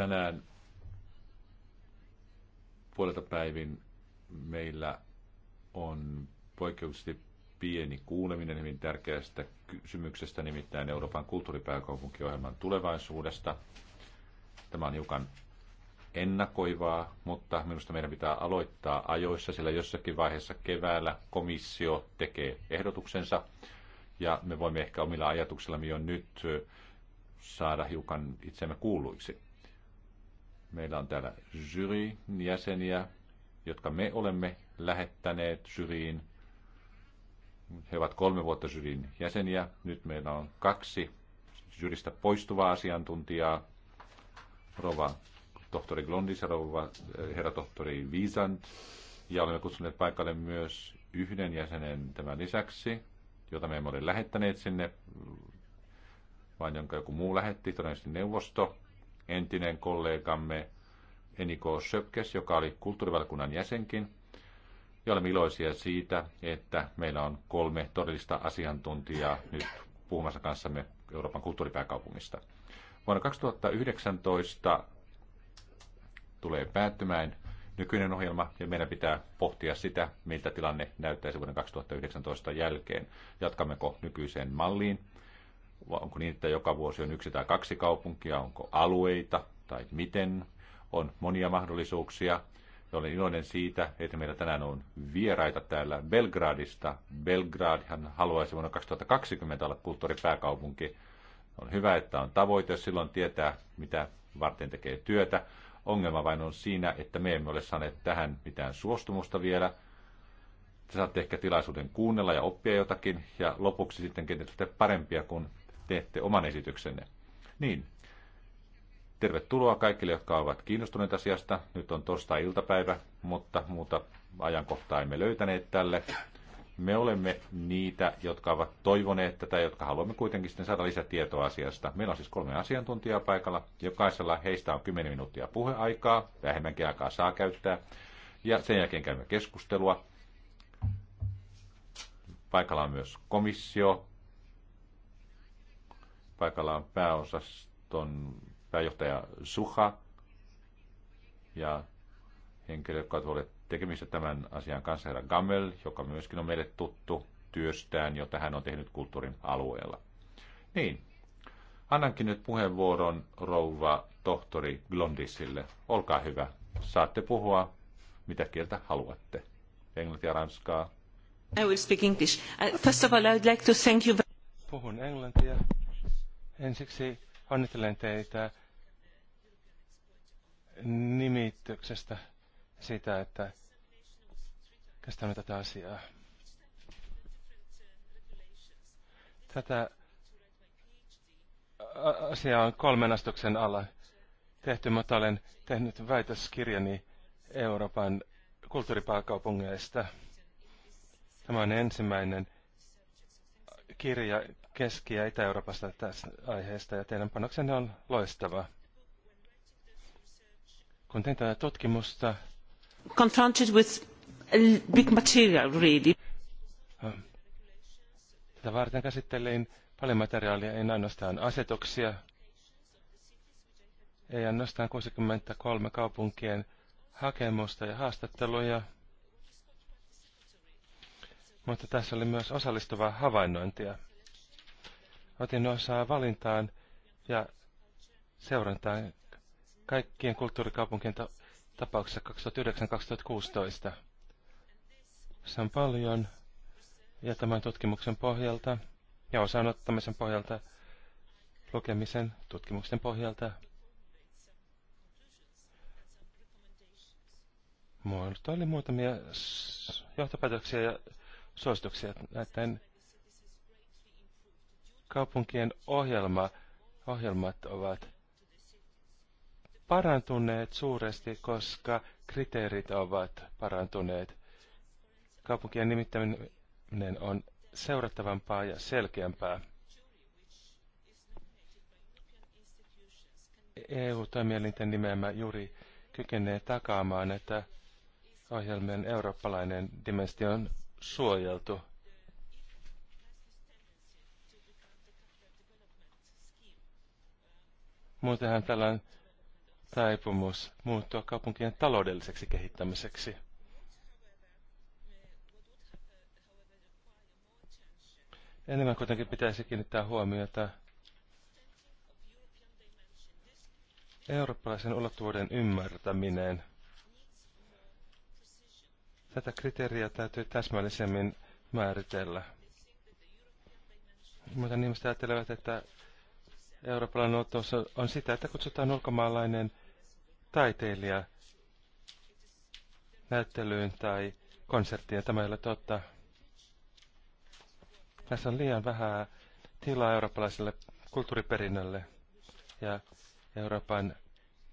Tänään puolelta päivin meillä on poikkeuksellisesti pieni kuuleminen hyvin tärkeästä kysymyksestä, nimittäin Euroopan kulttuuripääkaupunkiohjelman tulevaisuudesta. Tämä on hiukan ennakoivaa, mutta minusta meidän pitää aloittaa ajoissa, sillä jossakin vaiheessa keväällä komissio tekee ehdotuksensa ja me voimme ehkä omilla ajatuksillamme jo nyt saada hiukan itsemme kuuluiksi. Meillä on täällä jyrin jäseniä, jotka me olemme lähettäneet jyriin. He ovat kolme vuotta jyrin jäseniä. Nyt meillä on kaksi jyristä poistuvaa asiantuntijaa. Rova tohtori Glondis ja rova, eh, herra tohtori Viisant. Ja olemme kutsuneet paikalle myös yhden jäsenen tämän lisäksi, jota me emme ole lähettäneet sinne, vaan jonka joku muu lähetti, todennäköisesti neuvosto entinen kollegamme Eniko Söpkes, joka oli kulttuurivalkunnan jäsenkin. Ja olemme iloisia siitä, että meillä on kolme todellista asiantuntijaa nyt puhumassa kanssamme Euroopan kulttuuripääkaupungista. Vuonna 2019 tulee päättymään nykyinen ohjelma ja meidän pitää pohtia sitä, miltä tilanne näyttäisi vuoden 2019 jälkeen. Jatkammeko nykyiseen malliin Onko niin, että joka vuosi on yksi tai kaksi kaupunkia? Onko alueita tai miten? On monia mahdollisuuksia. Ja olen iloinen siitä, että meillä tänään on vieraita täällä Belgradista. Belgradhan haluaisi vuonna 2020 olla kulttuuripääkaupunki. On hyvä, että on tavoite, jos silloin tietää, mitä varten tekee työtä. Ongelma vain on siinä, että me emme ole saaneet tähän mitään suostumusta vielä. Te saatte ehkä tilaisuuden kuunnella ja oppia jotakin, ja lopuksi sitten kenties parempia kuin teette oman esityksenne. Niin, tervetuloa kaikille, jotka ovat kiinnostuneet asiasta. Nyt on torstai-iltapäivä, mutta muuta ajankohtaa emme löytäneet tälle. Me olemme niitä, jotka ovat toivoneet tätä, jotka haluamme kuitenkin sitten saada lisätietoa asiasta. Meillä on siis kolme asiantuntijaa paikalla. Jokaisella heistä on 10 minuuttia puheaikaa. Vähemmänkin aikaa saa käyttää. Ja sen jälkeen käymme keskustelua. Paikalla on myös komissio, Paikalla on pääosaston pääjohtaja Suha ja henkilö, joka on ollut tekemistä tämän asian kanssa, herra Gammel, joka myöskin on meille tuttu työstään, jota hän on tehnyt kulttuurin alueella. Niin, annankin nyt puheenvuoron rouva tohtori Glondisille. Olkaa hyvä, saatte puhua mitä kieltä haluatte. Englantia, ranskaa. I will speak English. First of all, I would like to thank you. Puhun englantia. Ensiksi onnittelen teitä nimityksestä siitä, että käsitämme tätä asiaa. Tätä asiaa on kolmen astuksen alla tehty, mutta olen tehnyt väitöskirjani Euroopan kulttuuripääkaupungeista. Tämä on ensimmäinen kirja Keski- ja Itä-Euroopasta tästä aiheesta ja teidän panoksenne on loistava. Kun tein tätä tutkimusta... Confronted with big material, really. Äh, tätä varten käsittelin paljon materiaalia, ei ainoastaan asetuksia, ei ainoastaan 63 kaupunkien hakemusta ja haastatteluja, mutta tässä oli myös osallistuvaa havainnointia. Otin osaa valintaan ja seurantaan kaikkien kulttuurikaupunkien ta- tapauksessa 2009-2016. Se on paljon ja tämän tutkimuksen pohjalta ja osanottamisen pohjalta, lukemisen tutkimuksen pohjalta oli muutamia johtopäätöksiä ja suosituksia näiden kaupunkien ohjelma, ohjelmat ovat parantuneet suuresti, koska kriteerit ovat parantuneet. Kaupunkien nimittäminen on seurattavampaa ja selkeämpää. EU-toimielinten nimeämä juuri kykenee takaamaan, että ohjelmien eurooppalainen dimensio on suojeltu. Muutenhan tällä on taipumus muuttua kaupunkien taloudelliseksi kehittämiseksi. Enemmän kuitenkin pitäisi kiinnittää huomiota eurooppalaisen ulottuvuuden ymmärtäminen. Tätä kriteeriä täytyy täsmällisemmin määritellä. Mutta niin ajattelevat, että eurooppalainen otos on sitä, että kutsutaan ulkomaalainen taiteilija näyttelyyn tai konserttiin. Tämä ei ole totta. Tässä on liian vähän tilaa eurooppalaiselle kulttuuriperinnölle ja Euroopan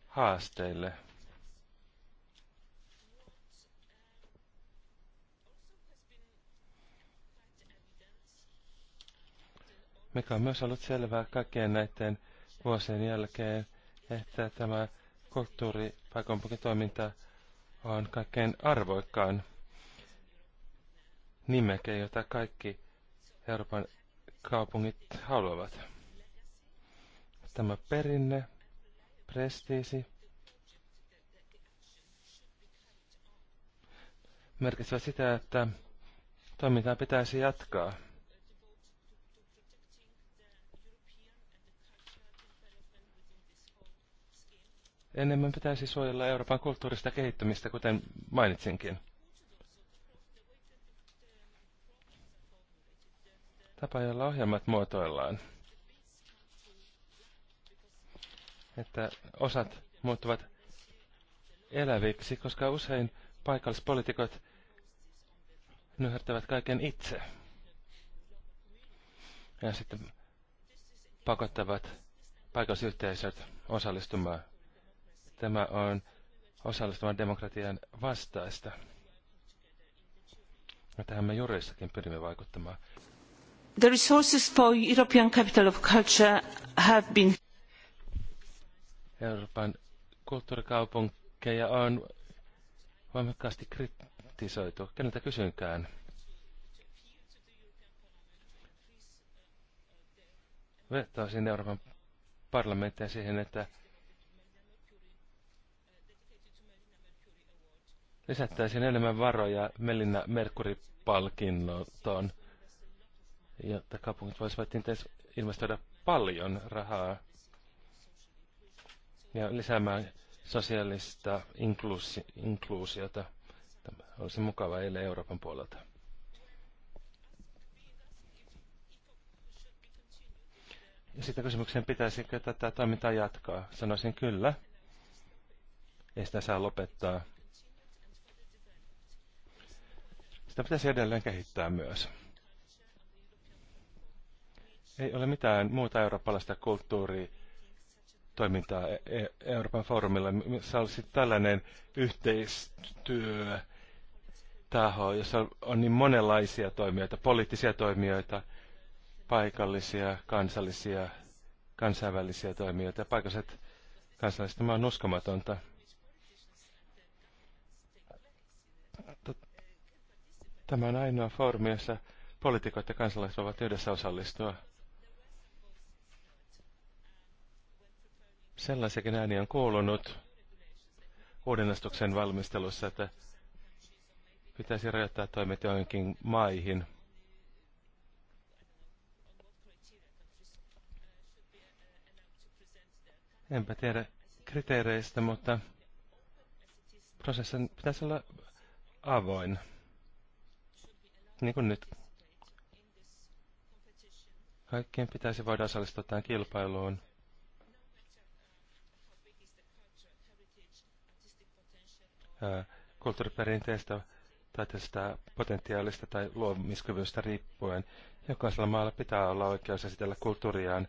haasteille. mikä on myös ollut selvää kaikkien näiden vuosien jälkeen, että tämä kulttuuripaikanpunkitoiminta on kaikkein arvoikkaan nimeke, jota kaikki Euroopan kaupungit haluavat. Tämä perinne, prestiisi, merkitsevät sitä, että toimintaa pitäisi jatkaa. Enemmän pitäisi suojella Euroopan kulttuurista kehittymistä, kuten mainitsinkin. Tapa, jolla ohjelmat muotoillaan. Että osat muuttuvat eläviksi, koska usein paikallispolitiikot nyhärtävät kaiken itse. Ja sitten pakottavat paikallisyhteisöt osallistumaan Tämä on osallistuvan demokratian vastaista. Ja tähän me juristakin pyrimme vaikuttamaan. The resources for European Capital of Culture have been... Euroopan kulttuurikaupunkeja on voimakkaasti kritisoitu. Keneltä kysynkään? Vetoisin Euroopan parlamenttia siihen, että lisättäisiin enemmän varoja Melinna merkuri palkinnotoon jotta kaupungit voisivat investoida paljon rahaa ja lisäämään sosiaalista inkluusi, inkluusiota. Tämä olisi mukava eilen Euroopan puolelta. Ja sitten kysymykseen, pitäisikö tätä toimintaa jatkaa? Sanoisin kyllä. Ei sitä saa lopettaa. Sitä pitäisi edelleen kehittää myös. Ei ole mitään muuta eurooppalaista kulttuuritoimintaa e-, e-, Euroopan foorumilla, missä olisi tällainen yhteistyötaho, jossa on niin monenlaisia toimijoita, poliittisia toimijoita, paikallisia, kansallisia, kansainvälisiä toimijoita ja paikalliset kansalliset. Tämä on uskomatonta. Tämä on ainoa foorumi, jossa poliitikot ja kansalaiset voivat yhdessä osallistua. Sellaisiakin ääniä on kuulunut uudennastuksen valmistelussa, että pitäisi rajoittaa toimet joihinkin maihin. Enpä tiedä kriteereistä, mutta prosessin pitäisi olla avoin niin kuin nyt. Kaikkien pitäisi voida osallistua tähän kilpailuun. kulttuuriperinteestä tai tästä potentiaalista tai luomiskyvystä riippuen. Jokaisella maalla pitää olla oikeus esitellä kulttuuriaan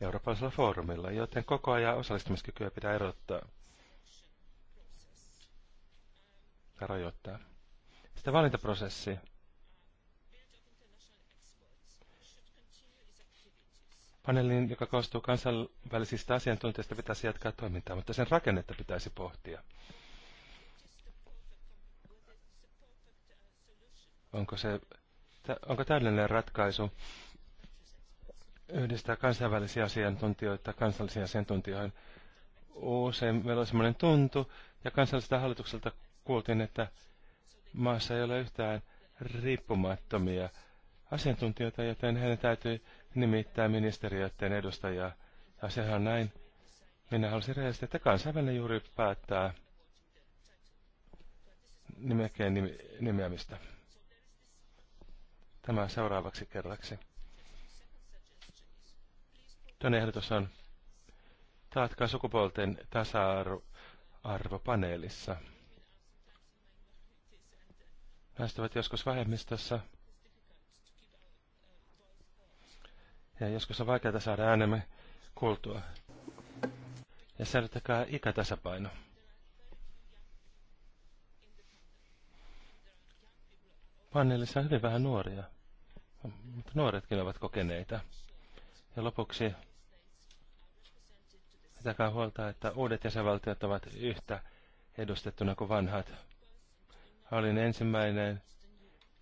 eurooppalaisella foorumilla, joten koko ajan osallistumiskykyä pitää erottaa ja rajoittaa. Sitten valintaprosessi. paneelin, joka koostuu kansainvälisistä asiantuntijoista, pitäisi jatkaa toimintaa, mutta sen rakennetta pitäisi pohtia. Onko se onko täydellinen ratkaisu yhdistää kansainvälisiä asiantuntijoita kansallisiin asiantuntijoihin? Usein meillä on sellainen tuntu, ja kansalliselta hallitukselta kuultiin, että maassa ei ole yhtään riippumattomia asiantuntijoita, joten heidän täytyy nimittää ministeriöiden edustajia. Asiahan on näin. Minä haluaisin rehellisesti, että kansainvälinen juuri päättää nimekkeen nimi, nimeämistä. Tämä seuraavaksi kerraksi. Toinen ehdotus on, taatkaa sukupuolten tasa-arvo paneelissa. ovat joskus vähemmistössä, Ja joskus on vaikeaa saada äänemme kuultua. Ja säilyttäkää ikätasapaino. Paneelissa on hyvin vähän nuoria, mutta nuoretkin ovat kokeneita. Ja lopuksi pitäkää huolta, että uudet jäsenvaltiot ovat yhtä edustettuna kuin vanhat. Olin ensimmäinen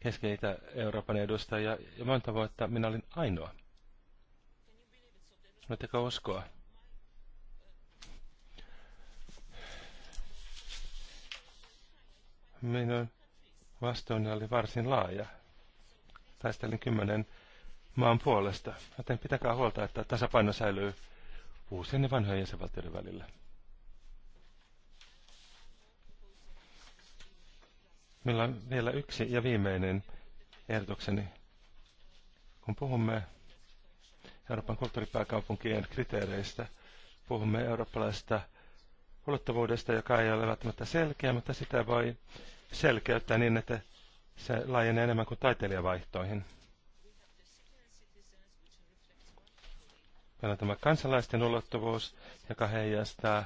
Keski-Itä-Euroopan edustaja ja monta vuotta minä olin ainoa. Voitteko uskoa? Minun vastuuni oli varsin laaja. Taistelin kymmenen maan puolesta, joten pitäkää huolta, että tasapaino säilyy uusien ja vanhojen jäsenvaltioiden välillä. Meillä on vielä yksi ja viimeinen ehdotukseni. Kun puhumme Euroopan kulttuuripääkaupunkien kriteereistä. Puhumme eurooppalaisesta ulottuvuudesta, joka ei ole välttämättä selkeä, mutta sitä voi selkeyttää niin, että se laajenee enemmän kuin taiteilijavaihtoihin. Meillä on tämä kansalaisten ulottuvuus, joka heijastaa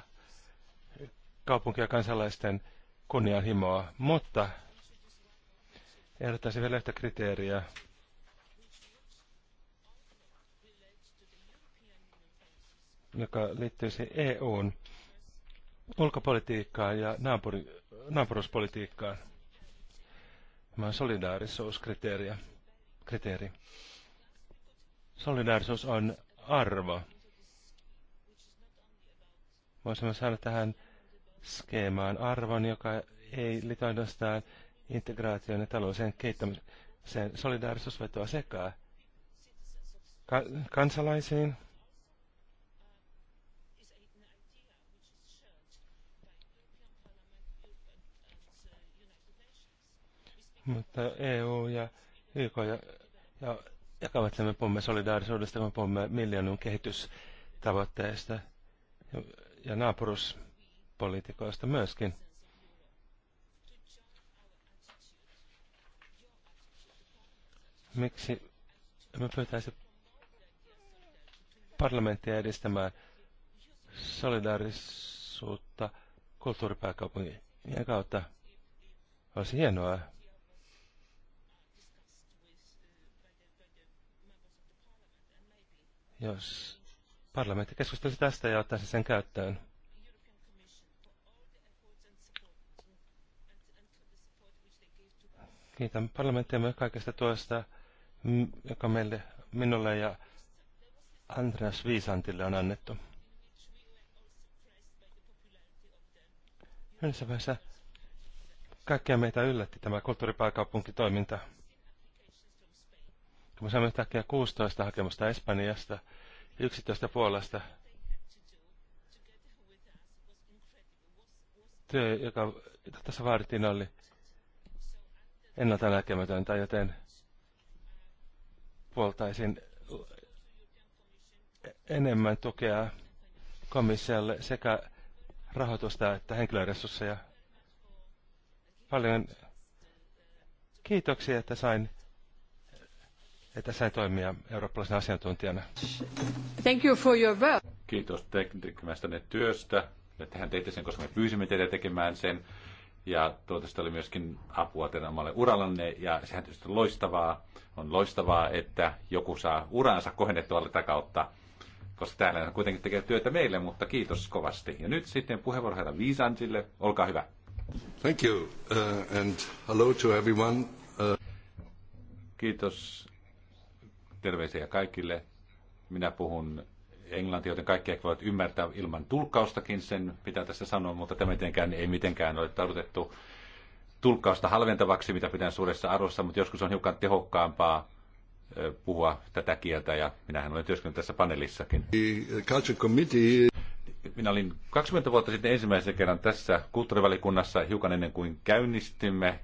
kaupunkia kansalaisten kunnianhimoa, mutta ehdottaisin vielä yhtä kriteeriä, joka liittyy siihen EUn ulkopolitiikkaan ja naapuri, naapuruuspolitiikkaan. Tämä on solidaarisuuskriteeri. Kriteeri. Solidaarisuus on arvo. Voisimme saada tähän skeemaan arvon, joka ei liity ainoastaan integraation ja talouden kehittämiseen. Solidaarisuus vetoaa sekä kansalaisiin, Mutta EU ja YK ja, ja jakavat me pomme solidaarisuudesta, kun puhumme miljoonan kehitystavoitteesta ja, ja naapuruspolitiikoista myöskin. Miksi me pyytäisi parlamenttia edistämään solidaarisuutta kulttuuripääkaupungin kautta? Olisi hienoa. jos parlamentti keskustelisi tästä ja ottaisi sen käyttöön. Kiitän myös kaikesta tuosta, joka meille, minulle ja Andreas Viisantille on annettu. Yhdessä vaiheessa kaikkia meitä yllätti tämä kulttuuripääkaupunkitoiminta. toiminta kun me saamme yhtäkkiä 16 hakemusta Espanjasta ja 11 Puolasta, työ, joka tässä vaadittiin, oli ennalta näkemätöntä, joten puoltaisin enemmän tukea komissiolle sekä rahoitusta että henkilöresursseja. Paljon kiitoksia, että sain että sain toimia eurooppalaisen asiantuntijana. Thank you for your work. Kiitos tekemästänne työstä. että tehän teitte sen, koska me pyysimme teitä tekemään sen. Ja toivottavasti oli myöskin apua teidän omalle urallanne, ja sehän tietysti on loistavaa. On loistavaa, että joku saa uransa kohennettua tätä kautta, koska täällä on kuitenkin tekee työtä meille, mutta kiitos kovasti. Ja nyt sitten puheenvuoro herra Viisansille. Olkaa hyvä. Thank you, uh, and hello to everyone. Uh... Kiitos Terveisiä kaikille. Minä puhun englantia, joten kaikki ehkä voivat ymmärtää ilman tulkkaustakin sen, mitä tässä sanon, mutta tämä mitenkään, ei mitenkään ole tarkoitettu tulkkausta halventavaksi, mitä pitää suuressa arvossa, mutta joskus on hiukan tehokkaampaa puhua tätä kieltä, ja minähän olen työskennellyt tässä panelissakin. Uh, Minä olin 20 vuotta sitten ensimmäisen kerran tässä kulttuurivalikunnassa, hiukan ennen kuin käynnistimme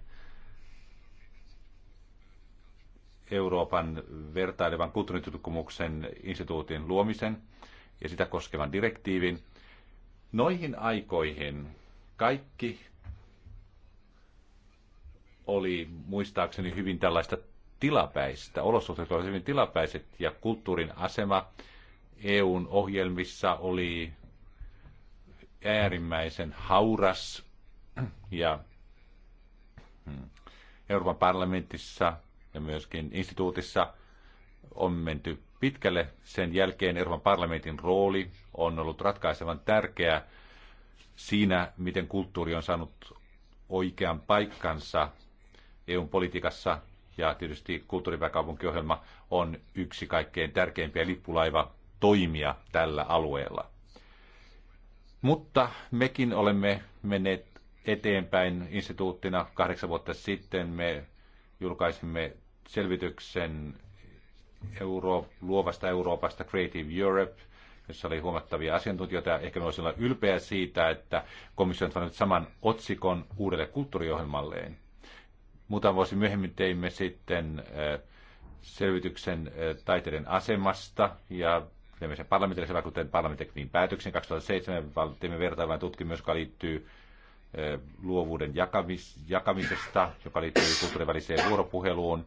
Euroopan vertailevan kulttuuritutkimuksen instituutin luomisen ja sitä koskevan direktiivin. Noihin aikoihin kaikki oli muistaakseni hyvin tällaista tilapäistä. Olosuhteet olivat hyvin tilapäiset ja kulttuurin asema EUn ohjelmissa oli äärimmäisen hauras ja Euroopan parlamentissa ja myöskin instituutissa on menty pitkälle. Sen jälkeen Euroopan parlamentin rooli on ollut ratkaisevan tärkeä siinä, miten kulttuuri on saanut oikean paikkansa EUn politiikassa. Ja tietysti kulttuuripääkaupunkiohjelma on yksi kaikkein tärkeimpiä lippulaiva toimia tällä alueella. Mutta mekin olemme menneet eteenpäin instituuttina. Kahdeksan vuotta sitten me julkaisimme selvityksen Euro, luovasta Euroopasta Creative Europe, jossa oli huomattavia asiantuntijoita. Ehkä me olla ylpeä siitä, että komissio on saanut saman otsikon uudelle kulttuuriohjelmalleen. Muutama vuosi myöhemmin teimme sitten eh, selvityksen eh, taiteiden asemasta ja sen parlamentaarisen vaikuttajan parlamentin päätöksen 2007. Teimme vertailujen tutkimus, joka liittyy eh, luovuuden jakamis, jakamisesta, joka liittyy kulttuuriväliseen vuoropuheluun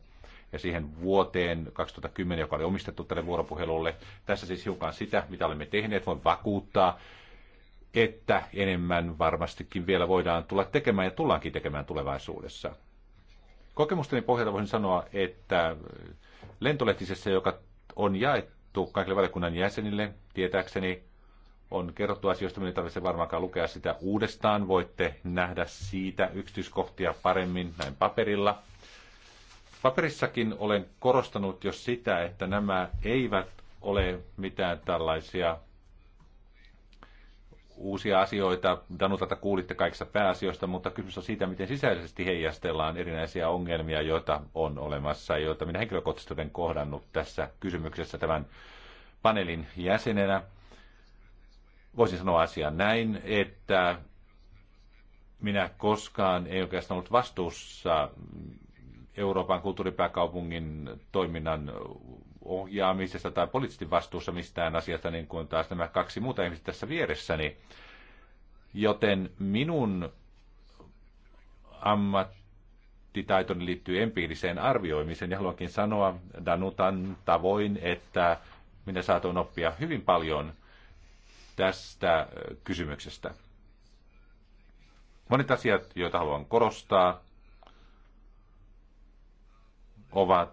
ja siihen vuoteen 2010, joka oli omistettu tälle vuoropuhelulle. Tässä siis hiukan sitä, mitä olemme tehneet. Voin vakuuttaa, että enemmän varmastikin vielä voidaan tulla tekemään ja tullaankin tekemään tulevaisuudessa. Kokemusteni pohjalta voisin sanoa, että lentolehtisessä, joka on jaettu kaikille valiokunnan jäsenille, tietääkseni on kerrottu asioista, minä tarvitse varmaankaan lukea sitä uudestaan. Voitte nähdä siitä yksityiskohtia paremmin näin paperilla. Paperissakin olen korostanut jo sitä, että nämä eivät ole mitään tällaisia uusia asioita. Danutalta kuulitte kaikista pääasioista, mutta kysymys on siitä, miten sisäisesti heijastellaan erinäisiä ongelmia, joita on olemassa, joita minä henkilökohtaisesti olen kohdannut tässä kysymyksessä tämän paneelin jäsenenä. Voisin sanoa asian näin, että minä koskaan ei oikeastaan ollut vastuussa Euroopan kulttuuripääkaupungin toiminnan ohjaamisesta tai poliittisesti vastuussa mistään asiasta, niin kuin taas nämä kaksi muuta ihmistä tässä vieressäni. Joten minun ammattitaitoni liittyy empiiriseen arvioimiseen ja haluankin sanoa Danutan tavoin, että minä saatoin oppia hyvin paljon tästä äh, kysymyksestä. Monet asiat, joita haluan korostaa, ovat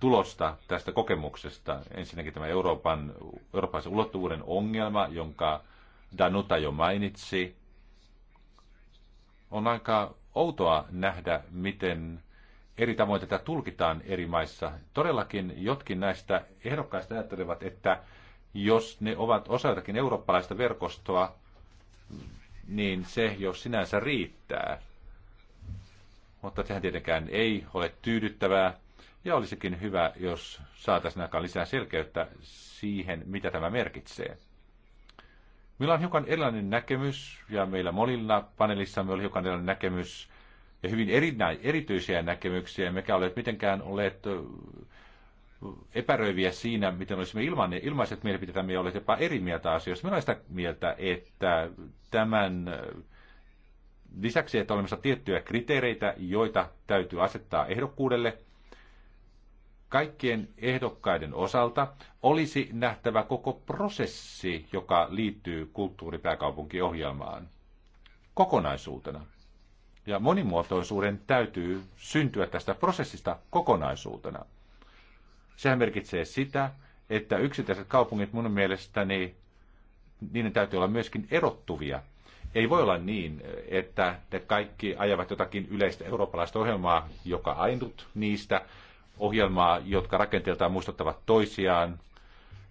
tulosta tästä kokemuksesta. Ensinnäkin tämä Euroopan, Euroopan ulottuvuuden ongelma, jonka Danuta jo mainitsi. On aika outoa nähdä, miten eri tavoin tätä tulkitaan eri maissa. Todellakin jotkin näistä ehdokkaista ajattelevat, että jos ne ovat osa jotakin eurooppalaista verkostoa, niin se jo sinänsä riittää mutta sehän tietenkään ei ole tyydyttävää. Ja olisikin hyvä, jos saataisiin aikaan lisää selkeyttä siihen, mitä tämä merkitsee. Meillä on hiukan erilainen näkemys, ja meillä monilla panelissa oli hiukan erilainen näkemys, ja hyvin eri, erityisiä näkemyksiä, mikä olet mitenkään olet epäröiviä siinä, miten olisimme ilman, ilmaiset mielipiteitä, me olet jopa eri mieltä asioista. Minä olen sitä mieltä, että tämän lisäksi, että olemassa tiettyjä kriteereitä, joita täytyy asettaa ehdokkuudelle, kaikkien ehdokkaiden osalta olisi nähtävä koko prosessi, joka liittyy kulttuuripääkaupunkiohjelmaan kokonaisuutena. Ja monimuotoisuuden täytyy syntyä tästä prosessista kokonaisuutena. Sehän merkitsee sitä, että yksittäiset kaupungit mun mielestäni, niiden täytyy olla myöskin erottuvia ei voi olla niin, että ne kaikki ajavat jotakin yleistä eurooppalaista ohjelmaa, joka ainut niistä ohjelmaa, jotka rakenteeltaan muistuttavat toisiaan.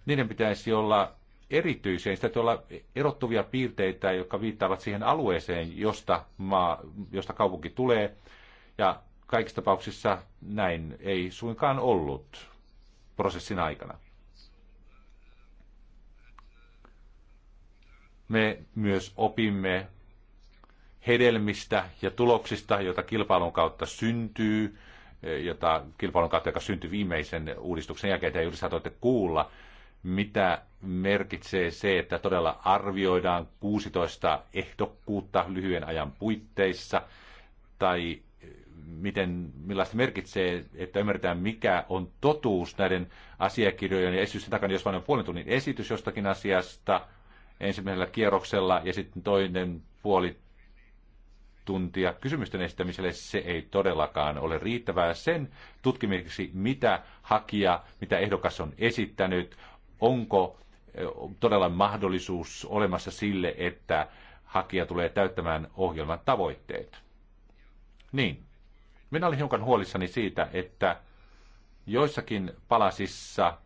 Niiden pitäisi olla erityisiä, sitä täytyy olla erottuvia piirteitä, jotka viittaavat siihen alueeseen, josta, maa, josta kaupunki tulee. Ja kaikissa tapauksissa näin ei suinkaan ollut prosessin aikana. me myös opimme hedelmistä ja tuloksista, joita kilpailun kautta syntyy, e, jota kilpailun kautta, joka syntyi viimeisen uudistuksen jälkeen, ja juuri saatoitte kuulla, mitä merkitsee se, että todella arvioidaan 16 ehdokkuutta lyhyen ajan puitteissa, tai e, miten, millaista merkitsee, että ymmärretään mikä on totuus näiden asiakirjojen ja esitysten takana, jos vain on puolen tunnin esitys jostakin asiasta – ensimmäisellä kierroksella ja sitten toinen puoli tuntia kysymysten esittämiselle, se ei todellakaan ole riittävää sen tutkimiseksi, mitä hakija, mitä ehdokas on esittänyt, onko todella mahdollisuus olemassa sille, että hakija tulee täyttämään ohjelman tavoitteet. Niin. Minä olin hiukan huolissani siitä, että joissakin palasissa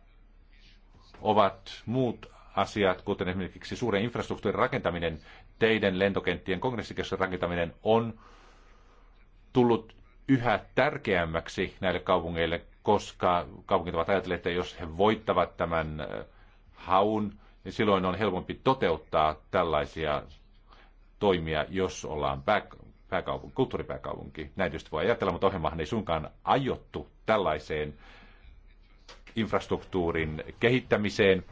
ovat muut asiat, kuten esimerkiksi suuren infrastruktuurin rakentaminen, teiden, lentokenttien, kongressikeskuksen rakentaminen on tullut yhä tärkeämmäksi näille kaupungeille, koska kaupungit ovat ajatelleet, että jos he voittavat tämän äh, haun, niin silloin on helpompi toteuttaa tällaisia toimia, jos ollaan back pääkaupunki, kulttuuripääkaupunki. Näin tietysti voi ajatella, mutta ohjelmahan ei suinkaan ajottu tällaiseen infrastruktuurin kehittämiseen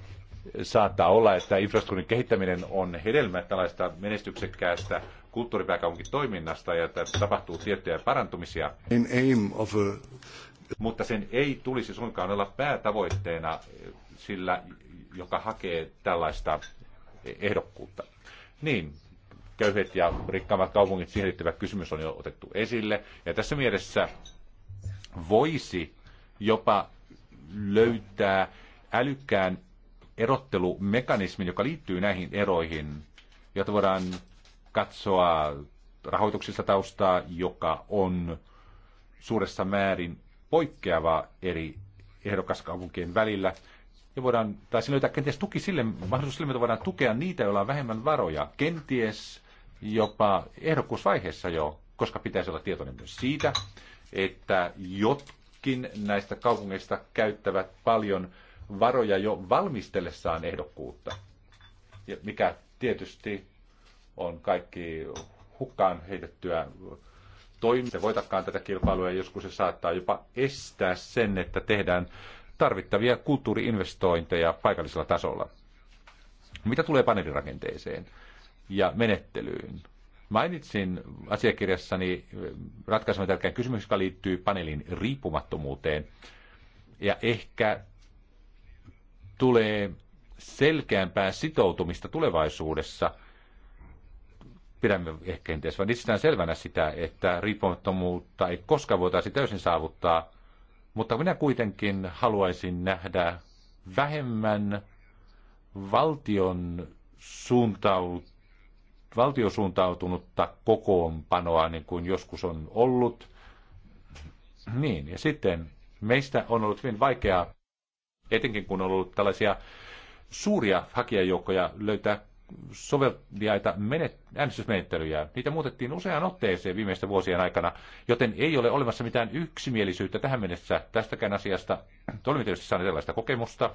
saattaa olla, että infrastruktuurin kehittäminen on hedelmä tällaista menestyksekkäästä kulttuuripääkaupunkitoiminnasta ja että tapahtuu tiettyjä parantumisia. A... Mutta sen ei tulisi suinkaan olla päätavoitteena sillä, joka hakee tällaista ehdokkuutta. Niin, köyhet ja rikkaammat kaupungit, siihen liittyvä kysymys on jo otettu esille. Ja tässä mielessä voisi jopa löytää älykkään erottelumekanismin, joka liittyy näihin eroihin, jota voidaan katsoa rahoituksista taustaa, joka on suuressa määrin poikkeava eri ehdokaskaupunkien välillä. Ja voidaan, tai löytää kenties tuki sille, mahdollisuus sille, että voidaan tukea niitä, joilla on vähemmän varoja. Kenties jopa ehdokkuusvaiheessa jo, koska pitäisi olla tietoinen myös siitä, että jotkin näistä kaupungeista käyttävät paljon varoja jo valmistellessaan ehdokkuutta, mikä tietysti on kaikki hukkaan heitettyä toimia. Voitakaan tätä kilpailua ja joskus se saattaa jopa estää sen, että tehdään tarvittavia kulttuuriinvestointeja paikallisella tasolla. Mitä tulee paneelirakenteeseen ja menettelyyn? Mainitsin asiakirjassani ratkaisemaan tärkeän kysymyksen, joka liittyy paneelin riippumattomuuteen. Ja ehkä tulee selkeämpää sitoutumista tulevaisuudessa. Pidämme ehkä kenties vain itsestään selvänä sitä, että riippumattomuutta ei koskaan voitaisi täysin saavuttaa, mutta minä kuitenkin haluaisin nähdä vähemmän valtion suuntaut, valtiosuuntautunutta kokoonpanoa, niin kuin joskus on ollut. Niin, ja sitten meistä on ollut hyvin vaikeaa etenkin kun on ollut tällaisia suuria hakijajoukkoja löytää sovelliaita menet, äänestysmenettelyjä. Niitä muutettiin useaan otteeseen viimeisten vuosien aikana, joten ei ole olemassa mitään yksimielisyyttä tähän mennessä tästäkään asiasta. Olemme tietysti saaneet sellaista kokemusta.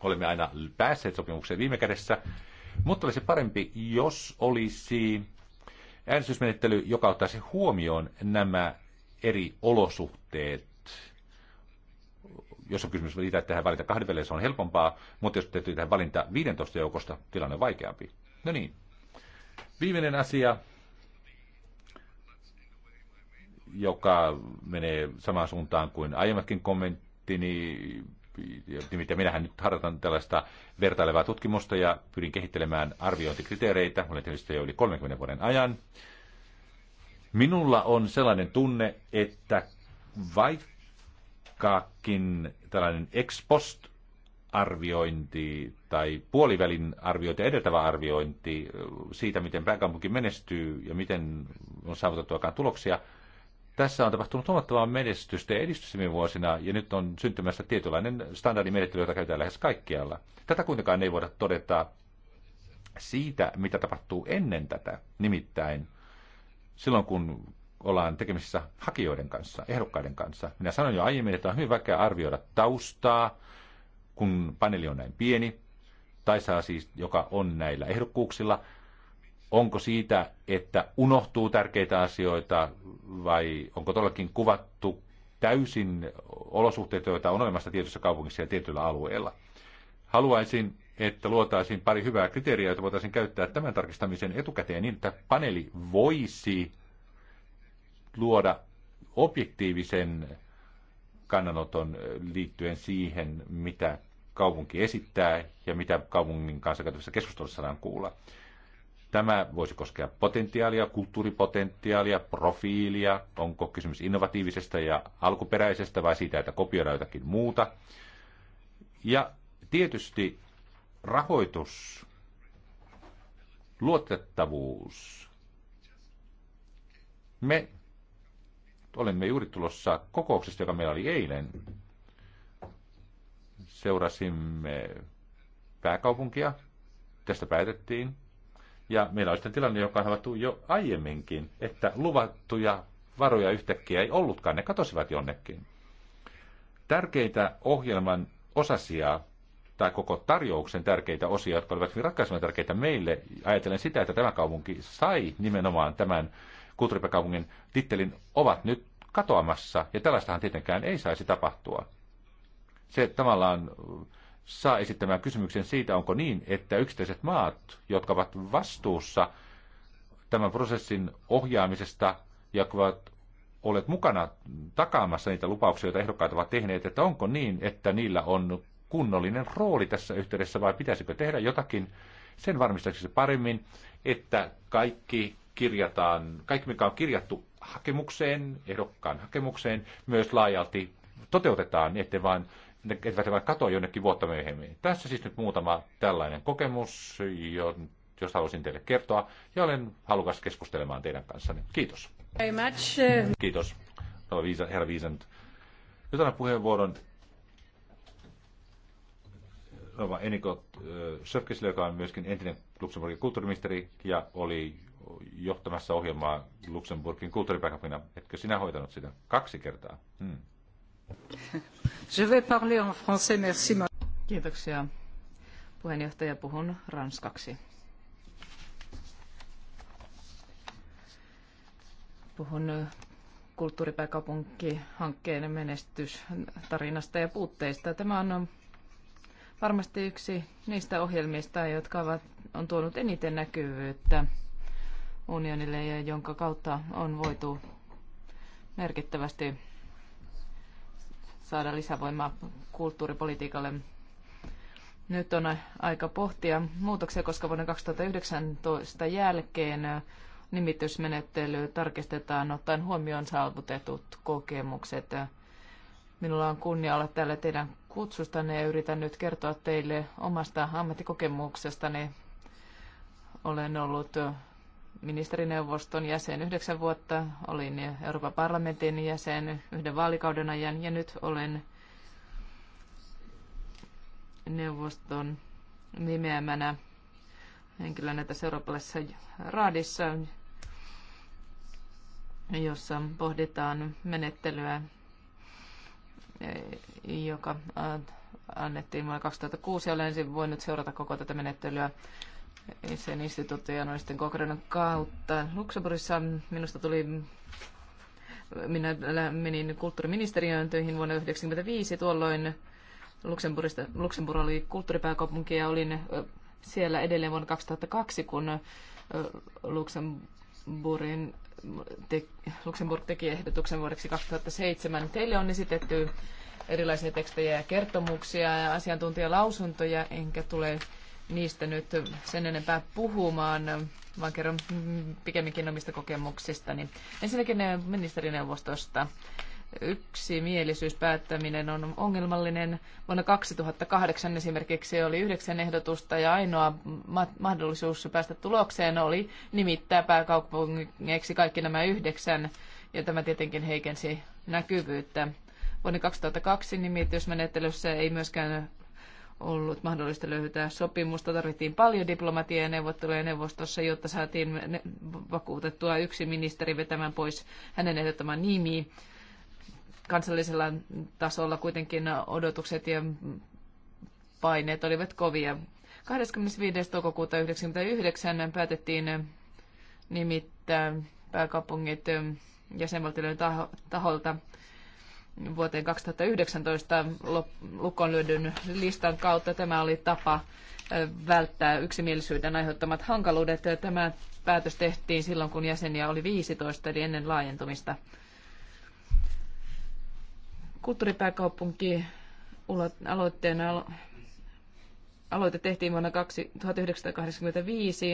Olemme aina päässeet sopimukseen viime kädessä. Mutta olisi parempi, jos olisi äänestysmenettely, joka ottaisi huomioon nämä eri olosuhteet jos on kysymys siitä, että tehdään valinta kahden välillä, se on helpompaa, mutta jos täytyy tehdä valinta 15 joukosta, tilanne on vaikeampi. No niin. Viimeinen asia, joka menee samaan suuntaan kuin aiemmatkin kommenttini, nimittäin minähän nyt harjoitan tällaista vertailevaa tutkimusta ja pyrin kehittelemään arviointikriteereitä. Olen tehnyt sitä jo yli 30 vuoden ajan. Minulla on sellainen tunne, että vaikkakin tällainen ex post arviointi tai puolivälin arviointi, edeltävä arviointi siitä, miten pääkaupunki menestyy ja miten on saavutettu aikaan tuloksia. Tässä on tapahtunut huomattavaa menestystä ja edistystä vuosina, ja nyt on syntymässä tietynlainen standardimenettely, jota käytetään lähes kaikkialla. Tätä kuitenkaan ei voida todeta siitä, mitä tapahtuu ennen tätä. Nimittäin silloin, kun ollaan tekemisissä hakijoiden kanssa, ehdokkaiden kanssa. Minä sanoin jo aiemmin, että on hyvin vaikea arvioida taustaa, kun paneeli on näin pieni, tai saa siis, joka on näillä ehdokkuuksilla. Onko siitä, että unohtuu tärkeitä asioita, vai onko todellakin kuvattu täysin olosuhteet, joita on olemassa tietyssä kaupungissa ja tietyllä alueella? Haluaisin että luotaisiin pari hyvää kriteeriä, joita voitaisiin käyttää tämän tarkistamisen etukäteen niin, että paneeli voisi luoda objektiivisen kannanoton liittyen siihen, mitä kaupunki esittää ja mitä kaupungin kanssa käytävässä keskustelussa saadaan kuulla. Tämä voisi koskea potentiaalia, kulttuuripotentiaalia, profiilia, onko kysymys innovatiivisesta ja alkuperäisestä vai siitä, että kopioidaan jotakin muuta. Ja tietysti rahoitus, luotettavuus. Me olemme juuri tulossa kokouksesta, joka meillä oli eilen. Seurasimme pääkaupunkia, tästä päätettiin. Ja meillä on sitten tilanne, joka on havaittu jo aiemminkin, että luvattuja varoja yhtäkkiä ei ollutkaan, ne katosivat jonnekin. Tärkeitä ohjelman osasia tai koko tarjouksen tärkeitä osia, jotka olivat hyvin ratkaisevan tärkeitä meille, ajatellen sitä, että tämä kaupunki sai nimenomaan tämän kulttuuripääkaupungin tittelin, ovat nyt katoamassa. Ja tällaistahan tietenkään ei saisi tapahtua. Se tavallaan saa esittämään kysymyksen siitä, onko niin, että yksittäiset maat, jotka ovat vastuussa tämän prosessin ohjaamisesta ja ovat olleet mukana takaamassa niitä lupauksia, joita ehdokkaat ovat tehneet, että onko niin, että niillä on kunnollinen rooli tässä yhteydessä vai pitäisikö tehdä jotakin sen varmistamiseksi paremmin, että kaikki kirjataan, kaikki mikä on kirjattu hakemukseen, ehdokkaan hakemukseen, myös laajalti toteutetaan, ettei vaan eivät vaan katoa jonnekin vuotta myöhemmin. Tässä siis nyt muutama tällainen kokemus, josta haluaisin teille kertoa, ja olen halukas keskustelemaan teidän kanssanne. Kiitos. Very much. Uh, Kiitos, herra Viisant. Nyt annan puheenvuoron Rova Enikot joka on myöskin entinen Luxemburgin kulttuuriministeri ja oli johtamassa ohjelmaa Luxemburgin kulttuuripäiväkapina. Etkö sinä hoitanut sitä kaksi kertaa? Hmm. Je vais parler en français, merci. Kiitoksia. Puheenjohtaja, puhun ranskaksi. Puhun kulttuuripääkaupunkihankkeen menestystarinasta ja puutteista. Tämä on varmasti yksi niistä ohjelmista, jotka ovat, on tuonut eniten näkyvyyttä unionille ja jonka kautta on voitu merkittävästi saada lisävoimaa kulttuuripolitiikalle. Nyt on aika pohtia muutoksia, koska vuoden 2019 jälkeen nimitysmenettely tarkistetaan ottaen huomioon saavutetut kokemukset. Minulla on kunnia olla täällä teidän kutsustanne ja yritän nyt kertoa teille omasta ammattikokemuksestani. Olen ollut ministerineuvoston jäsen yhdeksän vuotta, olin Euroopan parlamentin jäsen yhden vaalikauden ajan ja nyt olen neuvoston nimeämänä henkilönä tässä eurooppalaisessa raadissa, jossa pohditaan menettelyä, joka annettiin vuonna 2006. Olen voinut seurata koko tätä menettelyä sen noisten kokeilun kautta. Luxemburgissa minusta tuli minä menin kulttuuriministeriöön töihin vuonna 1995. Tuolloin Luxemburgista, Luxemburg oli kulttuuripääkaupunki ja olin siellä edelleen vuonna 2002, kun Luxemburgin te, Luxemburg teki ehdotuksen vuodeksi 2007. Teille on esitetty erilaisia tekstejä ja kertomuksia ja asiantuntijalausuntoja, enkä tule niistä nyt sen enempää puhumaan, vaan kerron pikemminkin omista kokemuksistani. Ensinnäkin eh, ministerineuvostosta yksimielisyys päättäminen on ongelmallinen. Vuonna 2008 esimerkiksi oli yhdeksän ehdotusta ja ainoa mahdollisuus päästä tulokseen oli nimittää pääkaupungiksi kaikki nämä yhdeksän. Ja tämä tietenkin heikensi näkyvyyttä. Vuonna 2002 nimitysmenettelyssä ei myöskään ollut mahdollista löytää sopimusta. Tarvittiin paljon diplomatiaa ja neuvotteluja neuvostossa, jotta saatiin vakuutettua yksi ministeri vetämään pois hänen ehdottoman nimi Kansallisella tasolla kuitenkin odotukset ja paineet olivat kovia. 25. toukokuuta 1999 päätettiin nimittää pääkaupungit jäsenvaltioiden taholta vuoteen 2019 lukon lyödyn listan kautta. Tämä oli tapa välttää yksimielisyyden aiheuttamat hankaluudet. Tämä päätös tehtiin silloin, kun jäseniä oli 15, eli ennen laajentumista. Kulttuuripääkaupunki aloitteena aloite tehtiin vuonna 1985.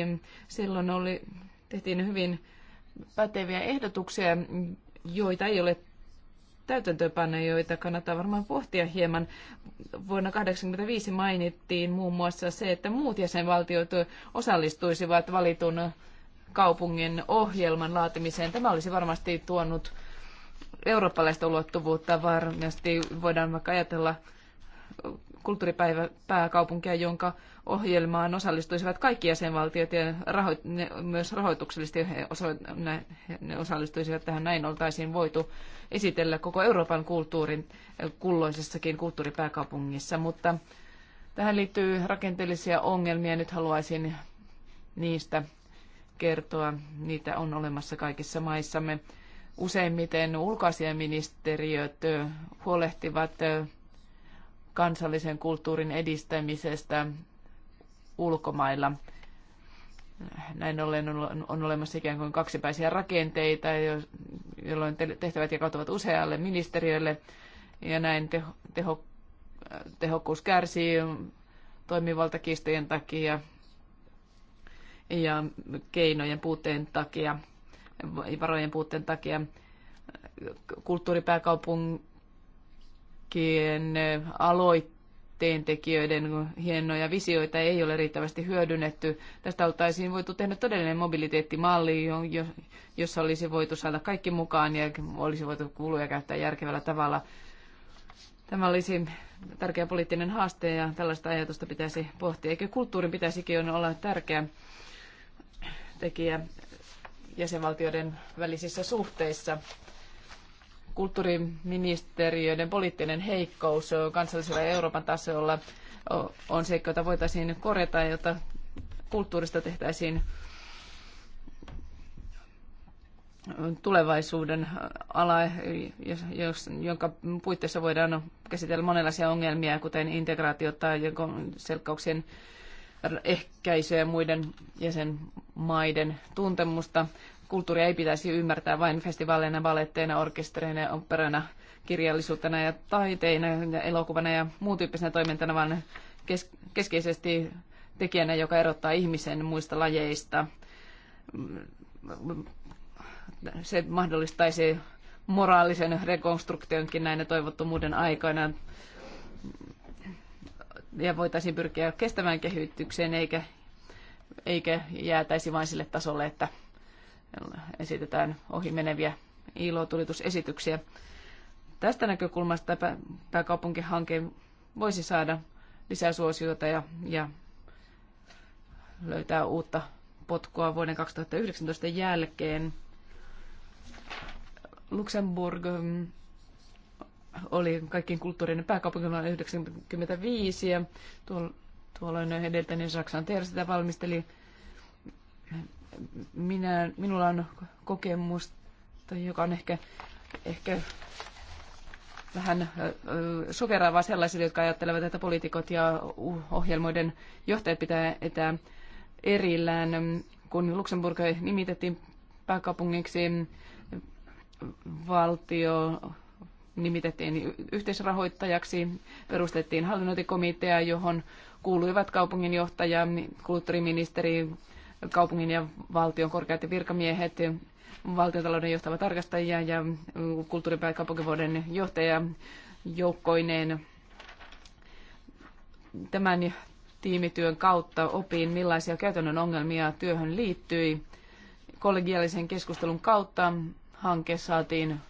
Silloin oli, tehtiin hyvin päteviä ehdotuksia, joita ei ole täytäntöönpanna, joita kannattaa varmaan pohtia hieman. Vuonna 1985 mainittiin muun muassa se, että muut jäsenvaltiot osallistuisivat valitun kaupungin ohjelman laatimiseen. Tämä olisi varmasti tuonut eurooppalaista ulottuvuutta. Varmasti voidaan vaikka ajatella kulttuuripäivä pääkaupunkia, jonka ohjelmaan osallistuisivat kaikki jäsenvaltiot ja raho- ne, myös rahoituksellisesti he, oso, ne, ne osallistuisivat tähän. Näin oltaisiin voitu esitellä koko Euroopan kulttuurin kulloisessakin kulttuuripääkaupungissa, mutta tähän liittyy rakenteellisia ongelmia. Nyt haluaisin niistä kertoa. Niitä on olemassa kaikissa maissamme. Useimmiten ulkoasiaministeriöt huolehtivat kansallisen kulttuurin edistämisestä ulkomailla. Näin ollen on olemassa ikään kuin kaksipäisiä rakenteita, jolloin tehtävät jakautuvat usealle ministeriölle ja näin teho, teho, tehokkuus kärsii toimivaltakistojen takia ja keinojen puutteen takia, varojen puutteen takia. Kulttuuripääkaupungin kaikkien eh, aloitteen tekijöiden hienoja visioita ei ole riittävästi hyödynnetty. Tästä oltaisiin voitu tehdä todellinen mobiliteettimalli, jossa olisi voitu saada kaikki mukaan ja olisi voitu kuluja käyttää järkevällä tavalla. Tämä olisi tärkeä poliittinen haaste ja tällaista ajatusta pitäisi pohtia. Eikö kulttuurin pitäisikin olla tärkeä tekijä jäsenvaltioiden välisissä suhteissa? kulttuuriministeriöiden poliittinen heikkous kansallisella ja Euroopan tasolla on se, jota voitaisiin korjata, jotta kulttuurista tehtäisiin tulevaisuuden ala, jonka puitteissa voidaan käsitellä monenlaisia ongelmia, kuten integraatiota ja selkkauksien ehkäisyä ja muiden jäsenmaiden tuntemusta kulttuuria ei pitäisi ymmärtää vain festivaaleina, valetteina, orkestereina, operoina, kirjallisuutena ja taiteina ja elokuvana ja muun tyyppisenä toimintana, vaan kes- keskeisesti tekijänä, joka erottaa ihmisen muista lajeista. Se mahdollistaisi moraalisen rekonstruktionkin näinä toivottomuuden aikoina. Ja voitaisiin pyrkiä kestävään kehitykseen, eikä, eikä jäätäisi vain sille tasolle, että esitetään ohimeneviä ilotulitusesityksiä. Tästä näkökulmasta kaupunkihanke voisi saada lisää suosiota ja, ja löytää uutta potkua vuoden 2019 jälkeen. Luxemburg mm, oli kaikkien kulttuurinen pääkaupunki vuonna 1995 ja tuolloin edeltäinen Saksan teer sitä valmisteli minä, minulla on kokemusta, joka on ehkä, ehkä vähän sokeraavaa sellaisille, jotka ajattelevat, että poliitikot ja ohjelmoiden johtajat pitää etää erillään. Kun Luxemburg nimitettiin pääkaupungiksi, valtio nimitettiin yhteisrahoittajaksi, perustettiin hallinnointikomitea, johon kuuluivat kaupunginjohtaja, kulttuuriministeri, kaupungin ja valtion korkeat virkamiehet, valtiotalouden johtava tarkastajia ja kulttuuripääkaupunkivuoden johtaja joukkoineen. Tämän tiimityön kautta opin, millaisia käytännön ongelmia työhön liittyi. Kollegiallisen keskustelun kautta hanke saatiin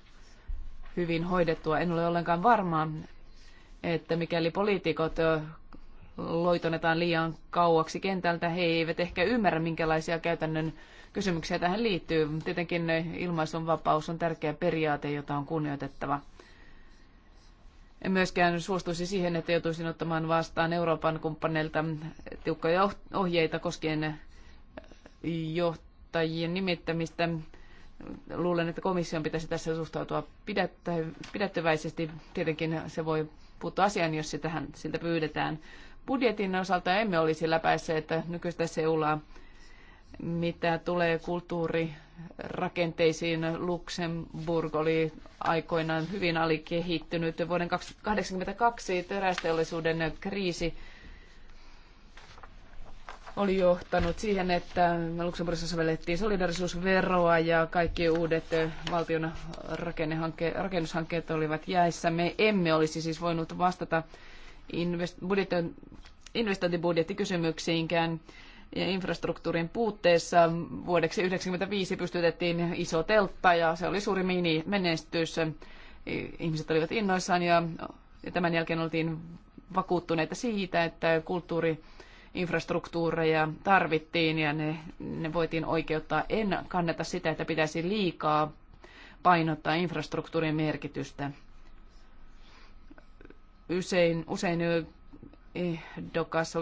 hyvin hoidettua. En ole ollenkaan varma, että mikäli poliitikot loitonetaan liian kauaksi kentältä. He eivät ehkä ymmärrä, minkälaisia käytännön kysymyksiä tähän liittyy. Tietenkin ilmaisun vapaus on tärkeä periaate, jota on kunnioitettava. En myöskään suostuisi siihen, että joutuisin ottamaan vastaan Euroopan kumppaneilta tiukkoja oh- ohjeita koskien johtajien nimittämistä. Luulen, että komission pitäisi tässä suhtautua pidättä, pidättäväisesti. Tietenkin se voi puuttua asiaan, jos se tähän, siltä pyydetään budjetin osalta emme olisi läpäisseet nykyistä seulaa, mitä tulee kulttuurirakenteisiin. Luxemburg oli aikoinaan hyvin alikehittynyt. Vuoden 1982 terästeollisuuden kriisi oli johtanut siihen, että Luxemburgissa sovellettiin solidarisuusveroa ja kaikki uudet valtion rakennushankkeet olivat jäissä. Me emme olisi siis voinut vastata investointibudjettikysymyksiinkään. Ja infrastruktuurin puutteessa vuodeksi 1995 pystytettiin iso teltta ja se oli suuri mini menestys. Ihmiset olivat innoissaan ja, ja tämän jälkeen oltiin vakuuttuneita siitä, että kulttuuri infrastruktuureja tarvittiin ja ne, ne voitiin oikeuttaa. En kannata sitä, että pitäisi liikaa painottaa infrastruktuurin merkitystä usein, usein ehdokas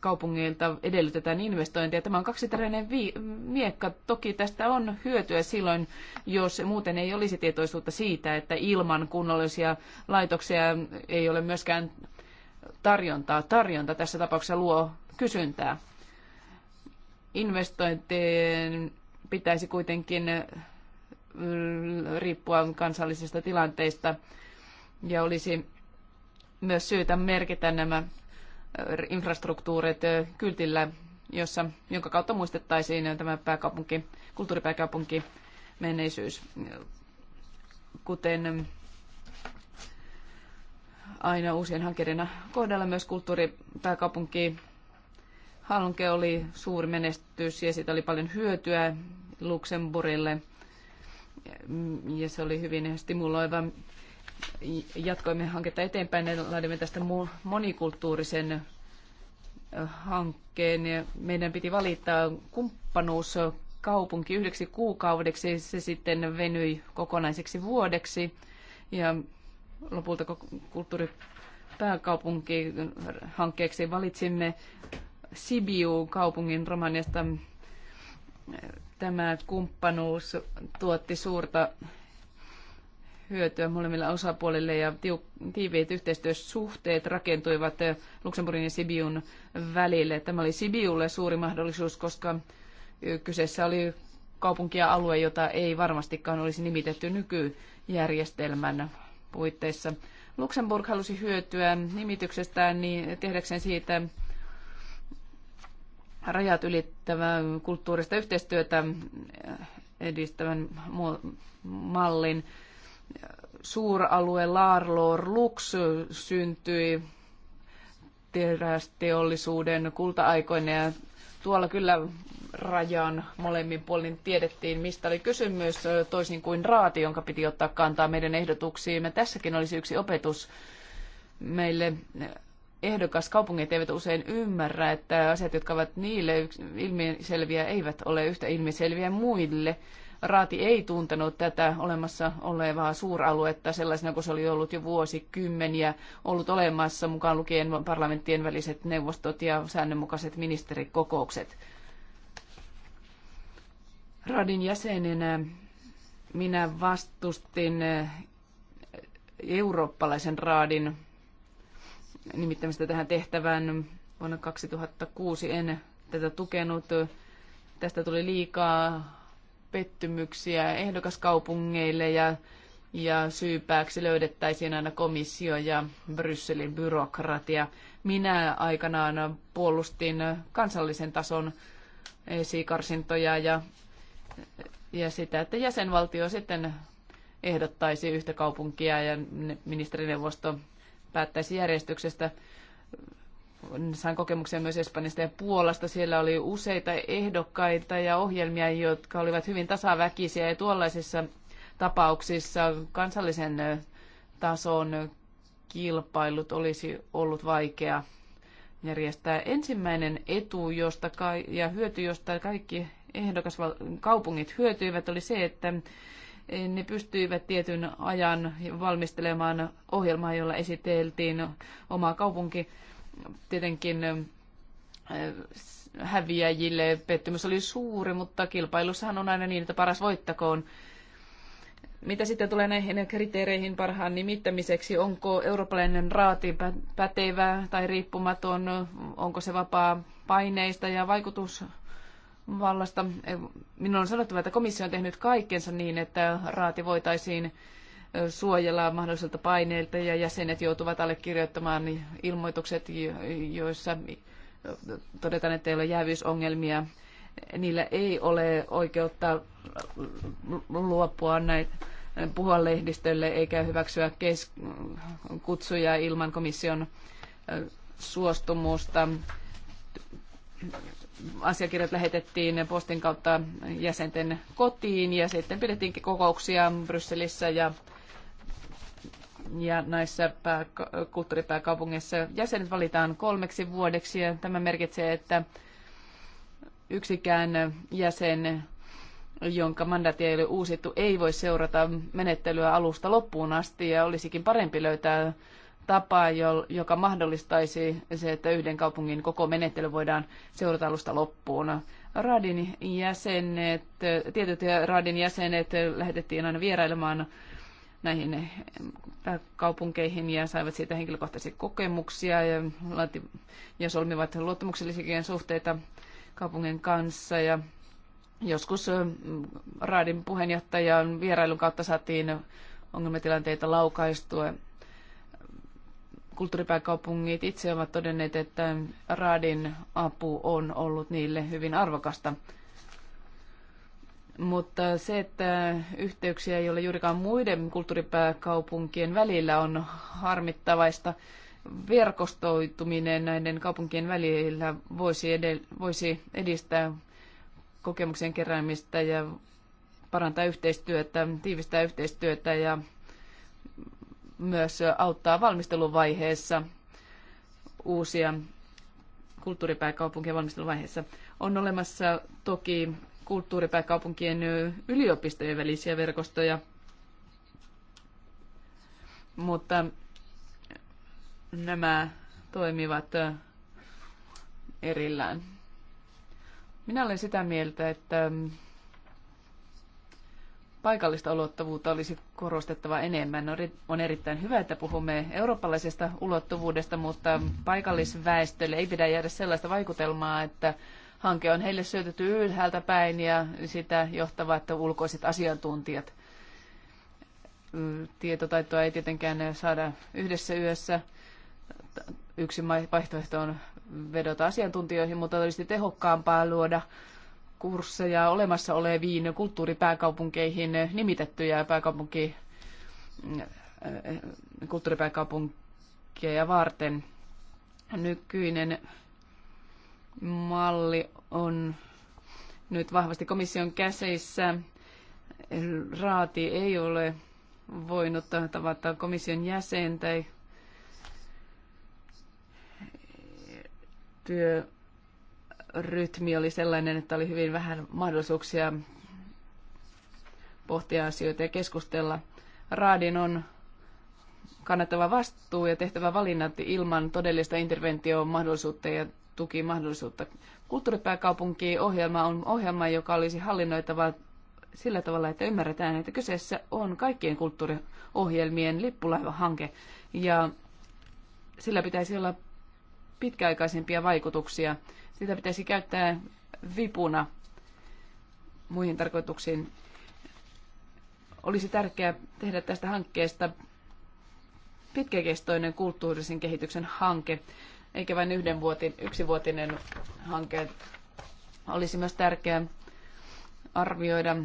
kaupungeilta edellytetään investointia, Tämä on kaksiteräinen vi- miekka. Toki tästä on hyötyä silloin, jos muuten ei olisi tietoisuutta siitä, että ilman kunnollisia laitoksia ei ole myöskään tarjontaa. Tarjonta tässä tapauksessa luo kysyntää. Investointien pitäisi kuitenkin mm, riippua kansallisista tilanteista ja olisi myös syytä merkitä nämä infrastruktuurit kyltillä, jossa, jonka kautta muistettaisiin tämä pääkaupunki, kulttuuripääkaupunki menneisyys, kuten aina uusien hankkeiden kohdalla myös kulttuuripääkaupunki Halunke oli suuri menestys ja siitä oli paljon hyötyä Luxemburille ja se oli hyvin stimuloiva jatkoimme hanketta eteenpäin ja laadimme tästä monikulttuurisen hankkeen. Meidän piti valita kumppanuus kaupunki yhdeksi kuukaudeksi, se sitten venyi kokonaiseksi vuodeksi ja lopulta kulttuuripääkaupunki hankkeeksi valitsimme Sibiu kaupungin Romaniasta. Tämä kumppanuus tuotti suurta hyötyä molemmille osapuolille ja tiiviit yhteistyösuhteet rakentuivat eh, Luxemburgin ja Sibiun välille. Tämä oli Sibiulle suuri mahdollisuus, koska eh, kyseessä oli kaupunki ja alue, jota ei varmastikaan olisi nimitetty nykyjärjestelmän puitteissa. Luxemburg halusi hyötyä nimityksestään niin tehdäkseen siitä rajat ylittävää kulttuurista yhteistyötä eh, edistävän mallin suuralue Larlor Lux syntyi terästeollisuuden kulta-aikoina ja tuolla kyllä rajan molemmin puolin tiedettiin, mistä oli kysymys, toisin kuin raati, jonka piti ottaa kantaa meidän ehdotuksiimme. Tässäkin olisi yksi opetus meille ehdokas kaupungit eivät usein ymmärrä, että asiat, jotka ovat niille ilmiselviä, eivät ole yhtä ilmiselviä muille. Raati ei tuntenut tätä olemassa olevaa suuraluetta sellaisena kuin se oli ollut jo vuosikymmeniä ollut olemassa, mukaan lukien parlamenttien väliset neuvostot ja säännönmukaiset ministerikokoukset. Radin jäsenenä minä vastustin eh, eurooppalaisen raadin nimittämistä tähän tehtävään vuonna 2006. En tätä tukenut. Tästä tuli liikaa pettymyksiä ehdokaskaupungeille ja, ja syypääksi löydettäisiin aina komissio ja Brysselin byrokratia. Minä aikanaan puolustin kansallisen tason esikarsintoja ja, ja sitä, että jäsenvaltio sitten ehdottaisi yhtä kaupunkia ja ministerineuvosto päättäisi järjestyksestä sain kokemuksia myös Espanjasta ja Puolasta. Siellä oli useita ehdokkaita ja ohjelmia, jotka olivat hyvin tasaväkisiä ja tuollaisissa tapauksissa kansallisen tason kilpailut olisi ollut vaikea järjestää. Ensimmäinen etu josta ka- ja hyöty, josta kaikki ehdokaskaupungit hyötyivät, oli se, että e, ne pystyivät tietyn ajan valmistelemaan ohjelmaa, jolla esiteltiin omaa kaupunki Tietenkin häviäjille pettymys oli suuri, mutta kilpailussahan on aina niin, että paras voittakoon. Mitä sitten tulee näihin kriteereihin parhaan nimittämiseksi? Onko eurooppalainen raati pätevä tai riippumaton? Onko se vapaa paineista ja vaikutusvallasta? Minun on sanottava, että komissio on tehnyt kaikkensa niin, että raati voitaisiin suojella mahdolliselta paineelta ja jäsenet joutuvat allekirjoittamaan ilmoitukset, joissa todetaan, että ei ole jäävyysongelmia. Niillä ei ole oikeutta luopua näitä puhua lehdistölle eikä hyväksyä kes- kutsuja ilman komission suostumusta. Asiakirjat lähetettiin postin kautta jäsenten kotiin ja sitten pidettiin kokouksia Brysselissä ja ja näissä pää, kulttuuripääkaupungeissa jäsenet valitaan kolmeksi vuodeksi ja tämä merkitsee, että yksikään jäsen, jonka mandaatti ei ole uusittu, ei voi seurata menettelyä alusta loppuun asti ja olisikin parempi löytää tapa, joka mahdollistaisi se, että yhden kaupungin koko menettely voidaan seurata alusta loppuun. Radin jäsenet, tietyt radin jäsenet lähetettiin aina vierailemaan näihin pääkaupunkeihin eh, ja saivat siitä henkilökohtaisia kokemuksia ja, laati, ja solmivat luottamuksellisia suhteita kaupungin kanssa. Ja joskus eh, Raadin puheenjohtajan vierailun kautta saatiin ongelmatilanteita laukaistua. Kulttuuripääkaupungit itse ovat todenneet, että Raadin apu on ollut niille hyvin arvokasta. Mutta se, että yhteyksiä ei ole juurikaan muiden kulttuuripääkaupunkien välillä, on harmittavaista. Verkostoituminen näiden kaupunkien välillä voisi, edel- voisi edistää kokemuksen keräämistä ja parantaa yhteistyötä, tiivistää yhteistyötä ja myös auttaa valmisteluvaiheessa uusia kulttuuripääkaupunkien valmisteluvaiheessa. On olemassa toki kulttuuripääkaupunkien yliopistojen välisiä verkostoja. Mutta nämä toimivat erillään. Minä olen sitä mieltä, että paikallista ulottuvuutta olisi korostettava enemmän. On erittäin hyvä, että puhumme eurooppalaisesta ulottuvuudesta, mutta paikallisväestölle ei pidä jäädä sellaista vaikutelmaa, että Hanke on heille syötetty ylhäältä päin ja sitä johtavat ulkoiset asiantuntijat. Tietotaitoa ei tietenkään saada yhdessä yössä. Yksi vaihtoehto on vedota asiantuntijoihin, mutta olisi tehokkaampaa luoda kursseja olemassa oleviin kulttuuripääkaupunkeihin nimitettyjä pääkaupunki, kulttuuripääkaupunkeja varten. Nykyinen malli on nyt vahvasti komission käsissä. Raati ei ole voinut tavata komission jäsentä. Työrytmi oli sellainen, että oli hyvin vähän mahdollisuuksia pohtia asioita ja keskustella. Raadin on kannattava vastuu ja tehtävä valinnat ilman todellista interventio-mahdollisuutta ja tukimahdollisuutta. Kulttuuripääkaupunki-ohjelma on ohjelma, joka olisi hallinnoitava sillä tavalla, että ymmärretään, että kyseessä on kaikkien kulttuuriohjelmien lippulaivahanke ja sillä pitäisi olla pitkäaikaisempia vaikutuksia. Sitä pitäisi käyttää vipuna muihin tarkoituksiin. Olisi tärkeää tehdä tästä hankkeesta pitkäkestoinen kulttuurisen kehityksen hanke eikä vain yhden vuotin, yksivuotinen hanke. Olisi myös tärkeää arvioida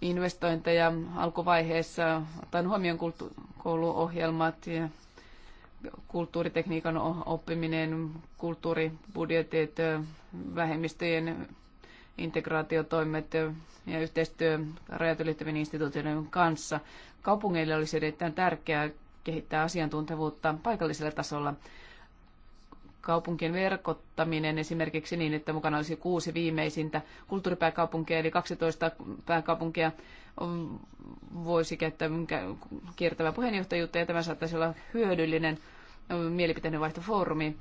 investointeja alkuvaiheessa, ottaen huomioon kulttu- kouluohjelmat ja kulttuuritekniikan oppiminen, kulttuuribudjetit, vähemmistöjen integraatiotoimet ja yhteistyö rajat ylittävien instituutioiden kanssa. Kaupungeille olisi erittäin tärkeää kehittää asiantuntevuutta paikallisella tasolla. Kaupunkien verkottaminen esimerkiksi niin, että mukana olisi kuusi viimeisintä kulttuuripääkaupunkia, eli 12 pääkaupunkia voisi käyttää kiertävää puheenjohtajuutta, ja tämä saattaisi olla hyödyllinen mielipiteiden vaihtofoorumi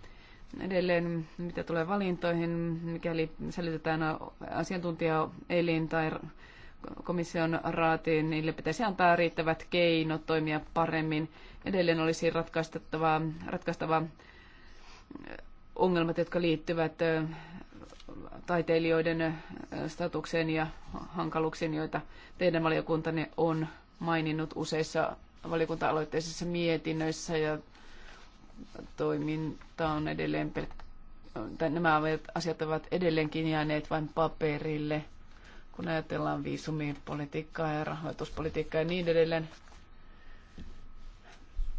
edelleen, mitä tulee valintoihin, mikäli sälytetään asiantuntijaelin tai komission raatiin, niille pitäisi antaa riittävät keinot toimia paremmin. Edelleen olisi ratkaistava, ratkaistavaa eh, ongelmat, jotka liittyvät eh, taiteilijoiden eh, statukseen ja hankaluuksiin, joita teidän valiokuntanne on maininnut useissa valiokunta-aloitteisissa mietinnöissä ja toiminta on edelleen pelk- tai nämä asiat ovat edelleenkin jääneet vain paperille – kun ajatellaan viisumipolitiikkaa ja rahoituspolitiikkaa ja niin edelleen.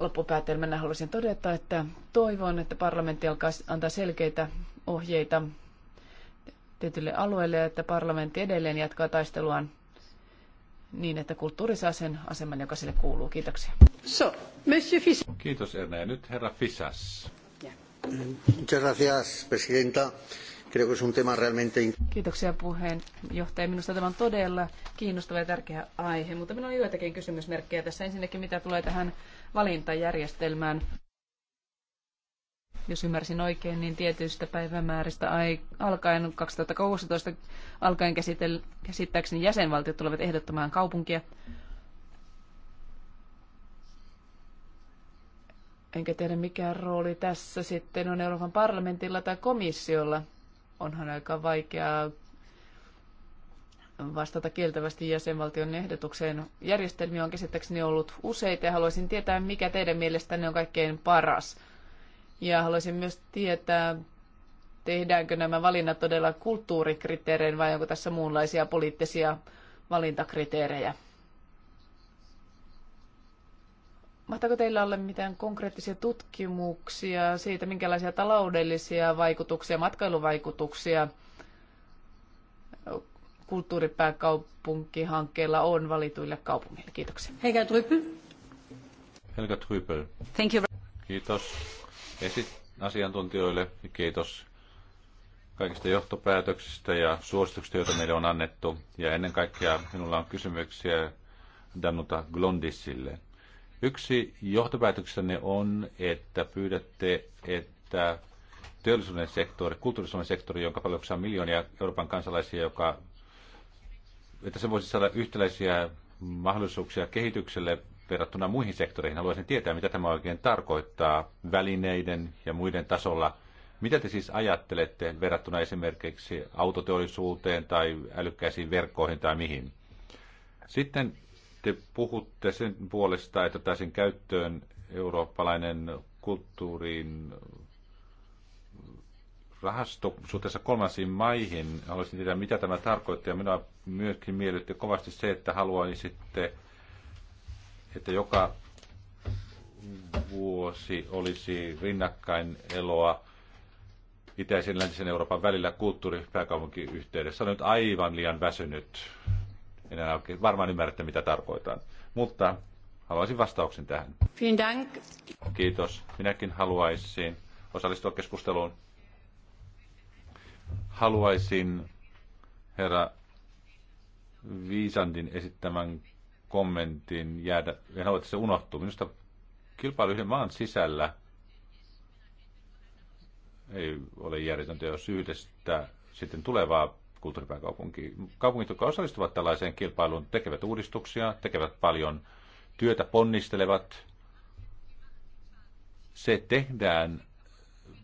Loppupäätelmänä haluaisin todeta, että toivon, että parlamentti alkaa antaa selkeitä ohjeita tietylle alueelle ja että parlamentti edelleen jatkaa taisteluaan niin, että kulttuuri saa sen aseman, joka sille kuuluu. Kiitoksia. So, Monsieur Fis- Kiitos Erne. Ja nyt herra Fisas. Yeah. Muchas gracias, presidenta. Creo que es un tema realmente... Kiitoksia puheenjohtaja. Minusta tämä on todella kiinnostava ja tärkeä aihe, mutta minulla on joitakin kysymysmerkkejä tässä. Ensinnäkin mitä tulee tähän valintajärjestelmään. Jos ymmärsin oikein, niin tietyistä päivämääristä alkaen 2016 alkaen käsitel, käsittääkseni jäsenvaltiot tulevat ehdottamaan kaupunkia. Enkä tiedä mikä rooli tässä sitten on Euroopan parlamentilla tai komissiolla onhan aika vaikeaa vastata kieltävästi jäsenvaltion ehdotukseen. Järjestelmiä on käsittääkseni ollut useita ja haluaisin tietää, mikä teidän mielestänne on kaikkein paras. Ja haluaisin myös tietää, tehdäänkö nämä valinnat todella kulttuurikriteerein vai onko tässä muunlaisia poliittisia valintakriteerejä. Mahtaako teillä olla mitään konkreettisia tutkimuksia siitä, minkälaisia taloudellisia vaikutuksia, matkailuvaikutuksia kulttuuripääkaupunkihankkeella on valituille kaupungeille? Kiitoksia. Helga Trypel. Helga Trypel. Thank you. Kiitos Esi- asiantuntijoille ja kiitos kaikista johtopäätöksistä ja suosituksista, joita meille on annettu. Ja ennen kaikkea minulla on kysymyksiä Danuta Glondisille. Yksi johtopäätöksenne on, että pyydätte, että teollisuuden sektori, kulttuurisuuden sektori, jonka paljon on miljoonia Euroopan kansalaisia, joka, että se voisi saada yhtäläisiä mahdollisuuksia kehitykselle verrattuna muihin sektoreihin. Haluaisin tietää, mitä tämä oikein tarkoittaa välineiden ja muiden tasolla. Mitä te siis ajattelette verrattuna esimerkiksi autoteollisuuteen tai älykkäisiin verkkoihin tai mihin? Sitten te puhutte sen puolesta, että otettaisiin käyttöön eurooppalainen kulttuurin rahasto suhteessa kolmansiin maihin. Haluaisin tietää, mitä tämä tarkoittaa. Ja minua myöskin miellytti kovasti se, että sitten, että joka vuosi olisi rinnakkain eloa itäisen ja läntisen Euroopan välillä kulttuuripääkaupunkiyhteydessä. Olen nyt aivan liian väsynyt en enää oikein varmaan ymmärrätte, mitä tarkoitan. Mutta haluaisin vastauksen tähän. Kiitos. Minäkin haluaisin osallistua keskusteluun. Haluaisin herra Viisandin esittämän kommentin jäädä, en halua, että se unohtuu. Minusta kilpailu yhden maan sisällä ei ole järjetöntä, jos yhdestä sitten tulevaa kulttuuripääkaupunki. Kaupungit, jotka osallistuvat tällaiseen kilpailuun, tekevät uudistuksia, tekevät paljon työtä, ponnistelevat. Se tehdään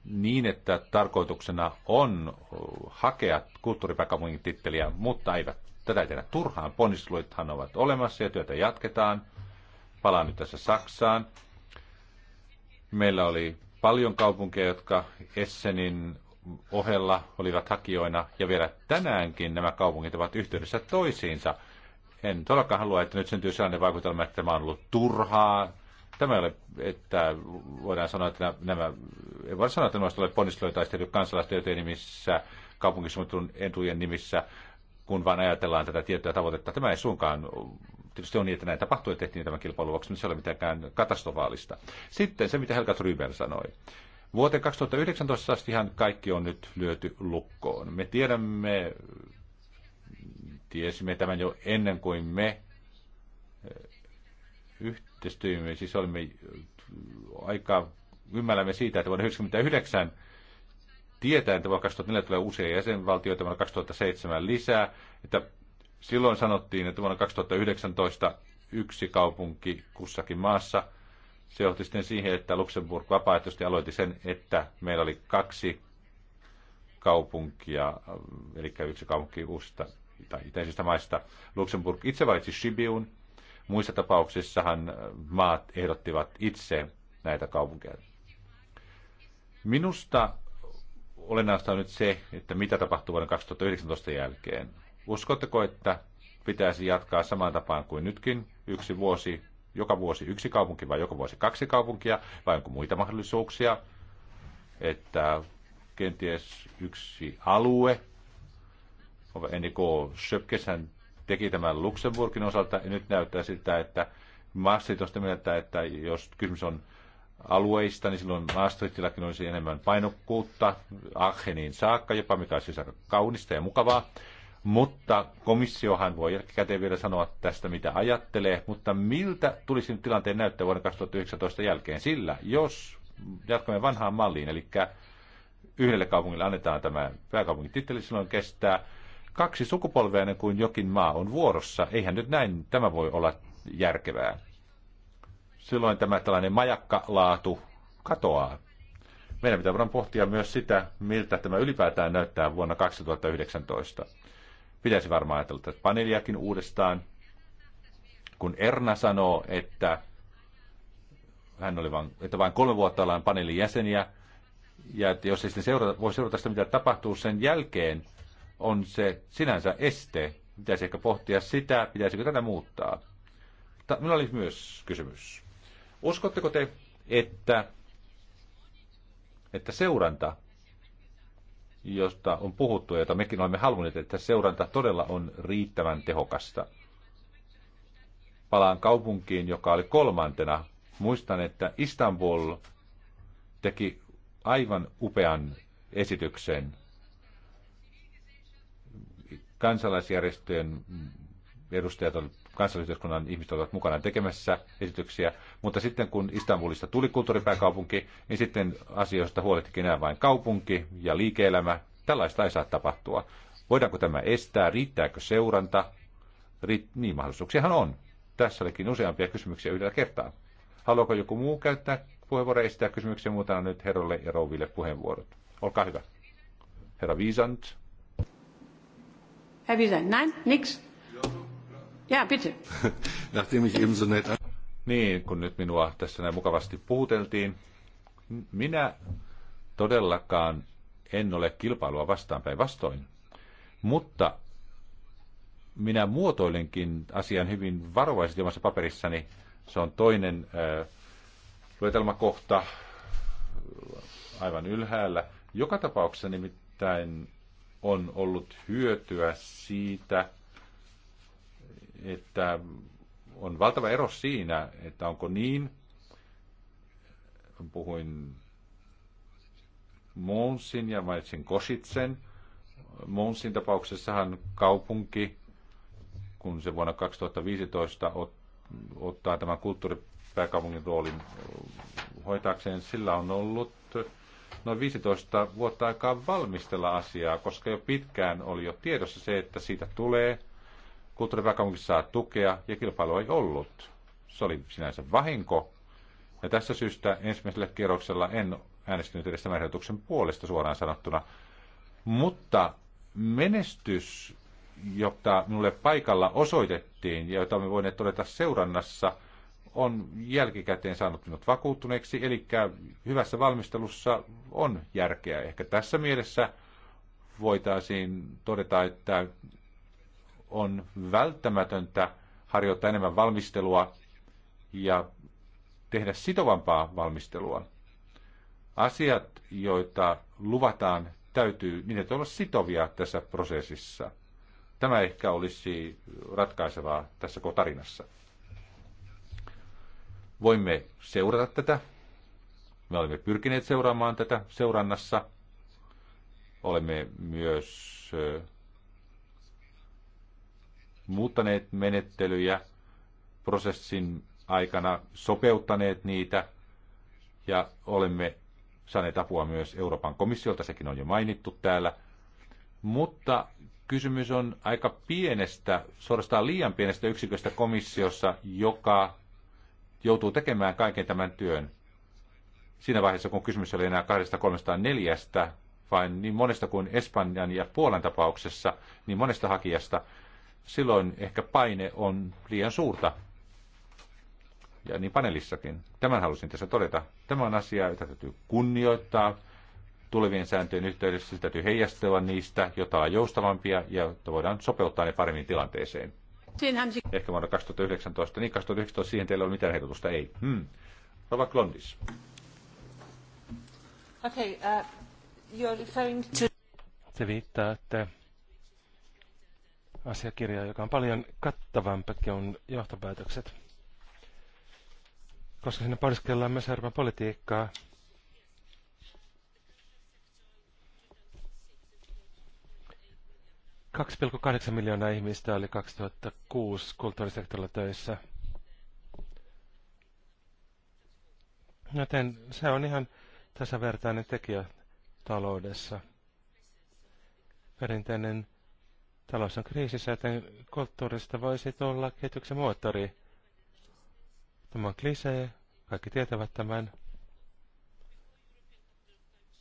niin, että tarkoituksena on hakea kulttuuripääkaupungin titteliä, mutta eivät tätä ei tehdä turhaan. Ponnisteluithan ovat olemassa ja työtä jatketaan. Palaan nyt tässä Saksaan. Meillä oli paljon kaupunkeja, jotka Essenin ohella olivat hakijoina ja vielä tänäänkin nämä kaupungit ovat yhteydessä toisiinsa. En todellakaan halua, että nyt syntyy sellainen vaikutelma, että tämä on ollut turhaa. Tämä ei ole, että voidaan sanoa, että nämä, ei voida sanoa, että nämä ole ponnisteluja taisteltu kansalaisten nimissä, kaupunkisuunnittelun etujen nimissä, kun vain ajatellaan tätä tiettyä tavoitetta. Tämä ei suinkaan tietysti on niin, että näin tapahtui ja tehtiin tämä kilpailu mutta se ei ole mitenkään katastrofaalista. Sitten se, mitä Helga Trymer sanoi. Vuoteen 2019 astihan kaikki on nyt lyöty lukkoon. Me tiedämme, tiesimme tämän jo ennen kuin me eh, yhteistyimme, siis olimme aika ymmärrämme siitä, että vuonna 1999 tietää, että vuonna 2004 tulee uusia jäsenvaltioita, vuonna 2007 lisää, että silloin sanottiin, että vuonna 2019 yksi kaupunki kussakin maassa – se johti sitten siihen, että Luxemburg vapaaehtoisesti aloitti sen, että meillä oli kaksi kaupunkia, eli yksi kaupunki uusista tai itäisistä maista. Luxemburg itse valitsi Sibiun. Muissa tapauksissahan maat ehdottivat itse näitä kaupunkeja. Minusta olennaista on nyt se, että mitä tapahtuu vuoden 2019 jälkeen. Uskotteko, että pitäisi jatkaa samaan tapaan kuin nytkin, yksi vuosi joka vuosi yksi kaupunki vai joka vuosi kaksi kaupunkia vai onko muita mahdollisuuksia, että kenties yksi alue, Eniko Schöpkeshän teki tämän Luxemburgin osalta ja nyt näyttää siltä, että Maastricht on sitä mieltä, että jos kysymys on alueista, niin silloin Maastrichtillakin olisi enemmän painokkuutta Aachenin saakka, jopa mikä olisi aika kaunista ja mukavaa. Mutta komissiohan voi jälkikäteen vielä sanoa tästä, mitä ajattelee, mutta miltä tulisi nyt tilanteen näyttää vuoden 2019 jälkeen? Sillä, jos jatkamme vanhaan malliin, eli yhdelle kaupungille annetaan tämä titteli, silloin kestää kaksi sukupolvea ennen kuin jokin maa on vuorossa. Eihän nyt näin tämä voi olla järkevää. Silloin tämä tällainen majakkalaatu katoaa. Meidän pitää voidaan pohtia myös sitä, miltä tämä ylipäätään näyttää vuonna 2019. Pitäisi varmaan ajatella tätä paneeliakin uudestaan. Kun Erna sanoo, että hän oli vain, että vain kolme vuotta ollaan paneelin jäseniä, ja että jos ei seurata, voi seurata sitä, mitä tapahtuu sen jälkeen, on se sinänsä este. Pitäisi ehkä pohtia sitä, pitäisikö tätä muuttaa. Ta- minulla oli myös kysymys. Uskotteko te, että, että seuranta josta on puhuttu ja jota mekin olemme halunneet, että seuranta todella on riittävän tehokasta. Palaan kaupunkiin, joka oli kolmantena. Muistan, että Istanbul teki aivan upean esityksen kansalaisjärjestöjen edustajat olivat kansallisyhteiskunnan ihmiset olivat mukana tekemässä esityksiä. Mutta sitten kun Istanbulista tuli kulttuuripääkaupunki, niin sitten asioista huolehtikin enää vain kaupunki ja liike-elämä. Tällaista ei saa tapahtua. Voidaanko tämä estää? Riittääkö seuranta? Riit- niin, mahdollisuuksiahan on. Tässä olikin useampia kysymyksiä yhdellä kertaa. Haluaako joku muu käyttää puheenvuoroja esittää kysymyksiä? Muuta nyt herrolle ja rouville puheenvuorot. Olkaa hyvä. Herra Viisant. Herra Wiesand, nein, niks. Ja, bitte. Nachdem ich eben so nett... Niin, kun nyt minua tässä näin mukavasti puhuteltiin, minä todellakaan en ole kilpailua vastaan päin vastoin. Mutta minä muotoilenkin asian hyvin varovaisesti omassa paperissani. Se on toinen äh, luetelmakohta aivan ylhäällä. Joka tapauksessa nimittäin on ollut hyötyä siitä, että on valtava ero siinä, että onko niin, puhuin Monsin ja mainitsin Kositsen. Monsin tapauksessahan kaupunki, kun se vuonna 2015 ot, ottaa tämän kulttuuripääkaupungin roolin hoitaakseen, sillä on ollut noin 15 vuotta aikaa valmistella asiaa, koska jo pitkään oli jo tiedossa se, että siitä tulee Kulttuuripääkaupunki saa tukea ja kilpailu ei ollut. Se oli sinänsä vahinko. Ja tässä syystä ensimmäisellä kierroksella en äänestynyt edes tämän ehdotuksen puolesta suoraan sanottuna. Mutta menestys, jota minulle paikalla osoitettiin ja jota me voineet todeta seurannassa, on jälkikäteen saanut minut vakuuttuneeksi. Eli hyvässä valmistelussa on järkeä. Ehkä tässä mielessä voitaisiin todeta, että on välttämätöntä harjoittaa enemmän valmistelua ja tehdä sitovampaa valmistelua. Asiat, joita luvataan, täytyy, niiden olla sitovia tässä prosessissa. Tämä ehkä olisi ratkaisevaa tässä tarinassa. Voimme seurata tätä. Me olemme pyrkineet seuraamaan tätä seurannassa. Olemme myös muuttaneet menettelyjä prosessin aikana, sopeuttaneet niitä ja olemme saaneet apua myös Euroopan komissiolta, sekin on jo mainittu täällä. Mutta kysymys on aika pienestä, suorastaan liian pienestä yksiköstä komissiossa, joka joutuu tekemään kaiken tämän työn. Siinä vaiheessa, kun kysymys oli enää 2304, vaan niin monesta kuin Espanjan ja Puolan tapauksessa, niin monesta hakijasta, silloin ehkä paine on liian suurta. Ja niin panelissakin. Tämän halusin tässä todeta. Tämä on asia, jota täytyy kunnioittaa tulevien sääntöjen yhteydessä. Sitä täytyy heijastella niistä, jota on joustavampia ja jotta voidaan sopeuttaa ne paremmin tilanteeseen. Ehkä vuonna 2019. Niin, 2019 siihen teillä ei ole mitään ehdotusta, ei. Hmm. Rova Klondis. Okay, uh, you're referring to... Se Te että asiakirjaa, joka on paljon kattavampi kuin johtopäätökset. Koska siinä pariskellaan myös Euroopan politiikkaa, Kaksi miljoonaa ihmistä oli 2006 kulttuurisektorilla töissä. Joten se on ihan tasavertainen tekijä taloudessa. Perinteinen Talous on kriisissä, joten kulttuurista voisi tulla kehityksen moottori. Tämä on klisee, kaikki tietävät tämän.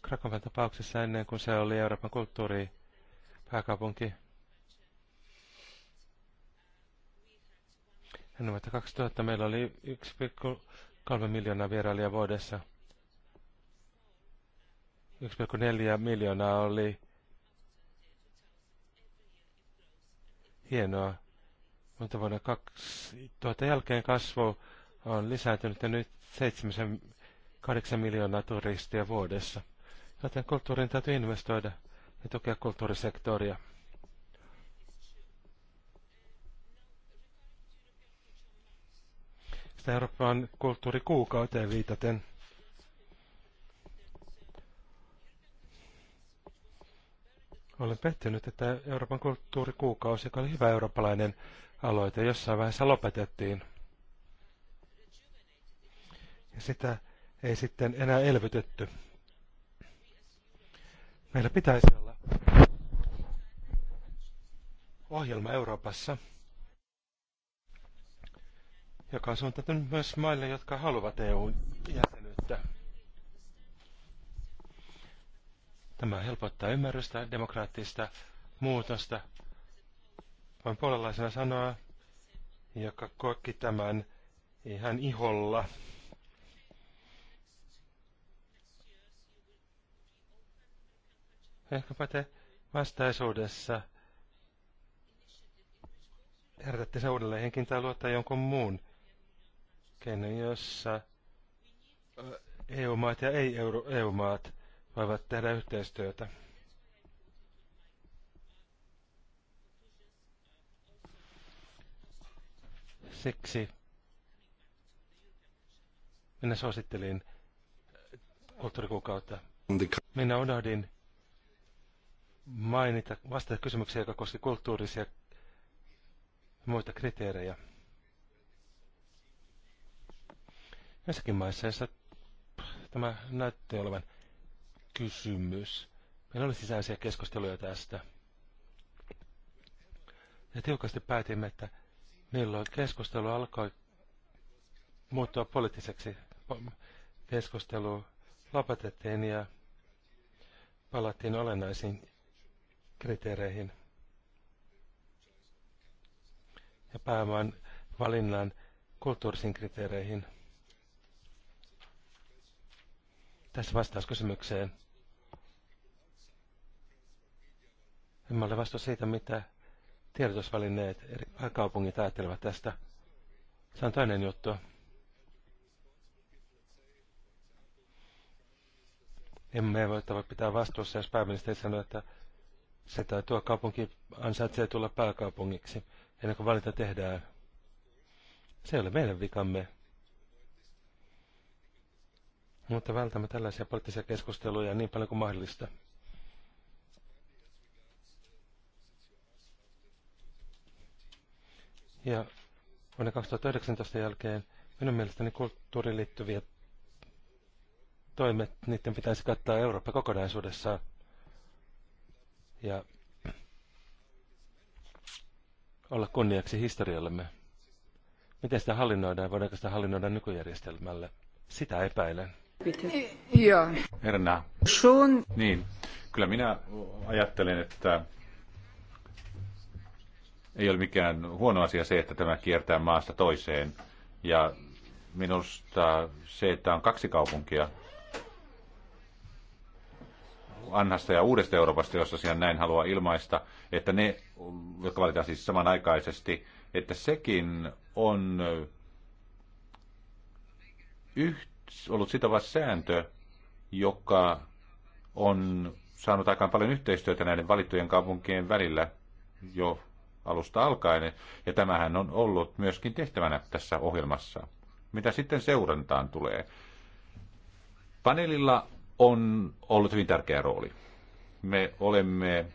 Krakovan tapauksessa ennen kuin se oli Euroopan kulttuuri pääkaupunki. Ennen vuotta 2000 meillä oli 1,3 miljoonaa vierailijaa vuodessa. 1,4 miljoonaa oli hienoa. Mutta vuonna 2000 jälkeen kasvu on lisääntynyt ja nyt 7, 8 miljoonaa turistia vuodessa. Joten kulttuurin täytyy investoida ja tukea kulttuurisektoria. Sitä Euroopan kulttuurikuukauteen viitaten. Olen pettynyt, että Euroopan kulttuurikuukausi, joka oli hyvä eurooppalainen aloite, jossain vaiheessa lopetettiin. Ja sitä ei sitten enää elvytetty. Meillä pitäisi olla ohjelma Euroopassa, joka on suuntautunut myös maille, jotka haluavat EU-jäsenyyttä. Tämä helpottaa ymmärrystä, demokraattista muutosta. Voin puolalaisena sanoa, joka koki tämän ihan iholla. Ehkäpä te vastaisuudessa herätätte se uudelleen henkin tai luottaa jonkun muun keinon, jossa EU-maat ja ei-EU-maat voivat tehdä yhteistyötä. Siksi minä suosittelin kulttuurikuukautta. Minä unohdin mainita, vastata kysymykseen, joka koski kulttuurisia muita kriteerejä. Näissäkin maissa, joissa tämä näytti olevan kysymys. Meillä oli sisäisiä keskusteluja tästä. Ja tiukasti päätimme, että milloin keskustelu alkoi muuttua poliittiseksi. Keskustelu lopetettiin ja palattiin olennaisiin kriteereihin. Ja päämaan valinnan kulttuurisiin kriteereihin. Tässä vastaus kysymykseen Emme ole vasta siitä, mitä tiedotusvälineet eri kaupungit ajattelevat tästä. Se on toinen juttu. Emme voi pitää vastuussa, jos pääministeri sanoo, että se tai tuo kaupunki ansaitsee tulla pääkaupungiksi ennen kuin valinta tehdään. Se ei ole meidän vikamme. Mutta vältämme tällaisia poliittisia keskusteluja niin paljon kuin mahdollista. Ja vuonna 2019 jälkeen minun mielestäni kulttuuriin liittyviä toimet, niiden pitäisi kattaa Eurooppa kokonaisuudessaan. Ja olla kunniaksi historiallemme. Miten sitä hallinnoidaan? Voidaanko sitä hallinnoida nykyjärjestelmälle? Sitä epäilen. Joo. Herna. Niin. Kyllä minä ajattelen, että ei ole mikään huono asia se, että tämä kiertää maasta toiseen. Ja minusta se, että on kaksi kaupunkia vanhasta ja uudesta Euroopasta, jossa asian näin haluaa ilmaista, että ne, jotka valitaan siis samanaikaisesti, että sekin on yht, ollut sitova sääntö, joka on saanut aikaan paljon yhteistyötä näiden valittujen kaupunkien välillä jo alusta alkaen, ja tämähän on ollut myöskin tehtävänä tässä ohjelmassa. Mitä sitten seurantaan tulee? Paneelilla on ollut hyvin tärkeä rooli. Me olemme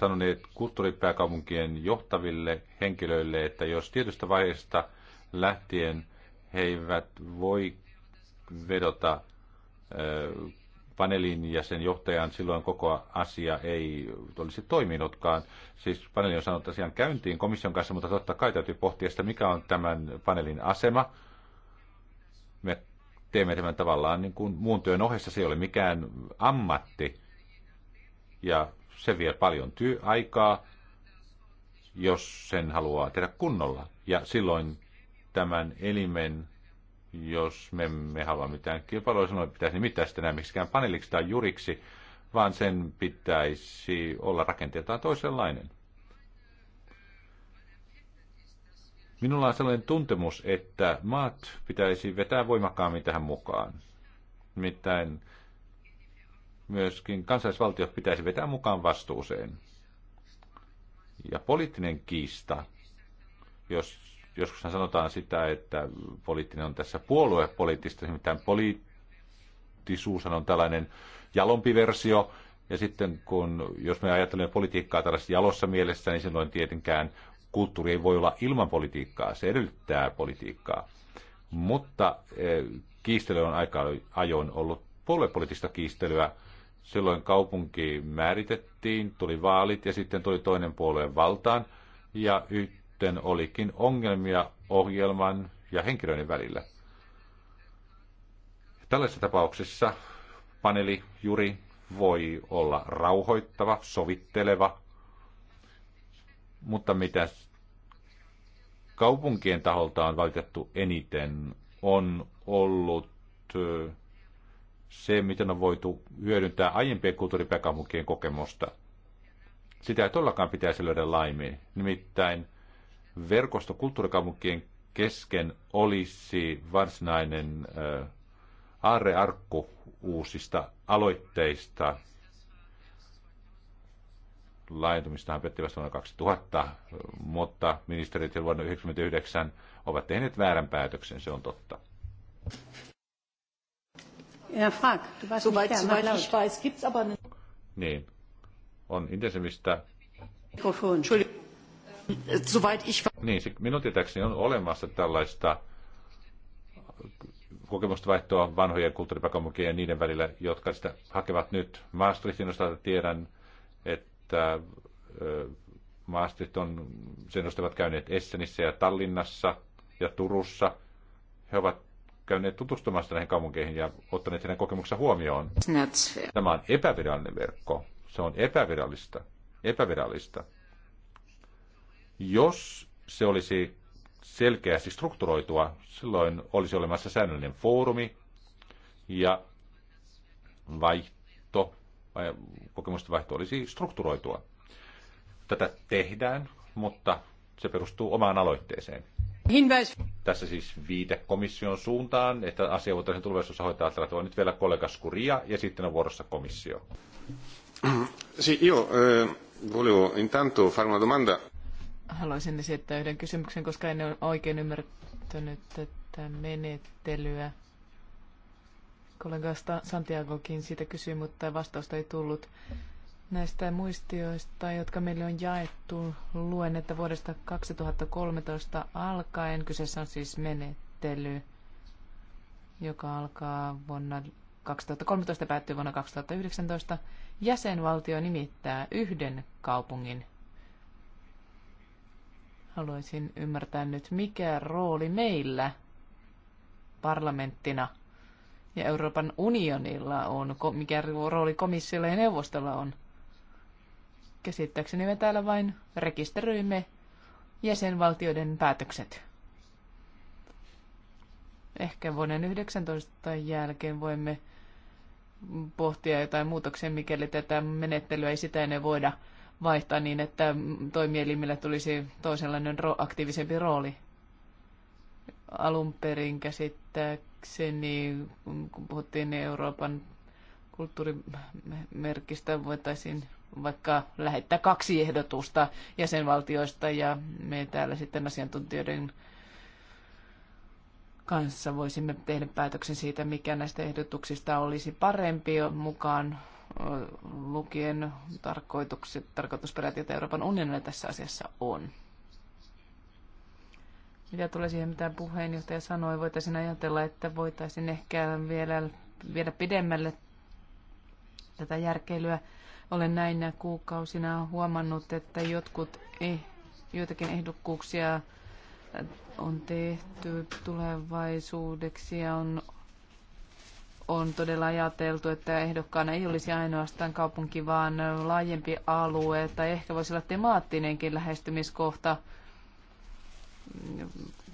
sanoneet kulttuuripääkaupunkien johtaville henkilöille, että jos tietystä vaiheesta lähtien he eivät voi vedota paneelin ja sen johtajan silloin koko asia ei olisi toiminutkaan. Siis paneeli on saanut asian käyntiin komission kanssa, mutta totta kai täytyy pohtia sitä, mikä on tämän paneelin asema. Me teemme tämän tavallaan niin kuin muun työn ohessa, se ei ole mikään ammatti ja se vie paljon työaikaa, jos sen haluaa tehdä kunnolla. Ja silloin tämän elimen jos me emme halua mitään kilpailua sanoa, pitäisi nimittää sitä enää miksikään paneeliksi tai juriksi, vaan sen pitäisi olla rakenteeltaan toisenlainen. Minulla on sellainen tuntemus, että maat pitäisi vetää voimakkaammin tähän mukaan. Nimittäin myöskin kansallisvaltiot pitäisi vetää mukaan vastuuseen. Ja poliittinen kiista, jos Joskushan sanotaan sitä, että poliittinen on tässä puoluepoliittista, nimittäin poliittisuus on tällainen jalompi versio, ja sitten kun, jos me ajattelemme politiikkaa tällaisessa jalossa mielessä, niin silloin tietenkään kulttuuri ei voi olla ilman politiikkaa, se edellyttää politiikkaa. Mutta e, kiistely on aika ajoin ollut puoluepoliittista kiistelyä. Silloin kaupunki määritettiin, tuli vaalit ja sitten tuli toinen puolue valtaan. Ja sitten olikin ongelmia ohjelman ja henkilöiden välillä. Tällaisissa tapauksissa paneeli juuri voi olla rauhoittava, sovitteleva, mutta mitä kaupunkien taholta on valitettu eniten, on ollut se, miten on voitu hyödyntää aiempien kulttuuripääkaupunkien kokemusta. Sitä ei todellakaan pitäisi löydä laimiin. Nimittäin – verkosto kulttuurikaupunkien kesken olisi varsinainen aarrearkku uusista aloitteista. Laajentumistahan pettivät vuonna 2000, mutta ministerit jo vuonna 1999 ovat tehneet väärän päätöksen, se on totta. Niin, on intensiivistä. Niin, minun tietääkseni on olemassa tällaista kokemusta vaihtoa vanhojen kulttuuripakomukien ja niiden välillä, jotka sitä hakevat nyt. Maastrichtin osalta tiedän, että Maastricht on, sen ostavat käyneet Essenissä ja Tallinnassa ja Turussa. He ovat käyneet tutustumassa näihin kaupunkeihin ja ottaneet heidän kokemuksensa huomioon. Tämä on epävirallinen verkko. Se on epävirallista. Epävirallista. Jos se olisi selkeästi strukturoitua, silloin olisi olemassa säännöllinen foorumi ja vaihto, kokemusten vaihto olisi strukturoitua. Tätä tehdään, mutta se perustuu omaan aloitteeseen. Hinväis. Tässä siis viite komission suuntaan, että asia voitaisiin tulevaisuudessa hoitaa tällä tavalla. Nyt vielä kollega Skuria ja sitten on vuorossa komissio. Sì, io eh, volevo intanto fare una domanda Haluaisin esittää yhden kysymyksen, koska en ole oikein ymmärtänyt tätä menettelyä. Kollega Santiagokin siitä kysyi, mutta vastausta ei tullut. Näistä muistioista, jotka meille on jaettu, luen, että vuodesta 2013 alkaen kyseessä on siis menettely, joka alkaa vuonna 2013 päättyy vuonna 2019, jäsenvaltio nimittää yhden kaupungin Haluaisin ymmärtää nyt, mikä rooli meillä parlamenttina ja Euroopan unionilla on, mikä rooli komissiolla ja neuvostolla on. Käsittääkseni me täällä vain rekisteröimme jäsenvaltioiden päätökset. Ehkä vuoden 19 jälkeen voimme pohtia jotain muutoksia, mikäli tätä menettelyä ei sitä ennen voida vaihtaa niin, että toimielimillä tulisi toisenlainen ro- aktiivisempi rooli. Alun perin käsittääkseni, kun puhuttiin Euroopan kulttuurimerkistä, voitaisiin vaikka lähettää kaksi ehdotusta jäsenvaltioista ja me täällä sitten asiantuntijoiden kanssa voisimme tehdä päätöksen siitä, mikä näistä ehdotuksista olisi parempi mukaan lukien tarkoitukset, tarkoitusperät, joita Euroopan unionilla tässä asiassa on. Mitä tulee siihen, mitä puheenjohtaja sanoi, voitaisiin ajatella, että voitaisiin ehkä vielä, viedä pidemmälle tätä järkeilyä. Olen näinä kuukausina huomannut, että jotkut eh, joitakin ehdokkuuksia on tehty tulevaisuudeksi ja on on todella ajateltu, että ehdokkaana ei olisi ainoastaan kaupunki, vaan laajempi alue tai ehkä voisi olla temaattinenkin lähestymiskohta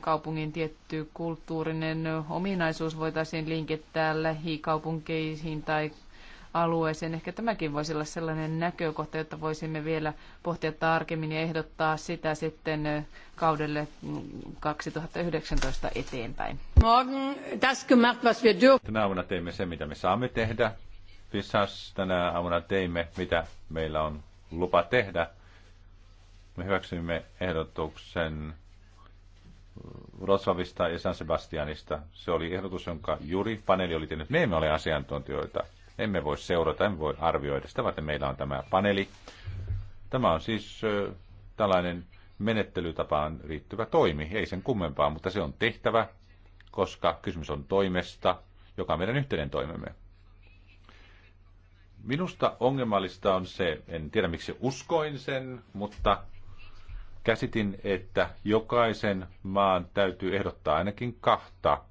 kaupungin tietty kulttuurinen ominaisuus voitaisiin linkittää lähikaupunkeihin tai alueeseen. Ehkä tämäkin voisi olla sellainen näkökohta, jotta voisimme vielä pohtia tarkemmin ja ehdottaa sitä sitten kaudelle 2019 mm, eteenpäin. Morgen das gemacht, was wir dürfen. Tänä aamuna teimme se, mitä me saamme tehdä. Pissas, tänä aamuna teimme, mitä meillä on lupa tehdä. Me hyväksymme ehdotuksen Rosavista ja San Sebastianista. Se oli ehdotus, jonka juuri paneeli oli tehnyt. Me emme ole asiantuntijoita emme voi seurata, emme voi arvioida. Sitä varten meillä on tämä paneeli. Tämä on siis tällainen menettelytapaan riittyvä toimi, ei sen kummempaa, mutta se on tehtävä, koska kysymys on toimesta, joka on meidän yhteinen toimemme. Minusta ongelmallista on se, en tiedä miksi uskoin sen, mutta käsitin, että jokaisen maan täytyy ehdottaa ainakin kahta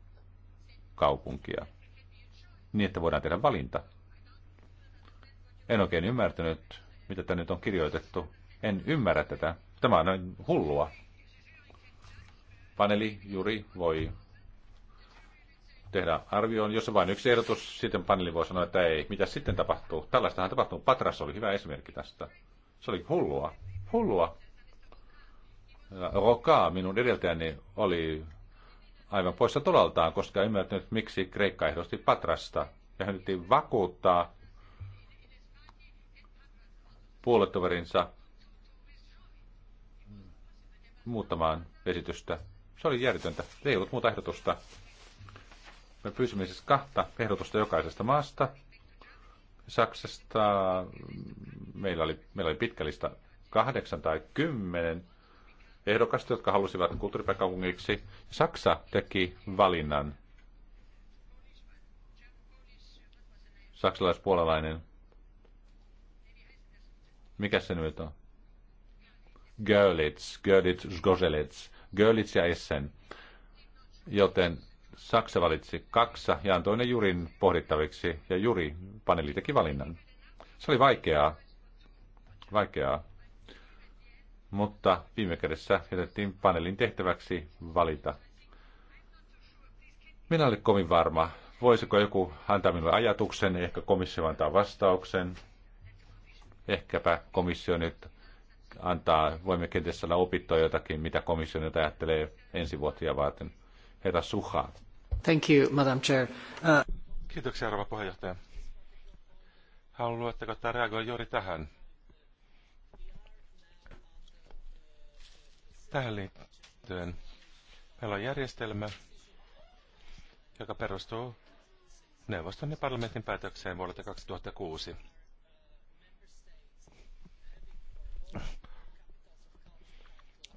kaupunkia, niin että voidaan tehdä valinta. En oikein ymmärtänyt, mitä tänne nyt on kirjoitettu. En ymmärrä tätä. Tämä on hullua. Paneli juuri voi tehdä arvioon. Jos on vain yksi ehdotus, sitten paneeli voi sanoa, että ei. Mitä sitten tapahtuu? Tällaistahan tapahtuu. Patras oli hyvä esimerkki tästä. Se oli hullua. Hullua. Rokaa minun edeltäjäni oli aivan poissa tolaltaan, koska ymmärtänyt, miksi Kreikka ehdosti Patrasta. Ja hän vakuuttaa puoletoverinsa muuttamaan esitystä. Se oli järjetöntä. Ei ollut muuta ehdotusta. Me pyysimme siis kahta ehdotusta jokaisesta maasta. Saksasta meillä oli, meillä oli pitkä lista kahdeksan tai kymmenen ehdokasta, jotka halusivat kulttuuripääkaupungiksi. Saksa teki valinnan. Saksalaispuolalainen mikä se nyt on? Görlitz, Görlitz, Zgozelets, Görlitz ja Essen. Joten Saksa valitsi kaksa ja antoi ne Jurin pohdittaviksi, ja Juri paneli teki valinnan. Se oli vaikeaa, vaikeaa, mutta viime kädessä jätettiin panelin tehtäväksi valita. Minä olin kovin varma, voisiko joku antaa minulle ajatuksen, ehkä komissio antaa vastauksen. Ehkäpä komissio nyt antaa, voimme kenties saada opittua jotakin, mitä komissio nyt ajattelee ensi vuotia varten. Herra Suha. Thank you, Madam Chair. Uh... Kiitoksia, rouva puheenjohtaja. Haluatteko tämä reagoi juuri tähän? Tähän liittyen meillä on järjestelmä, joka perustuu neuvoston ja parlamentin päätökseen vuodelta 2006.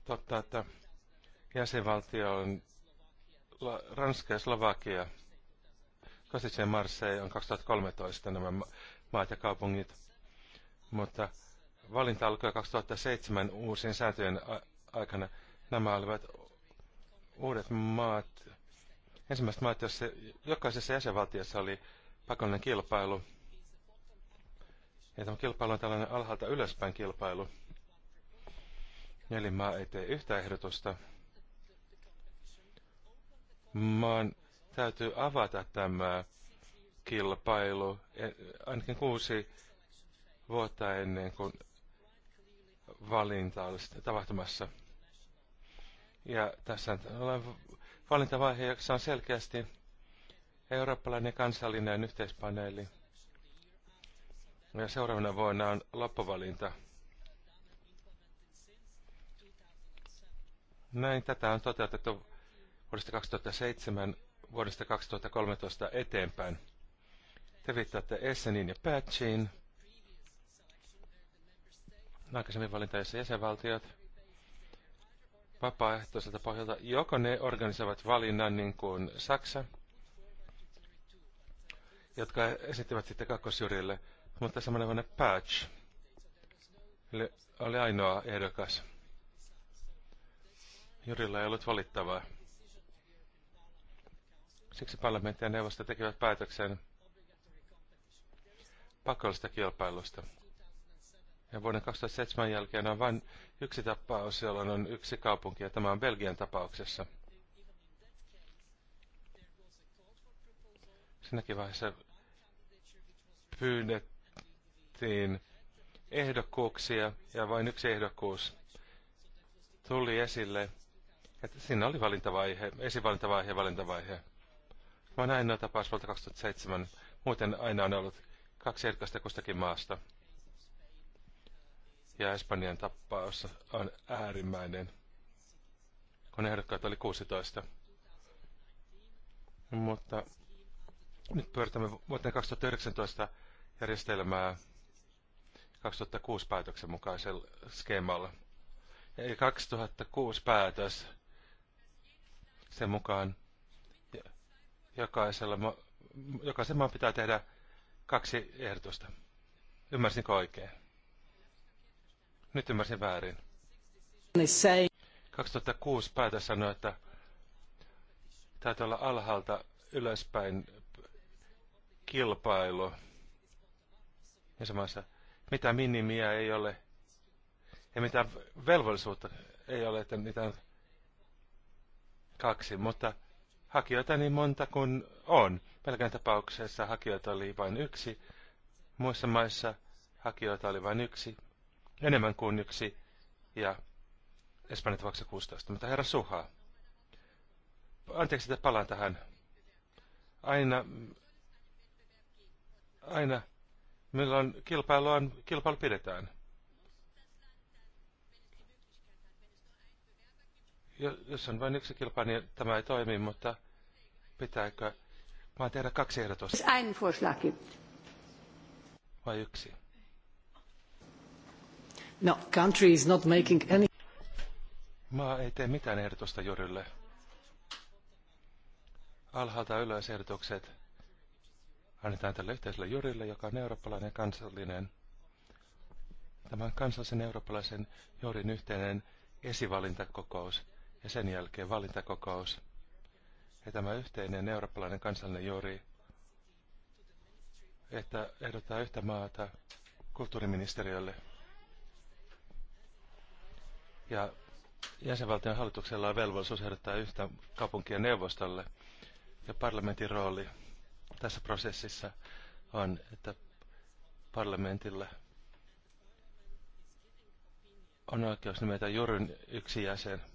totta, että jäsenvaltio on Ranska ja Slovakia. Kasitse ja Marseille on 2013 nämä maat ja kaupungit. Mutta valinta alkoi 2007 uusien sääntöjen aikana. Nämä olivat uudet maat, ensimmäiset maat, joissa jokaisessa jäsenvaltiossa oli pakollinen kilpailu. Ja tämä kilpailu on tällainen alhaalta ylöspäin kilpailu. Eli maa ei tee yhtä ehdotusta. Maan täytyy avata tämä kilpailu e, ainakin kuusi vuotta ennen kuin valinta olisi tapahtumassa. Ja tässä on valintavaihe, jossa on selkeästi eurooppalainen kansallinen yhteispaneeli. Ja seuraavana vuonna on loppuvalinta. Näin tätä on toteutettu vuodesta 2007 vuodesta 2013 eteenpäin. Te viittaatte Essenin ja Patchiin. Aikaisemmin valintaissa jäsenvaltiot vapaaehtoiselta pohjalta. Joko ne organisoivat valinnan niin kuin Saksa, jotka esittivät sitten kakkosjurille, mutta samanlainen vuonna Patch oli ainoa ehdokas. Jyrillä ei ollut valittavaa. Siksi parlamentti ja neuvosto tekivät päätöksen pakollisesta kilpailusta. Ja vuoden 2007 jälkeen on vain yksi tapaus, jolloin on yksi kaupunki, ja tämä on Belgian tapauksessa. Siinäkin vaiheessa pyydettiin ehdokkuuksia, ja vain yksi ehdokkuus tuli esille, että siinä oli valintavaihe, esivalintavaihe ja valintavaihe. Mä näin noita tapaus vuolta 2007. Muuten aina on ollut kaksi ehdokasta kustakin maasta. Ja Espanjan tapaus on äärimmäinen, kun ehdokkaat oli 16. Mutta nyt pyöritämme vuoteen 2019 järjestelmää 2006 päätöksen mukaisella skeemalla. Eli 2006 päätös sen mukaan jokaisella, jokaisen maan pitää tehdä kaksi ehdotusta. Ymmärsinkö oikein? Nyt ymmärsin väärin. 2006 päätös sanoi, että täytyy olla alhaalta ylöspäin kilpailu. Ja samassa, mitä minimiä ei ole ja mitä velvollisuutta ei ole, että niitä on kaksi, mutta hakijoita niin monta kuin on. Pelkän tapauksessa hakijoita oli vain yksi, muissa maissa hakijoita oli vain yksi, enemmän kuin yksi, ja Espanjan tapauksessa 16. Mutta herra Suhaa, anteeksi, että palaan tähän. Aina, aina, milloin kilpailu, on, kilpailu pidetään. Jos on vain yksi kilpailija, niin tämä ei toimi, mutta pitääkö vain tehdä kaksi ehdotusta? Ein Vorschlag gibt. Vai yksi? No, country is not making any... Maa ei tee mitään ehdotusta Jyrille. Alhaalta ylös ehdotukset annetaan tälle yhteiselle Jyrille, joka on eurooppalainen kansallinen. Tämän kansallisen eurooppalaisen Jorin yhteinen esivalintakokous – ja sen jälkeen valintakokous. Ja tämä yhteinen eurooppalainen kansallinen juuri, että ehdottaa yhtä maata kulttuuriministeriölle. Ja jäsenvaltion hallituksella on velvollisuus ehdottaa yhtä kaupunkien neuvostolle. Ja parlamentin rooli tässä prosessissa on, että parlamentilla on oikeus nimetä juuri yksi jäsen –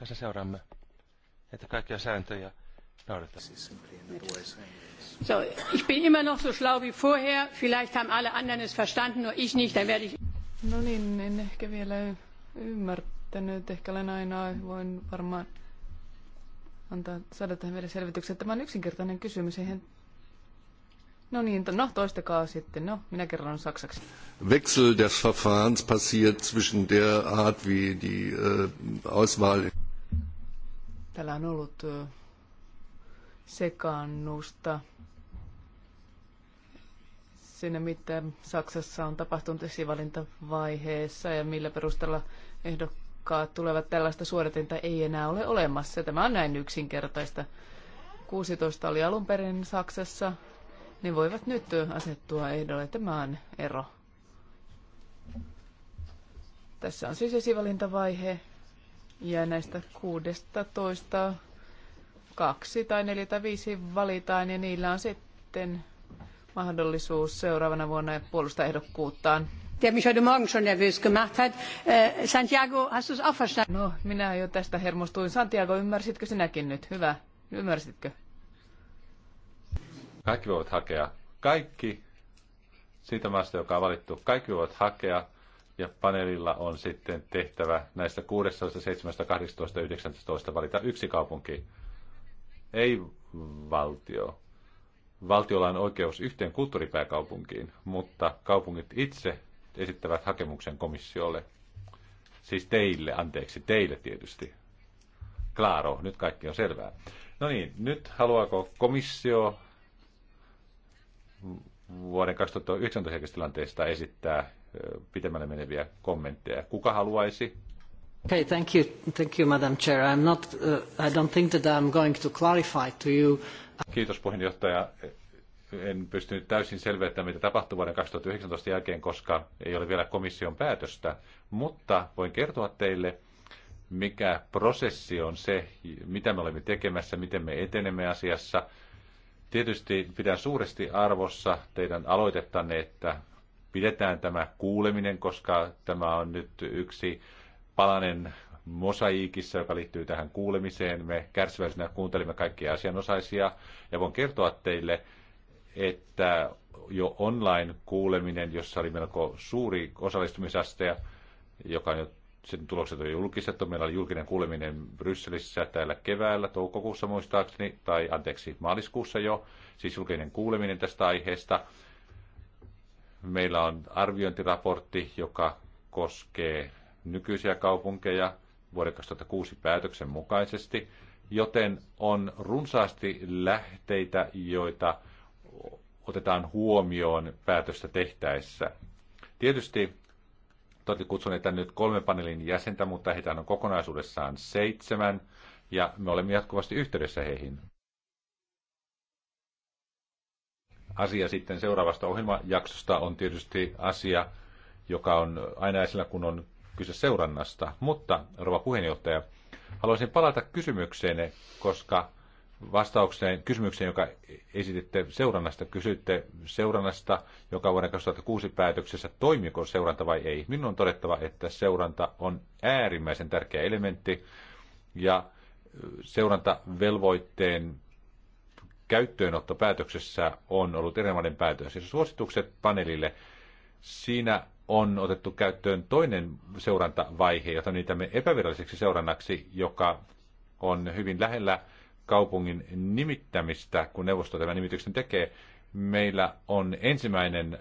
Tässä seuraamme, että kaikkia sääntöjä noudatetaan. So, ich bin immer noch so schlau wie vorher. Vielleicht haben alle anderen es verstanden, nur ich nicht. Dann werde ich... No niin, en ehkä vielä ymmärtänyt. Ehkä olen aina voin varmaan antaa, saada tähän vielä selvityksen. Tämä on yksinkertainen kysymys. Eihän... No niin, no toistakaa sitten. No, minä kerron saksaksi. Wechsel des Verfahrens passiert zwischen der Art, wie die äh, Auswahl Täällä on ollut sekaannusta sinne, mitä Saksassa on tapahtunut esivalintavaiheessa ja millä perusteella ehdokkaat tulevat tällaista suoritinta ei enää ole olemassa. Tämä on näin yksinkertaista. 16 oli alun perin Saksassa, ne niin voivat nyt asettua ehdolle. Tämä on ero. Tässä on siis esivalintavaihe ja näistä 16 kaksi tai neljä tai viisi valitaan ja niillä on sitten mahdollisuus seuraavana vuonna puolustaa ehdokkuuttaan. Eh, Santiago, No, minä jo tästä hermostuin. Santiago, ymmärsitkö sinäkin nyt? Hyvä. Ymmärsitkö? Kaikki voivat hakea. Kaikki siitä maasta, joka on valittu. Kaikki voivat hakea ja paneelilla on sitten tehtävä näistä 16, 17, 18, 19 valita yksi kaupunki, ei valtio. Valtiolla on oikeus yhteen kulttuuripääkaupunkiin, mutta kaupungit itse esittävät hakemuksen komissiolle. Siis teille, anteeksi, teille tietysti. Klaro, nyt kaikki on selvää. No niin, nyt haluaako komissio vuoden 2019 tilanteesta esittää pitemmälle meneviä kommentteja. Kuka haluaisi? Okay, thank you, thank you, Madam Chair. I'm not, uh, I don't think that I'm going to clarify to you. Kiitos puheenjohtaja. En pystynyt täysin selventämään, mitä tapahtui vuoden 2019 jälkeen, koska ei ole vielä komission päätöstä, mutta voin kertoa teille, mikä prosessi on se, mitä me olemme tekemässä, miten me etenemme asiassa. Tietysti pidän suuresti arvossa teidän aloitettanne, että pidetään tämä kuuleminen, koska tämä on nyt yksi palanen mosaiikissa, joka liittyy tähän kuulemiseen. Me kärsivällisenä kuuntelimme kaikkia asianosaisia ja voin kertoa teille, että jo online-kuuleminen, jossa oli melko suuri osallistumisaste, joka on jo sen tulokset on julkistettu. Meillä oli julkinen kuuleminen Brysselissä täällä keväällä, toukokuussa muistaakseni, tai anteeksi, maaliskuussa jo, siis julkinen kuuleminen tästä aiheesta. Meillä on arviointiraportti, joka koskee nykyisiä kaupunkeja vuoden 2006 päätöksen mukaisesti, joten on runsaasti lähteitä, joita otetaan huomioon päätöstä tehtäessä. Tietysti toki kutsun että nyt kolme paneelin jäsentä, mutta heitä on kokonaisuudessaan seitsemän, ja me olemme jatkuvasti yhteydessä heihin. asia sitten seuraavasta ohjelmajaksosta on tietysti asia, joka on aina esillä, kun on kyse seurannasta. Mutta, rouva puheenjohtaja, haluaisin palata kysymykseen, koska vastaukseen kysymykseen, joka esititte seurannasta. Kysytte seurannasta, joka vuoden 2006 päätöksessä, toimiko seuranta vai ei. Minun on todettava, että seuranta on äärimmäisen tärkeä elementti ja seurantavelvoitteen käyttöönottopäätöksessä on ollut erilainen päätös. Siis suositukset paneelille, siinä on otettu käyttöön toinen seurantavaihe, jota me epäviralliseksi seurannaksi, joka on hyvin lähellä kaupungin nimittämistä, kun neuvosto tämän nimityksen tekee. Meillä on ensimmäinen äh,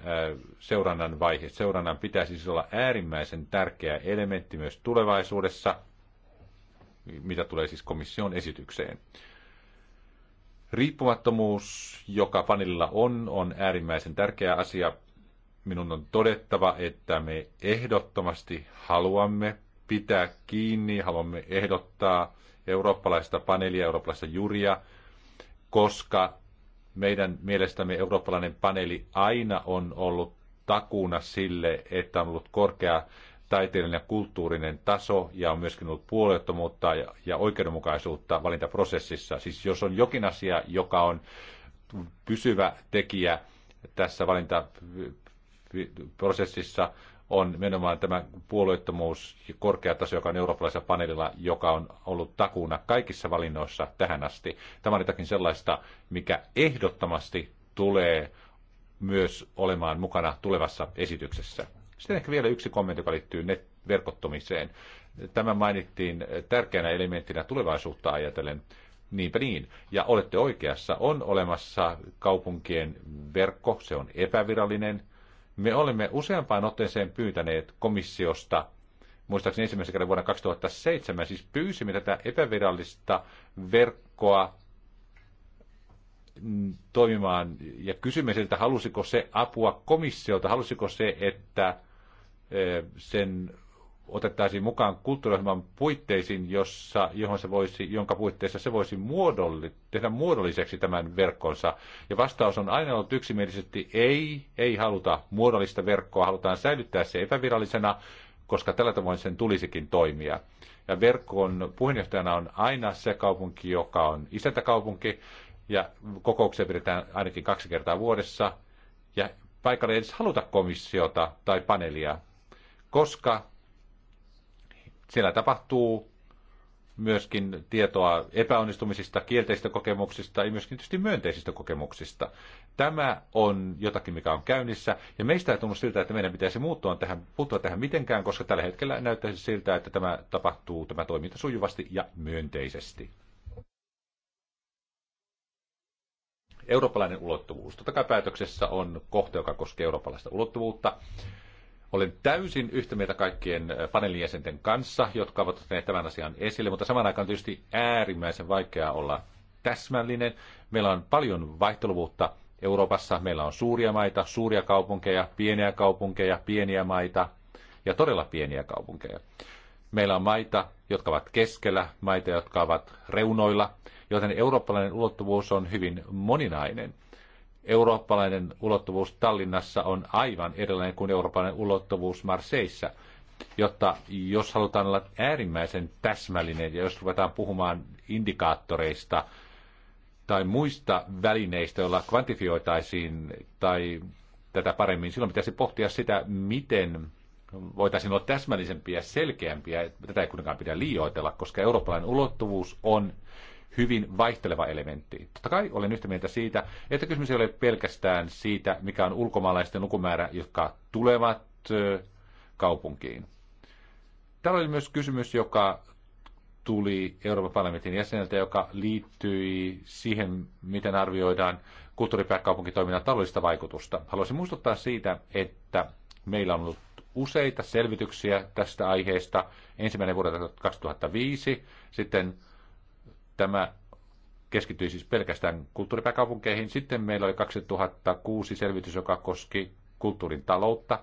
seurannan vaihe. Seurannan pitäisi siis olla äärimmäisen tärkeä elementti myös tulevaisuudessa, mitä tulee siis komission esitykseen. Riippumattomuus, joka panilla on, on äärimmäisen tärkeä asia. Minun on todettava, että me ehdottomasti haluamme pitää kiinni, haluamme ehdottaa eurooppalaista paneelia, eurooppalaista juria, koska meidän mielestämme eurooppalainen paneeli aina on ollut takuuna sille, että on ollut korkea taiteellinen ja kulttuurinen taso ja on myöskin ollut puolueettomuutta ja, ja oikeudenmukaisuutta valintaprosessissa. Siis jos on jokin asia, joka on pysyvä tekijä tässä valintaprosessissa, on nimenomaan tämä puolueettomuus ja korkea taso, joka on eurooppalaisella paneelilla, joka on ollut takuuna kaikissa valinnoissa tähän asti. Tämä on jotakin sellaista, mikä ehdottomasti tulee myös olemaan mukana tulevassa esityksessä. Sitten ehkä vielä yksi kommentti, joka liittyy net- verkottumiseen. Tämä mainittiin tärkeänä elementtinä tulevaisuutta ajatellen. Niinpä niin. Ja olette oikeassa. On olemassa kaupunkien verkko, se on epävirallinen. Me olemme useampaan otteeseen pyytäneet komissiosta, muistaakseni ensimmäisen kerran vuonna 2007, siis pyysimme tätä epävirallista verkkoa toimimaan ja kysymme siltä, halusiko se apua komissiolta, halusiko se, että Eh, sen otettaisiin mukaan kulttuuriohjelman puitteisiin, jossa, johon se voisi, jonka puitteissa se voisi muodolli, tehdä muodolliseksi tämän verkkonsa. Ja vastaus on aina ollut yksimielisesti ei, ei haluta muodollista verkkoa, halutaan säilyttää se epävirallisena, koska tällä tavoin sen tulisikin toimia. Ja verkon puheenjohtajana on aina se kaupunki, joka on isäntäkaupunki, ja kokouksia pidetään ainakin kaksi kertaa vuodessa, ja paikalle ei edes haluta komissiota tai panelia koska siellä tapahtuu myöskin tietoa epäonnistumisista, kielteisistä kokemuksista ja myöskin tietysti myönteisistä kokemuksista. Tämä on jotakin, mikä on käynnissä, ja meistä ei tunnu siltä, että meidän pitäisi muuttua tähän, puuttua tähän mitenkään, koska tällä hetkellä näyttäisi siltä, että tämä tapahtuu, tämä toiminta sujuvasti ja myönteisesti. Eurooppalainen ulottuvuus. Totta kai päätöksessä on kohta, joka koskee eurooppalaista ulottuvuutta. Olen täysin yhtä mieltä kaikkien paneelin jäsenten kanssa, jotka ovat ottaneet tämän asian esille, mutta samaan aikaan tietysti äärimmäisen vaikeaa olla täsmällinen. Meillä on paljon vaihteluvuutta Euroopassa. Meillä on suuria maita, suuria kaupunkeja, pieniä kaupunkeja, pieniä maita ja todella pieniä kaupunkeja. Meillä on maita, jotka ovat keskellä, maita, jotka ovat reunoilla, joten eurooppalainen ulottuvuus on hyvin moninainen – Eurooppalainen ulottuvuus Tallinnassa on aivan erilainen kuin eurooppalainen ulottuvuus Marseissa. Jotta jos halutaan olla äärimmäisen täsmällinen ja jos ruvetaan puhumaan indikaattoreista tai muista välineistä, joilla kvantifioitaisiin tai tätä paremmin, silloin pitäisi pohtia sitä, miten voitaisiin olla täsmällisempiä ja selkeämpiä. Tätä ei kuitenkaan pidä liioitella, koska eurooppalainen ulottuvuus on hyvin vaihteleva elementti. Totta kai olen yhtä mieltä siitä, että kysymys ei ole pelkästään siitä, mikä on ulkomaalaisten lukumäärä, jotka tulevat kaupunkiin. Täällä oli myös kysymys, joka tuli Euroopan parlamentin jäseneltä, joka liittyi siihen, miten arvioidaan kulttuuripääkaupunkitoiminnan taloudellista vaikutusta. Haluaisin muistuttaa siitä, että meillä on ollut useita selvityksiä tästä aiheesta. Ensimmäinen vuodelta 2005, sitten Tämä keskittyi siis pelkästään kulttuuripääkaupunkeihin. Sitten meillä oli 2006 selvitys, joka koski kulttuurin taloutta,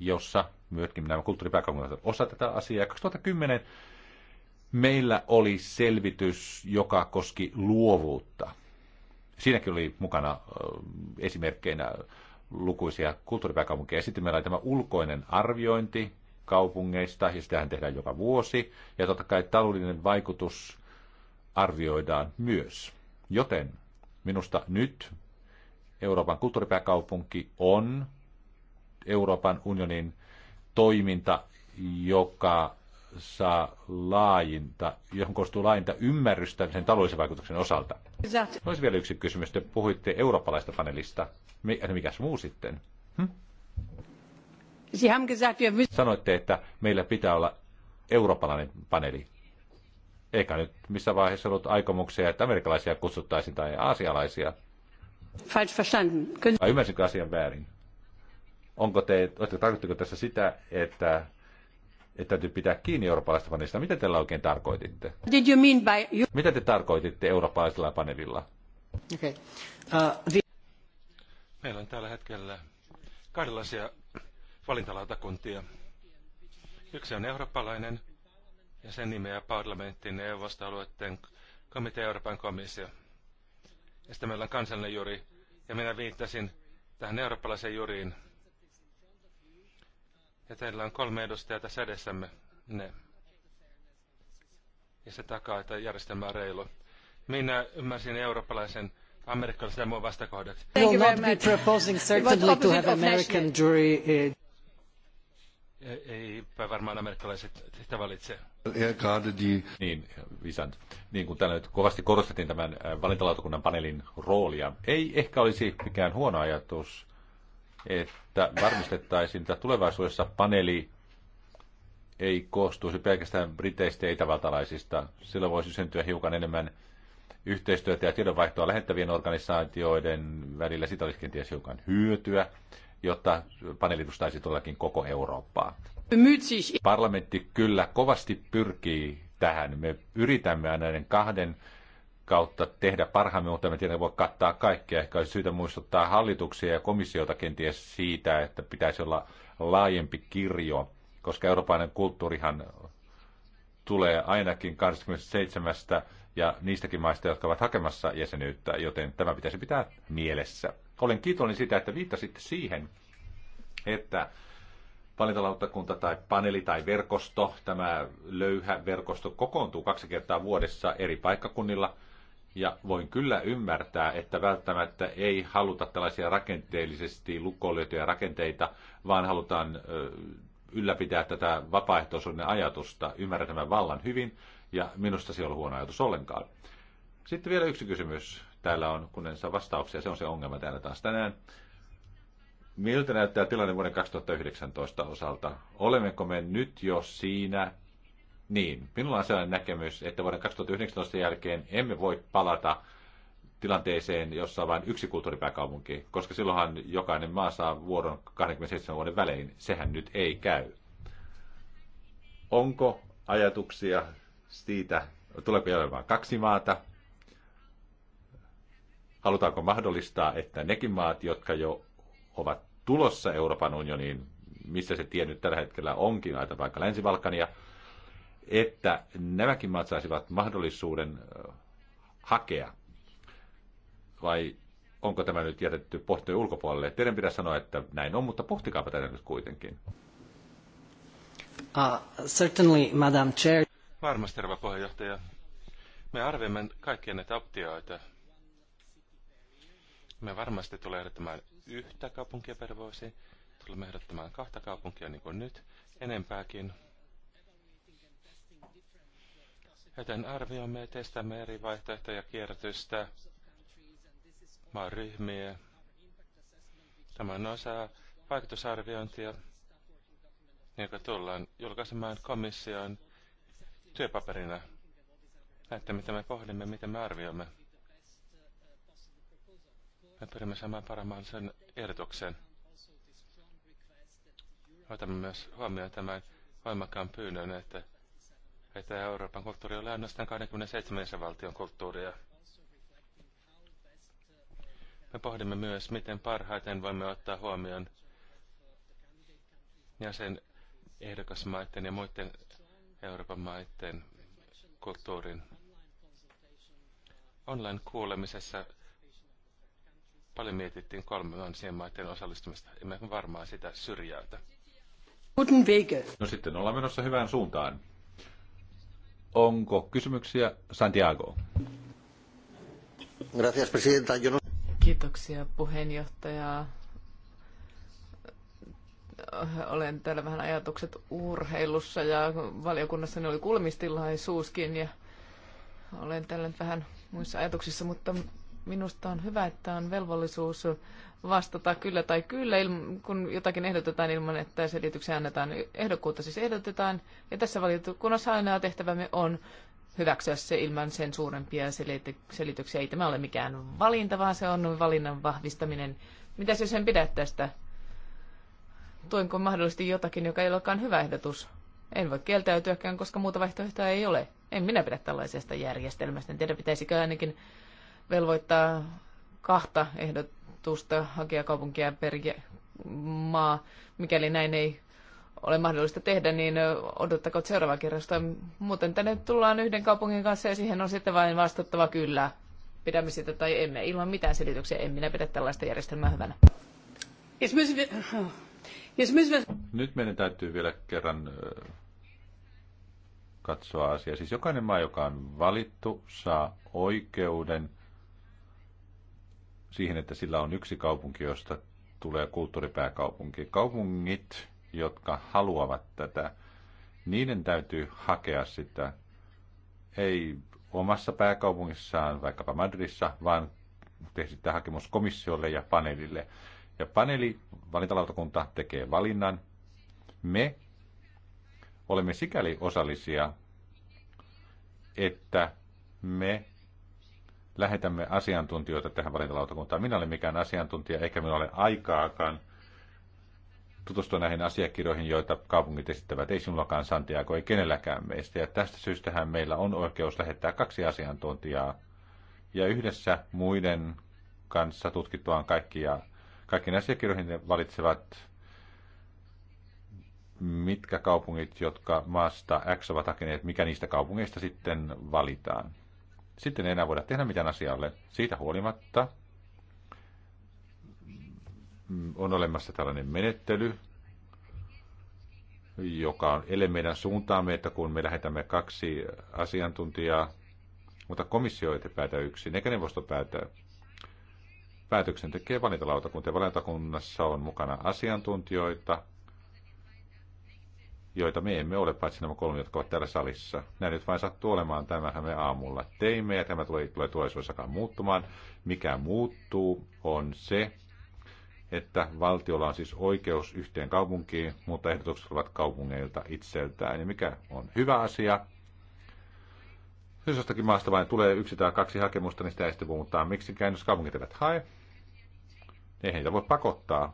jossa myöskin nämä kulttuuripääkaupungit ovat osa tätä asiaa. 2010 meillä oli selvitys, joka koski luovuutta. Siinäkin oli mukana esimerkkeinä lukuisia kulttuuripääkaupunkeja. Sitten meillä oli tämä ulkoinen arviointi kaupungeista, ja sitähän tehdään joka vuosi. Ja totta kai taloudellinen vaikutus arvioidaan myös. Joten minusta nyt Euroopan kulttuuripääkaupunki on Euroopan unionin toiminta, joka saa laajinta, johon koostuu laajinta ymmärrystä sen taloudellisen vaikutuksen osalta. Olisi vielä yksi kysymys. Te puhuitte eurooppalaista panelista. Mikäs muu sitten? Hm? Sanoitte, että meillä pitää olla eurooppalainen paneeli eikä nyt missä vaiheessa ollut aikomuksia, että amerikkalaisia kutsuttaisiin tai aasialaisia. Falsch verstanden. Vai ymmärsinkö asian väärin? Onko te, tarkoittiko tässä sitä, että, että täytyy pitää kiinni eurooppalaisesta paneelista? Mitä te oikein tarkoititte? Did you mean by you? Mitä te tarkoititte eurooppalaisella paneelilla? Okay. Uh, the... Meillä on tällä hetkellä kahdenlaisia valintalautakuntia. Yksi on eurooppalainen, ja sen nimeä parlamentti, neuvostoalueiden komitea Euroopan komissio. Ja sitten meillä on kansallinen juri, ja minä viittasin tähän eurooppalaiseen juriin. Ja teillä on kolme edustajaa tässä edessämme. Ne. Ja se takaa, että järjestelmä on reilu. Minä ymmärsin eurooppalaisen amerikkalaisen ja muun vastakohdat. Will not be proposing certainly to have American jury. Eh, e-, varmaan amerikkalaiset sitä valitse. Niin, Visant. Niin kuin täällä nyt kovasti korostettiin tämän äh, valintalautakunnan paneelin roolia, ei ehkä olisi mikään huono ajatus, että varmistettaisiin, että tulevaisuudessa paneeli ei koostuisi pelkästään briteistä ja itävaltalaisista. Silloin voisi syntyä hiukan enemmän yhteistyötä ja tiedonvaihtoa lähettävien organisaatioiden välillä. Sitä olisi kenties hiukan hyötyä, jotta paneeli edustaisi todellakin koko Eurooppaa. E- Parlamentti kyllä kovasti pyrkii tähän. Me yritämme aina näiden kahden kautta tehdä parhaamme, mutta me tietenkin voi kattaa kaikkea. Ehkä olisi syytä muistuttaa hallituksia ja komissiota kenties siitä, että pitäisi olla laajempi kirjo, koska eurooppalainen kulttuurihan tulee ainakin 27 ja niistäkin maista, jotka ovat hakemassa jäsenyyttä, joten tämä pitäisi pitää mielessä. Olen kiitollinen siitä, että viittasitte siihen, että valintalautakunta tai paneeli tai verkosto, tämä löyhä verkosto kokoontuu kaksi kertaa vuodessa eri paikkakunnilla. Ja voin kyllä ymmärtää, että välttämättä ei haluta tällaisia rakenteellisesti lukkoilijoituja rakenteita, vaan halutaan ylläpitää tätä vapaaehtoisuuden ajatusta, ymmärrän tämän vallan hyvin, ja minusta se ei ole huono ajatus ollenkaan. Sitten vielä yksi kysymys täällä on, kun en saa vastauksia, se on se ongelma täällä taas tänään. Miltä näyttää tilanne vuoden 2019 osalta? Olemmeko me nyt jo siinä? Niin, minulla on sellainen näkemys, että vuoden 2019 jälkeen emme voi palata tilanteeseen, jossa on vain yksi kulttuuripääkaupunki, koska silloinhan jokainen maa saa vuoron 27 vuoden välein. Sehän nyt ei käy. Onko ajatuksia siitä, tuleeko olemaan kaksi maata? Halutaanko mahdollistaa, että nekin maat, jotka jo ovat tulossa Euroopan unioniin, missä se tie nyt tällä hetkellä onkin, aita vaikka Länsi-Balkania, että nämäkin maat saisivat mahdollisuuden hakea? Vai onko tämä nyt jätetty pohtojen ulkopuolelle? Teidän pitäisi sanoa, että näin on, mutta pohtikaapa tätä nyt kuitenkin. Uh, certainly, Madam Chair. Varmasti, herra puheenjohtaja. Me arvioimme kaikkia näitä optioita, me varmasti tulee ehdottamaan yhtä kaupunkia per vuosi. Tulemme ehdottamaan kahta kaupunkia niin kuin nyt, enempääkin. Joten arvioimme ja testamme eri vaihtoehtoja kierrätystä, maaryhmiä. Tämä on osa vaikutusarviointia, joka tullaan julkaisemaan komission työpaperina. Näette, mitä me pohdimme, miten me arvioimme. Me pyrimme saamaan sen ehdotuksen. Otamme myös huomioon tämän voimakkaan pyynnön, että, että Euroopan kulttuuri on ainoastaan 27 valtion kulttuuria. Me pohdimme myös, miten parhaiten voimme ottaa huomioon jäsen sen ehdokasmaiden ja muiden Euroopan maiden kulttuurin. Online-kuulemisessa Paljon mietittiin kolmansien maiden osallistumista, emme varmaan sitä syrjäytä. No sitten ollaan menossa hyvään suuntaan. Onko kysymyksiä Santiago? Gracias, presidenta. Yo no... Kiitoksia puheenjohtaja. Olen täällä vähän ajatukset urheilussa ja valiokunnassa oli kulmistilaisuuskin ja olen täällä vähän muissa ajatuksissa, mutta Minusta on hyvä, että on velvollisuus vastata kyllä tai kyllä, kun jotakin ehdotetaan ilman, että selityksiä annetaan. Ehdokkuutta siis ehdotetaan, ja tässä valiokunnassa aina tehtävämme on hyväksyä se ilman sen suurempia selityksiä. Ei tämä ole mikään valinta, vaan se on valinnan vahvistaminen. Mitä jos sen pidät tästä? Tuinko mahdollisesti jotakin, joka ei olekaan hyvä ehdotus? En voi kieltäytyäkään, koska muuta vaihtoehtoa ei ole. En minä pidä tällaisesta järjestelmästä. En tiedä, pitäisikö ainakin velvoittaa kahta ehdotusta hakijakaupunkia per maa. Mikäli näin ei ole mahdollista tehdä, niin odottakaa seuraava kerrasta. Muuten tänne tullaan yhden kaupungin kanssa ja siihen on sitten vain vastattava kyllä. Pidämme sitä tai emme. Ilman mitään selityksiä en minä pidä tällaista järjestelmää hyvänä. Nyt meidän täytyy vielä kerran katsoa asiaa. Siis jokainen maa, joka on valittu, saa oikeuden siihen, että sillä on yksi kaupunki, josta tulee kulttuuripääkaupunki. Kaupungit, jotka haluavat tätä, niiden täytyy hakea sitä ei omassa pääkaupungissaan, vaikkapa Madridissa, vaan tehdään hakemus komissiolle ja paneelille. Ja paneeli, valintalautakunta, tekee valinnan. Me olemme sikäli osallisia, että me lähetämme asiantuntijoita tähän valintalautakuntaan. Minä olen mikään asiantuntija, eikä minulla ole aikaakaan tutustua näihin asiakirjoihin, joita kaupungit esittävät. Ei sinullakaan Santiago, ei kenelläkään meistä. Ja tästä syystähän meillä on oikeus lähettää kaksi asiantuntijaa. Ja yhdessä muiden kanssa tutkittuaan kaikkia, kaikkiin asiakirjoihin ne valitsevat mitkä kaupungit, jotka maasta X ovat hakeneet, mikä niistä kaupungeista sitten valitaan sitten ei enää voida tehdä mitään asialle. Siitä huolimatta on olemassa tällainen menettely, joka on ele meidän suuntaamme, että kun me lähetämme kaksi asiantuntijaa, mutta komissio ei päätä yksin, eikä neuvosto päätä. Päätöksen tekee valintalautakunta. Valintakunnassa on mukana asiantuntijoita, joita me emme ole, paitsi nämä kolme, jotka ovat täällä salissa. Näin nyt vain sattuu olemaan, tämähän me aamulla teimme, ja tämä tulee, tulee tulevaisuudessakaan muuttumaan. Mikä muuttuu, on se, että valtiolla on siis oikeus yhteen kaupunkiin, mutta ehdotukset ovat kaupungeilta itseltään. Ja mikä on hyvä asia, jos jostakin maasta vain tulee yksi tai kaksi hakemusta, niin sitä ei sitten puhutaan miksikään, jos kaupungit eivät hae. Eihän niitä voi pakottaa.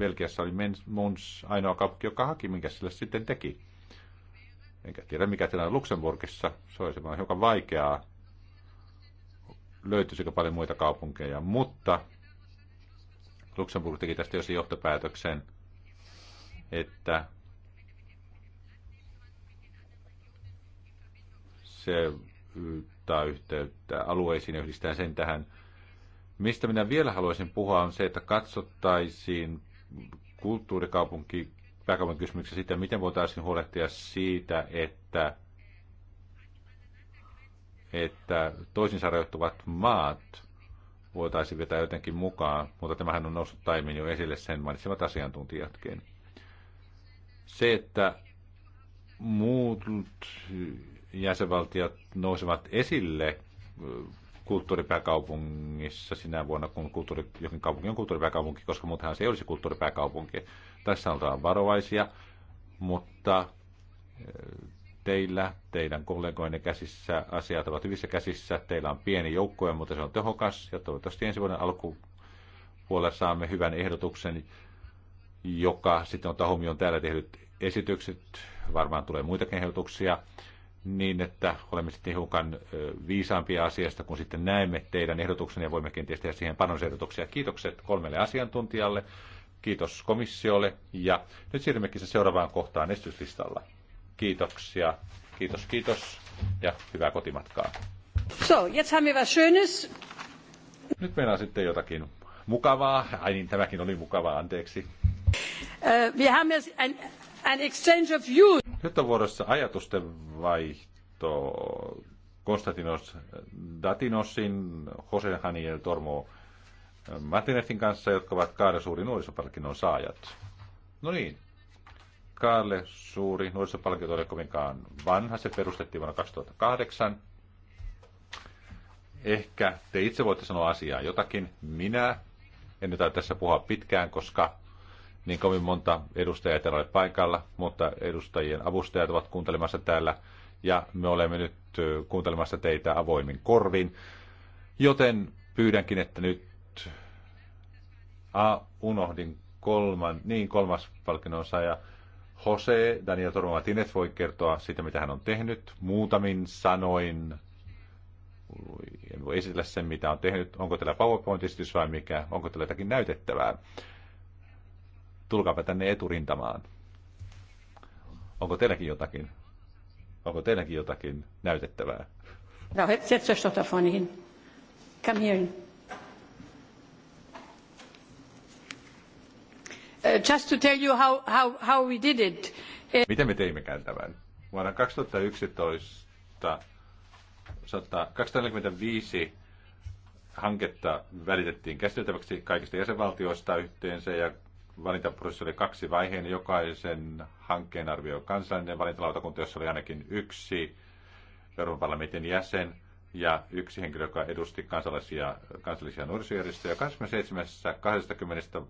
Belgiassa oli Mons ainoa kaupunki, joka haki, minkä sille sitten teki. Enkä tiedä, mikä tilanne Luxemburgissa. Se semmoinen hiukan vaikeaa. Löytyisikö paljon muita kaupunkeja, mutta Luxemburg teki tästä jo johtopäätöksen, että se yhtää yhteyttä alueisiin ja yhdistää sen tähän. Mistä minä vielä haluaisin puhua on se, että katsottaisiin kulttuurikaupunki pääkaupunkikysymyksessä sitä, miten voitaisiin huolehtia siitä, että, että toisinsa rajoittuvat maat voitaisiin vetää jotenkin mukaan, mutta tämähän on noussut taimin jo esille sen mainitsevat asiantuntijatkin. Se, että muut jäsenvaltiot nousevat esille kulttuuripääkaupungissa sinä vuonna, kun kulttuuri, jokin kaupunki on kulttuuripääkaupunki, koska muutenhan se ei olisi kulttuuripääkaupunki. Tässä ollaan varovaisia, mutta eh, teillä, teidän kollegoinne käsissä, asiat ovat hyvissä käsissä. Teillä on pieni joukko, mutta se on tehokas ja toivottavasti ensi vuoden alkupuolella saamme hyvän ehdotuksen, joka sitten on huomioon täällä tehdyt esitykset. Varmaan tulee muitakin ehdotuksia niin, että olemme sitten hiukan viisaampia asiasta, kun sitten näemme teidän ehdotuksen ja voimme kenties tehdä siihen parannusehdotuksia. Kiitokset kolmelle asiantuntijalle, kiitos komissiolle ja nyt siirrymmekin se seuraavaan kohtaan esityslistalla. Kiitoksia, kiitos, kiitos ja hyvää kotimatkaa. So, jetzt haben wir was Schönes. Nyt meillä on sitten jotakin mukavaa. Ai niin, tämäkin oli mukavaa, anteeksi. Uh, wir haben jetzt ein, ein exchange of views. Nyt on vuorossa ajatusten vaihto Konstantinos Datinosin, Jose Haniel Tormo Martinezin kanssa, jotka ovat Kaare Suuri nuorisopalkinnon saajat. No niin, Kaarle Suuri nuorisopalkinto oli kovinkaan vanha, se perustettiin vuonna 2008. Ehkä te itse voitte sanoa asiaa jotakin. Minä en nyt tässä puhua pitkään, koska niin kovin monta edustajaa ei ole paikalla, mutta edustajien avustajat ovat kuuntelemassa täällä ja me olemme nyt kuuntelemassa teitä avoimin korvin. Joten pyydänkin, että nyt A, unohdin kolman, niin kolmas palkinnon saaja Jose Daniel Toro Martinez voi kertoa sitä, mitä hän on tehnyt. Muutamin sanoin, en voi esitellä sen, mitä on tehnyt. Onko teillä PowerPoint-esitys vai mikä? Onko teillä jotakin näytettävää? tulkaapa tänne eturintamaan. Onko teilläkin jotakin? Onko teilläkin jotakin näytettävää? No, setz euch doch da vorne hin. Come here. Uh, just to tell you how, how, how we did it. Uh, Miten me teimmekään tämän? Vuonna 2011 245 hanketta välitettiin käsiteltäväksi kaikista jäsenvaltioista yhteensä ja valintaprosessi oli kaksi vaiheen. Jokaisen hankkeen arvioi kansallinen valintalautakunta, jossa oli ainakin yksi Euroopan parlamentin jäsen ja yksi henkilö, joka edusti kansallisia, kansallisia nuorisojärjestöjä. 27.20.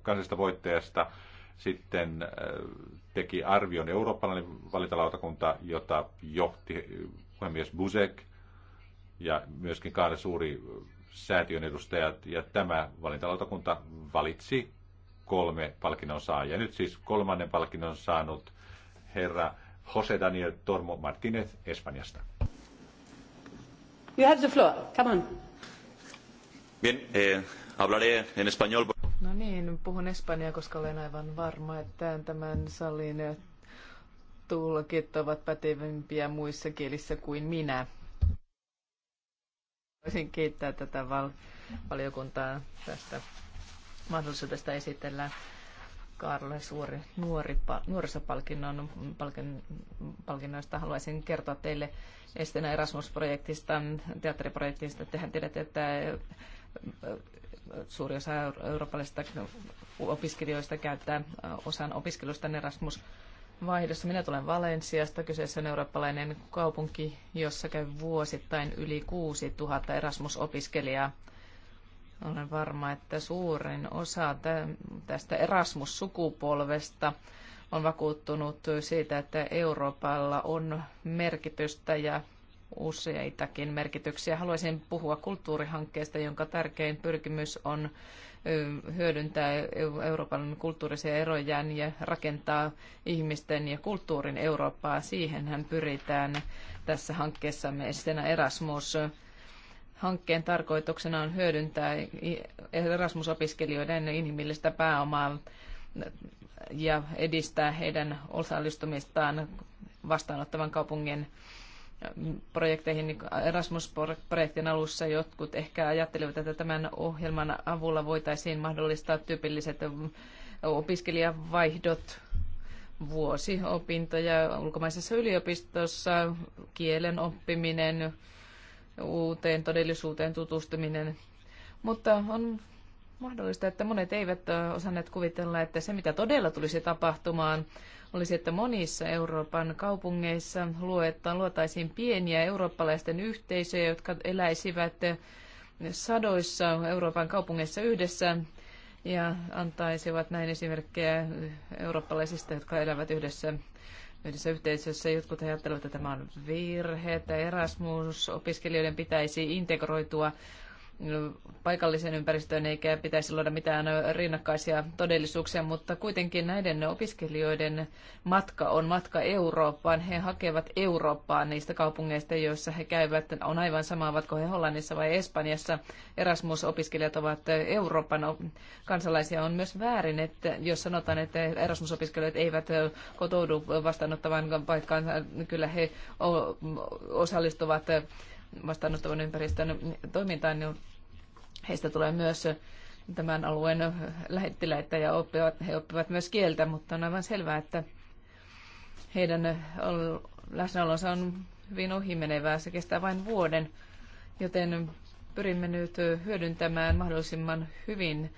kansallista voittajasta sitten äh, teki arvion eurooppalainen valintalautakunta, jota johti äh, puhemies Busek ja myöskin kahden suuri äh, säätiön edustajat. Ja tämä valintalautakunta valitsi kolme palkinnon saajaa. Nyt siis kolmannen palkinnon saanut herra Jose Daniel Tormo Martinez Espanjasta. You have the floor. Come on. Bien, eh, hablaré en español. No niin, puhun espanjaa, koska olen aivan varma, että tämän salin tulkit ovat pätevimpiä muissa kielissä kuin minä. Voisin kiittää tätä val- valiokuntaa tästä mahdollisuudesta esitellä Karle Suuri nuori, nuorisopalkinnon palkin, palkinnoista. Haluaisin kertoa teille estenä Erasmus-projektista, teatteriprojektista. Tehän tiedätte, että suuri osa eurooppalaisista opiskelijoista käyttää osan opiskelusta Erasmus vaihdossa. Minä tulen Valensiasta. Kyseessä on eurooppalainen kaupunki, jossa käy vuosittain yli 6000 Erasmus-opiskelijaa. Olen varma, että suurin osa tästä Erasmus-sukupolvesta on vakuuttunut siitä, että Euroopalla on merkitystä ja useitakin merkityksiä. Haluaisin puhua kulttuurihankkeesta, jonka tärkein pyrkimys on hyödyntää Euroopan kulttuurisia erojaan ja rakentaa ihmisten ja kulttuurin Eurooppaa. Siihenhän pyritään tässä hankkeessamme. Sitten Erasmus Hankkeen tarkoituksena on hyödyntää Erasmus-opiskelijoiden inhimillistä pääomaa ja edistää heidän osallistumistaan vastaanottavan kaupungin projekteihin. Erasmus-projektin alussa jotkut ehkä ajattelivat, että tämän ohjelman avulla voitaisiin mahdollistaa tyypilliset opiskelijavaihdot vuosiopintoja ulkomaisessa yliopistossa, kielen oppiminen, uuteen todellisuuteen tutustuminen. Mutta on mahdollista, että monet eivät osanneet kuvitella, että se mitä todella tulisi tapahtumaan, olisi, että monissa Euroopan kaupungeissa luetaan, luotaisiin pieniä eurooppalaisten yhteisöjä, jotka eläisivät sadoissa Euroopan kaupungeissa yhdessä ja antaisivat näin esimerkkejä eurooppalaisista, jotka elävät yhdessä yhdessä yhteisössä. Jotkut ajattelevat, että tämä on virhe, että Erasmus-opiskelijoiden pitäisi integroitua paikalliseen ympäristöön eikä pitäisi luoda mitään rinnakkaisia todellisuuksia, mutta kuitenkin näiden opiskelijoiden matka on matka Eurooppaan. He hakevat Eurooppaan niistä kaupungeista, joissa he käyvät. On aivan sama, ovatko he Hollannissa vai Espanjassa. Erasmus-opiskelijat ovat Euroopan kansalaisia. On myös väärin, että jos sanotaan, että Erasmus-opiskelijat eivät kotoudu vastaanottavaan paikkaan, kyllä he osallistuvat vastaanottavan ympäristön toimintaan, niin Heistä tulee myös tämän alueen lähettiläitä ja oppivat, he oppivat myös kieltä, mutta on aivan selvää, että heidän läsnäolonsa on hyvin ohimenevää. Se kestää vain vuoden, joten pyrimme nyt hyödyntämään mahdollisimman hyvin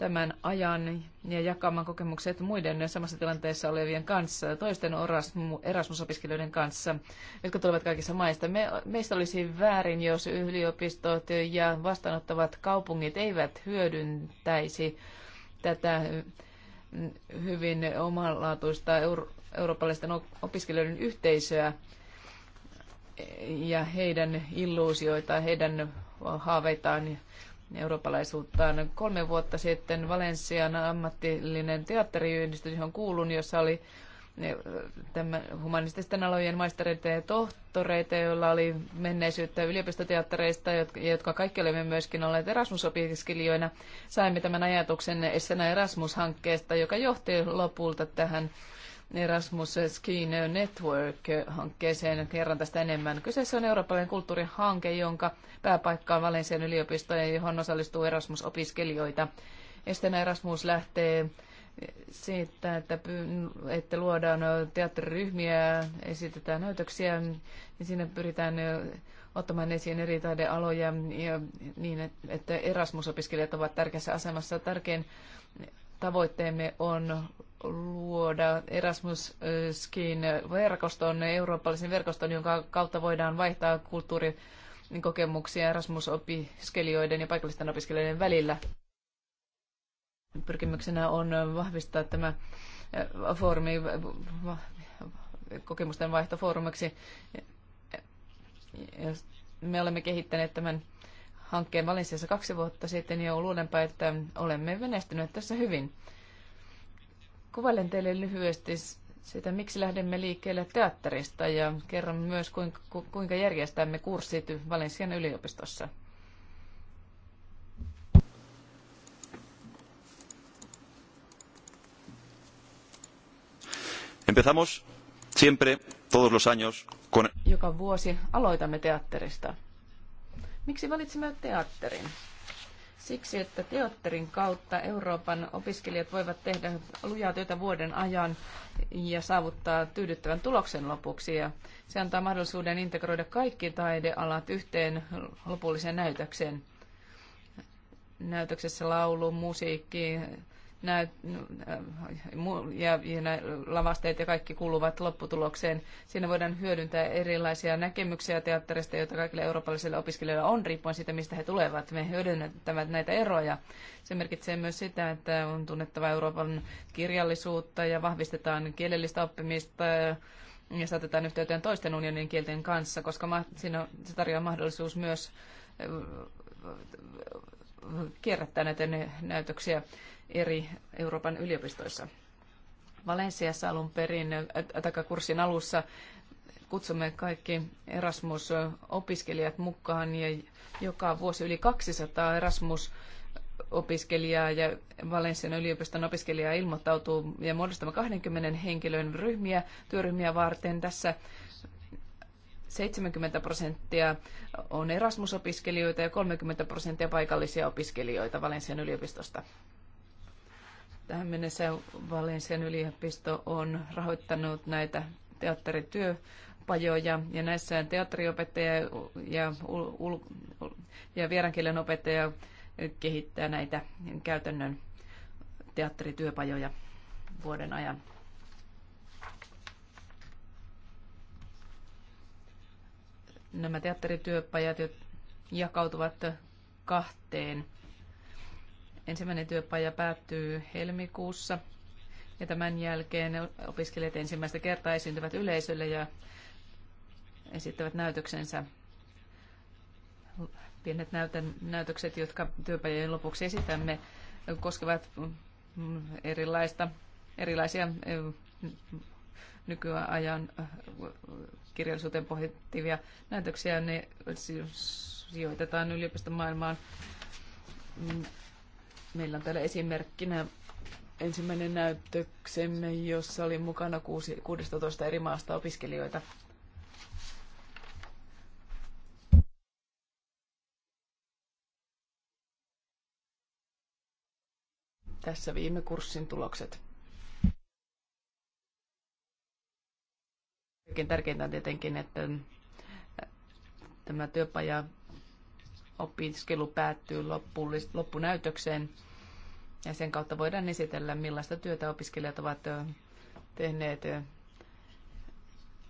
tämän ajan ja jakamaan kokemukset muiden samassa tilanteessa olevien kanssa, toisten Erasmus-opiskelijoiden kanssa, jotka tulevat kaikissa maista. Me, meistä olisi väärin, jos yliopistot ja vastaanottavat kaupungit eivät hyödyntäisi tätä hyvin omanlaatuista euro- eurooppalaisten opiskelijoiden yhteisöä ja heidän illuusioitaan, heidän haaveitaan eurooppalaisuuttaan. Kolme vuotta sitten Valensian ammattillinen teatteriyhdistys, johon kuulun, jossa oli humanististen alojen maistereita ja tohtoreita, joilla oli menneisyyttä yliopistoteattereista, jotka, jotka kaikki olemme myöskin olleet Erasmus-opiskelijoina. Saimme tämän ajatuksen Essena Erasmus-hankkeesta, joka johti lopulta tähän Erasmus Skin Network-hankkeeseen kerran tästä enemmän. Kyseessä on eurooppalainen kulttuurihanke, jonka pääpaikka on Valensian yliopisto ja johon osallistuu Erasmus-opiskelijoita. Estenä Erasmus lähtee siitä, että, että luodaan teatteriryhmiä, esitetään näytöksiä, niin siinä pyritään ottamaan esiin eri taidealoja ja niin, että Erasmus-opiskelijat ovat tärkeässä asemassa. Tärkein tavoitteemme on luoda Erasmuskin verkoston, eurooppalaisen verkoston, jonka kautta voidaan vaihtaa kulttuurikokemuksia Erasmus-opiskelijoiden ja paikallisten opiskelijoiden välillä. Pyrkimyksenä on vahvistaa tämä foorumi kokemusten vaihtofoorumiksi. Me olemme kehittäneet tämän hankkeen Valensiassa kaksi vuotta sitten ja luulenpa, että olemme menestyneet tässä hyvin. Kuvailen teille lyhyesti sitä, miksi lähdemme liikkeelle teatterista ja kerron myös, kuinka, kuinka järjestämme kurssit Valensian yliopistossa. Empezamos siempre, todos los años, con... Joka vuosi aloitamme teatterista. Miksi valitsimme teatterin? Siksi, että teatterin kautta Euroopan opiskelijat voivat tehdä lujaa työtä vuoden ajan ja saavuttaa tyydyttävän tuloksen lopuksi. Ja se antaa mahdollisuuden integroida kaikki taidealat yhteen lopulliseen näytökseen. Näytöksessä laulu, musiikki, näyt, äh, ja, ja lavasteet ja kaikki kuuluvat lopputulokseen. Siinä voidaan hyödyntää erilaisia näkemyksiä teatterista, joita kaikille eurooppalaisille opiskelijoille on, riippuen siitä, mistä he tulevat. Me hyödyntävät näitä eroja. Se merkitsee myös sitä, että on tunnettava Euroopan kirjallisuutta ja vahvistetaan kielellistä oppimista ja saatetaan yhteyteen toisten unionin kielten kanssa, koska siinä se tarjoaa mahdollisuus myös äh, kierrättää näitä näytöksiä eri Euroopan yliopistoissa. Valensiassa alun perin, äh, kurssin alussa, kutsumme kaikki Erasmus-opiskelijat mukaan ja joka vuosi yli 200 Erasmus opiskelijaa ja Valensian yliopiston opiskelijaa ilmoittautuu ja muodostamme 20 henkilön ryhmiä työryhmiä varten. Tässä 70 prosenttia on Erasmus-opiskelijoita ja 30 prosenttia paikallisia opiskelijoita Valensian yliopistosta. Tähän mennessä Valensian yliopisto on rahoittanut näitä teatterityöpajoja ja näissä teatteriopettaja ja, ul- ja vierankielen opettaja kehittää näitä käytännön teatterityöpajoja vuoden ajan. Nämä teatterityöpajat jakautuvat kahteen Ensimmäinen työpaja päättyy helmikuussa ja tämän jälkeen opiskelijat ensimmäistä kertaa esiintyvät yleisölle ja esittävät näytöksensä. Pienet näytökset, jotka työpajojen lopuksi esitämme, koskevat erilaista, erilaisia nykyajan kirjallisuuteen pohjattavia näytöksiä. Ne sijoitetaan yliopiston maailmaan Meillä on täällä esimerkkinä ensimmäinen näyttöksemme, jossa oli mukana 16 eri maasta opiskelijoita. Tässä viime kurssin tulokset. tärkeintä on tietenkin, että äh, tämä työpaja opiskelu päättyy loppunäytökseen ja sen kautta voidaan esitellä, millaista työtä opiskelijat ovat tehneet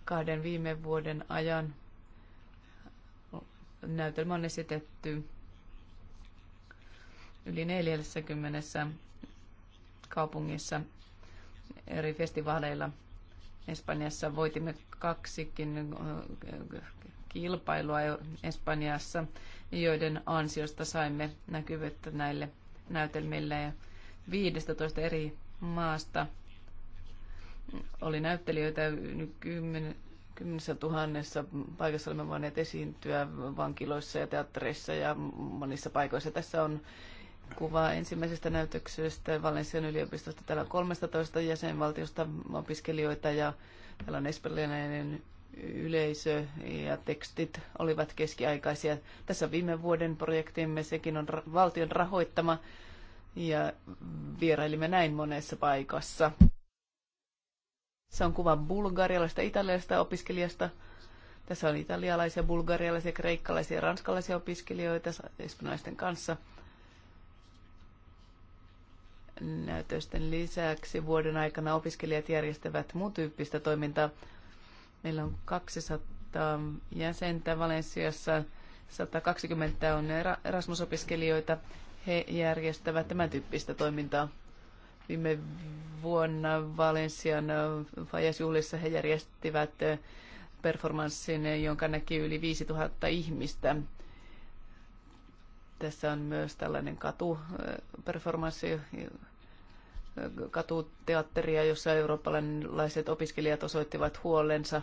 kahden viime vuoden ajan. Näytelmä on esitetty yli 40 kaupungissa eri festivaaleilla Espanjassa voitimme kaksikin kilpailua e- Espanjassa, joiden ansiosta saimme näkyvyyttä näille näytelmille. Ja 15 eri maasta oli näyttelijöitä 10 kymmenessä tuhannessa paikassa olemme voineet esiintyä vankiloissa ja teatterissa ja monissa paikoissa. Tässä on kuva ensimmäisestä näytöksestä Valensian yliopistosta. Täällä on 13 jäsenvaltiosta opiskelijoita ja täällä on espanjalainen yleisö ja tekstit olivat keskiaikaisia. Tässä viime vuoden projektimme, sekin on valtion rahoittama ja vierailimme näin monessa paikassa. Se on kuva bulgarialaista, italialaista opiskelijasta. Tässä on italialaisia, bulgarialaisia, kreikkalaisia ja ranskalaisia opiskelijoita espanjalaisten kanssa. Näytösten lisäksi vuoden aikana opiskelijat järjestävät muun tyyppistä toimintaa Meillä on 200 jäsentä Valensiassa, 120 on Erasmus-opiskelijoita. He järjestävät tämän tyyppistä toimintaa. Viime vuonna Valensian Fajasjuhlissa he järjestivät performanssin, jonka näki yli 5000 ihmistä. Tässä on myös tällainen katuperformanssi, katuteatteria, jossa eurooppalaiset opiskelijat osoittivat huolensa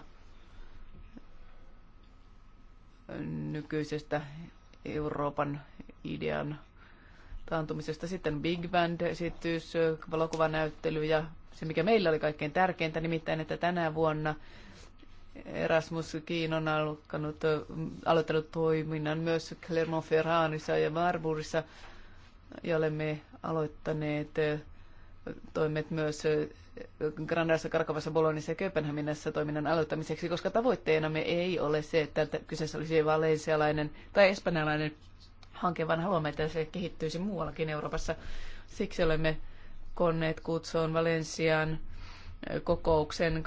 nykyisestä Euroopan idean taantumisesta. Sitten Big Band-esitys, valokuvanäyttely ja se, mikä meillä oli kaikkein tärkeintä, nimittäin, että tänä vuonna Erasmus Kiin on alkanut, aloittanut toiminnan myös Clermont-Ferranissa ja Marburissa, ja olemme aloittaneet toimet myös Grandassa, Karkovassa, Bolonissa ja Kööpenhaminassa toiminnan aloittamiseksi, koska tavoitteenamme ei ole se, että kyseessä olisi valensialainen tai espanjalainen hanke, vaan haluamme, että se kehittyisi muuallakin Euroopassa. Siksi olemme konneet kutsuun Valensian kokouksen 29-30.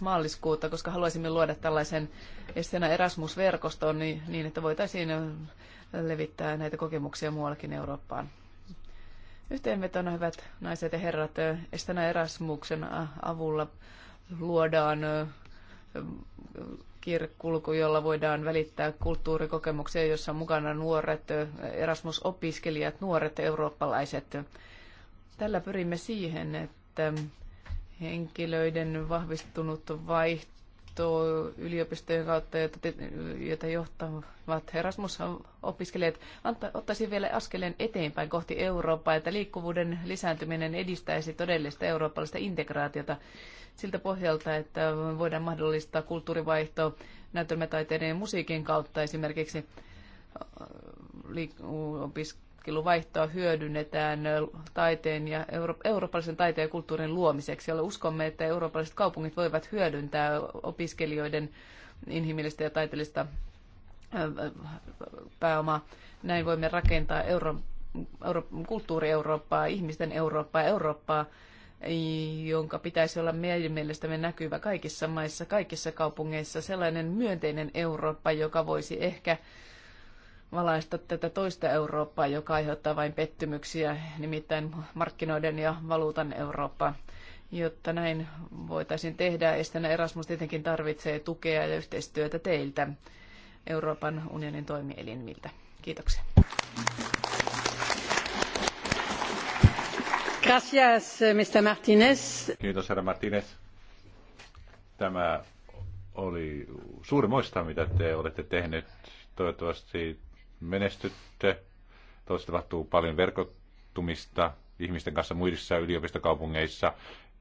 maaliskuuta, koska haluaisimme luoda tällaisen Estena Erasmus-verkoston niin, niin, että voitaisiin levittää näitä kokemuksia muuallakin Eurooppaan. Yhteenvetona, hyvät naiset ja herrat, Estana Erasmuksen avulla luodaan kirkkulku, jolla voidaan välittää kulttuurikokemuksia, jossa on mukana nuoret, Erasmus-opiskelijat, nuoret eurooppalaiset. Tällä pyrimme siihen, että henkilöiden vahvistunut vaihto tuo yliopistojen kautta, jota johtavat Erasmus-opiskelijat, ottaisi vielä askeleen eteenpäin kohti Eurooppaa, että liikkuvuuden lisääntyminen edistäisi todellista eurooppalaista integraatiota siltä pohjalta, että voidaan mahdollistaa kulttuurivaihto näytelmätaiteiden ja musiikin kautta esimerkiksi opiskelijoiden tutkiluvaihtoa hyödynnetään taiteen ja euro- eurooppalaisen taiteen ja kulttuurin luomiseksi, jolla uskomme, että eurooppalaiset kaupungit voivat hyödyntää opiskelijoiden inhimillistä ja taiteellista pääomaa. Näin voimme rakentaa euro- euro- kulttuuri-Eurooppaa, ihmisten Eurooppaa, Eurooppaa, jonka pitäisi olla meidän mielestämme näkyvä kaikissa maissa, kaikissa kaupungeissa, sellainen myönteinen Eurooppa, joka voisi ehkä valaista tätä toista Eurooppaa, joka aiheuttaa vain pettymyksiä, nimittäin markkinoiden ja valuutan Eurooppaa. Jotta näin voitaisiin tehdä, Estänä Erasmus tietenkin tarvitsee tukea ja yhteistyötä teiltä, Euroopan unionin toimielimiltä. Kiitoksia. Gracias, Mr. Martinez. Kiitos, herra Martinez. Tämä oli suuri moista, mitä te olette tehneet. Toivottavasti menestytte. Toista tapahtuu paljon verkottumista ihmisten kanssa muissa yliopistokaupungeissa.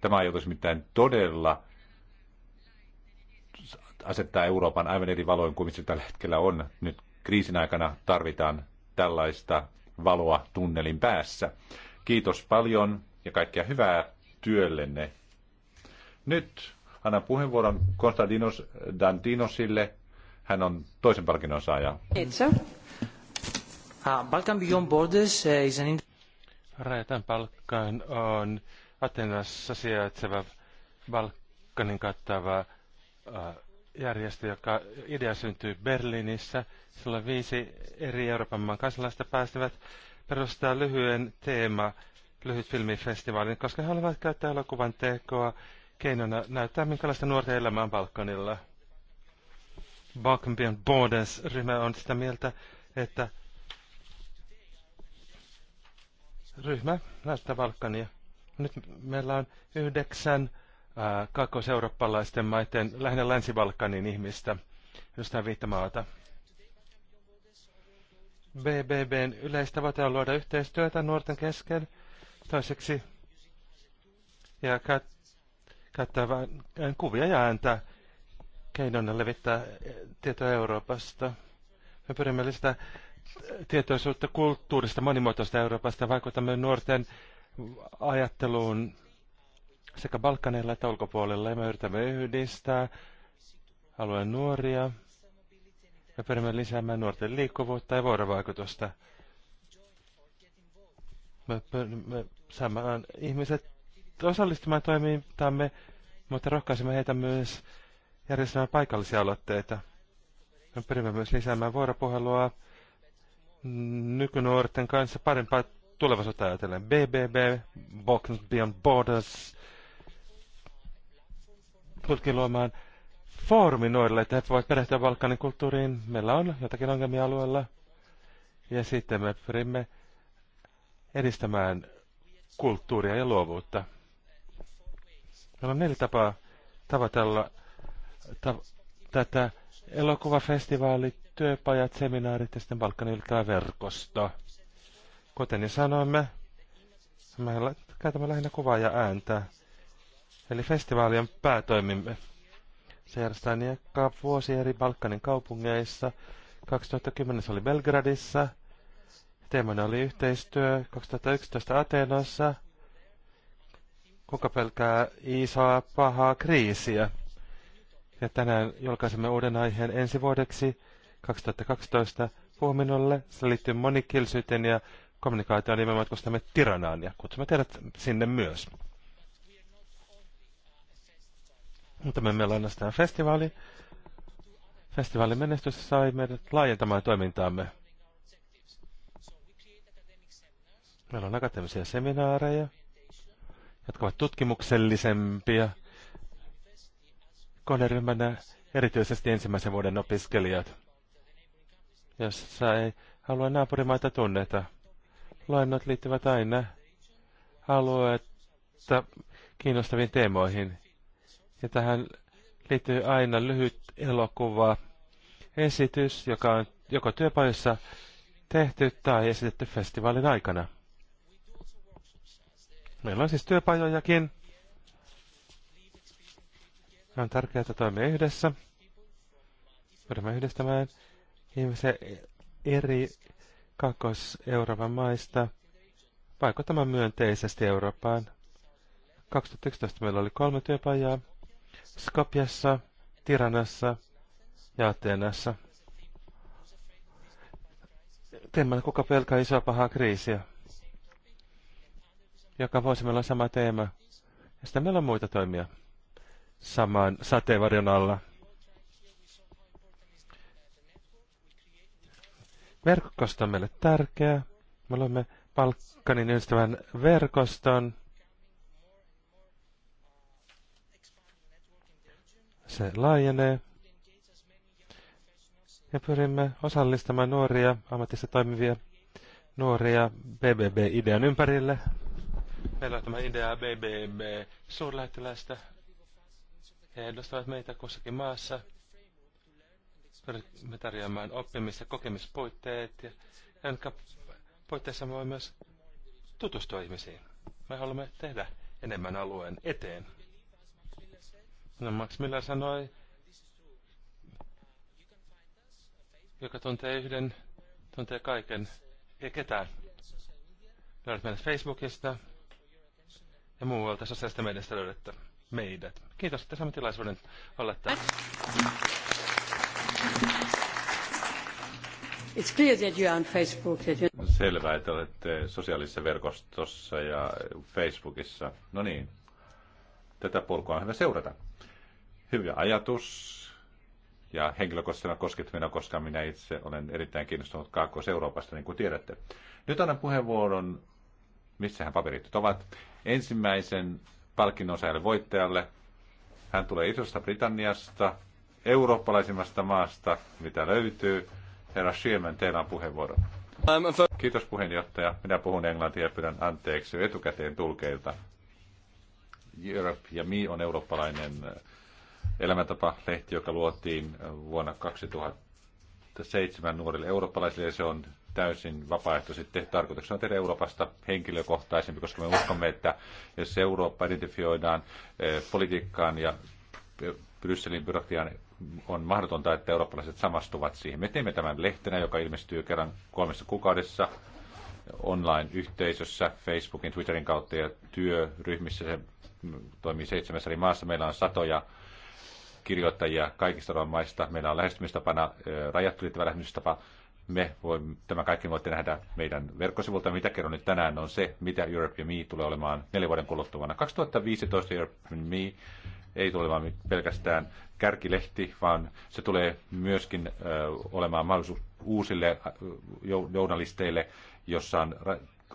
Tämä ei ajatus mitään todella asettaa Euroopan aivan eri valoin kuin missä tällä hetkellä on. Nyt kriisin aikana tarvitaan tällaista valoa tunnelin päässä. Kiitos paljon ja kaikkea hyvää työllenne. Nyt annan puheenvuoron Konstantinos Dantinosille. Hän on toisen palkinnon saaja. Kiitos. Uh, Balkan Beyond Borders uh, is an... Balkan on Atenassa sijaitseva Balkanin kattava uh, järjestö, joka idea syntyi Berliinissä. Silloin viisi eri Euroopan maan kansalaista päästivät perustaa lyhyen teema lyhyt filmifestivaalin, koska he haluavat käyttää elokuvan tekoa keinona näyttää, minkälaista nuorten elämää on Balkanilla. Balkan Beyond Borders-ryhmä on sitä mieltä, että ryhmä näyttää Valkania. Nyt meillä on yhdeksän kakkoseurooppalaisten maiden, lähinnä Länsi-Balkanin ihmistä, jostain viittä BBBn yleistavoite on luoda yhteistyötä nuorten kesken. Toiseksi ja käyttää vain kuvia ja ääntä keinona levittää tietoa Euroopasta. Me pyrimme lisätä tietoisuutta kulttuurista, monimuotoista Euroopasta, vaikutamme nuorten ajatteluun sekä Balkanilla että ulkopuolella. Ja me yritämme yhdistää alueen nuoria. ja pyrimme lisäämään nuorten liikkuvuutta ja vuorovaikutusta. Me pyrimme saamaan ihmiset osallistumaan toimintaamme, mutta rohkaisemme heitä myös järjestämään paikallisia aloitteita. Me pyrimme myös lisäämään vuoropuhelua nykynuorten kanssa parempaa tulevaisuutta ajatellen. BBB, Box Beyond Borders, pyrkii luomaan foorumi nuorille, että he voivat perehtyä Balkanin kulttuuriin. Meillä on jotakin ongelmia alueella. Ja sitten me pyrimme edistämään kulttuuria ja luovuutta. Meillä on neljä tapaa tavatella tav- tätä elokuvafestivaalit, työpajat, seminaarit ja sitten Balkaniltaan verkosto. Kuten sanoimme, me käytämme lähinnä kuvaa ja ääntä. Eli festivaalien päätoimimme. Se järjestää niin joka vuosi eri Balkanin kaupungeissa. 2010 oli Belgradissa. Teemana oli yhteistyö 2011 Ateenassa. Kuka pelkää isoa pahaa kriisiä? Ja tänään julkaisemme uuden aiheen ensi vuodeksi 2012 huominolle. Se liittyy monikielisyyteen ja kommunikaatioon, nimenomaan Tiranaan ja kutsumme teidät sinne myös. Mutta me emme ole ainoastaan festivaali. Festivaalin menestys sai meidät laajentamaan toimintaamme. Meillä on akateemisia seminaareja, jotka ovat tutkimuksellisempia. Kohderyhmänä erityisesti ensimmäisen vuoden opiskelijat jossa ei halua naapurimaita tunneta. Luennot liittyvät aina alueetta kiinnostaviin teemoihin. Ja tähän liittyy aina lyhyt elokuva, esitys, joka on joko työpajassa tehty tai esitetty festivaalin aikana. Meillä on siis työpajojakin. On tärkeää, että toimia yhdessä. Voidaan yhdistämään ihmisiä niin eri kakkos euroopan maista vaikuttamaan myönteisesti Eurooppaan. 2011 meillä oli kolme työpajaa Skopjassa, Tiranassa ja Ateenassa. Teemana kuka pelkää isoa pahaa kriisiä. Joka vuosi meillä on sama teema. Ja sitten meillä on muita toimia saman sateenvarjon alla. Verkosto on meille tärkeä. Me olemme Balkanin ystävän verkoston. Se laajenee. Ja pyrimme osallistamaan nuoria, ammatissa toimivia nuoria BBB-idean ympärille. Meillä on tämä idea BBB suurlähettilästä. He edustavat meitä kussakin maassa. Me tarjoamaan oppimis- ja kokemispuitteet, ja, jonka puitteissa voi myös tutustua ihmisiin. Me haluamme tehdä enemmän alueen eteen. No Max Miller sanoi, joka tuntee yhden, tuntee kaiken ja ketään. Löydät meidät Facebookista ja muualta sosiaalista mediasta löydät meidät. Kiitos, että saamme tilaisuuden olla täällä. It's on että olette sosiaalisessa verkostossa ja Facebookissa. No niin, tätä polkua on hyvä seurata. Hyvä ajatus ja henkilökohtaisena koskettavina, koska minä itse olen erittäin kiinnostunut Kaakkois-Euroopasta, niin kuin tiedätte. Nyt annan puheenvuoron, missähän paperit ovat, ensimmäisen palkinnon voittajalle. Hän tulee Isosta Britanniasta, eurooppalaisimmasta maasta, mitä löytyy. Herra Siemen, teillä on puheenvuoro. Um, Kiitos puheenjohtaja. Minä puhun englantia ja pyydän anteeksi etukäteen tulkeilta. Europe ja Me on eurooppalainen eh, elämäntapa-lehti, joka luotiin eh, vuonna 2007 nuorille eurooppalaisille. Ja se on täysin vapaaehtoisesti tarkoituksena tehdä Euroopasta henkilökohtaisempi, koska me uskomme, että jos Eurooppa identifioidaan eh, politiikkaan ja Brysselin byrokratian on mahdotonta, että eurooppalaiset samastuvat siihen. Me teemme tämän lehtenä, joka ilmestyy kerran kolmessa kuukaudessa online-yhteisössä, Facebookin, Twitterin kautta ja työryhmissä. Se toimii seitsemässä eri maassa. Meillä on satoja kirjoittajia kaikista Euroopan maista. Meillä on lähestymistapana, rajat ylittävä lähestymistapa. Me voimme, tämä kaikki voitte nähdä meidän verkkosivulta. Mitä kerron nyt tänään on se, mitä Europe Me tulee olemaan neljän vuoden vuonna 2015 Europe Me ei tule vain pelkästään kärkilehti, vaan se tulee myöskin olemaan mahdollisuus uusille journalisteille, jossa on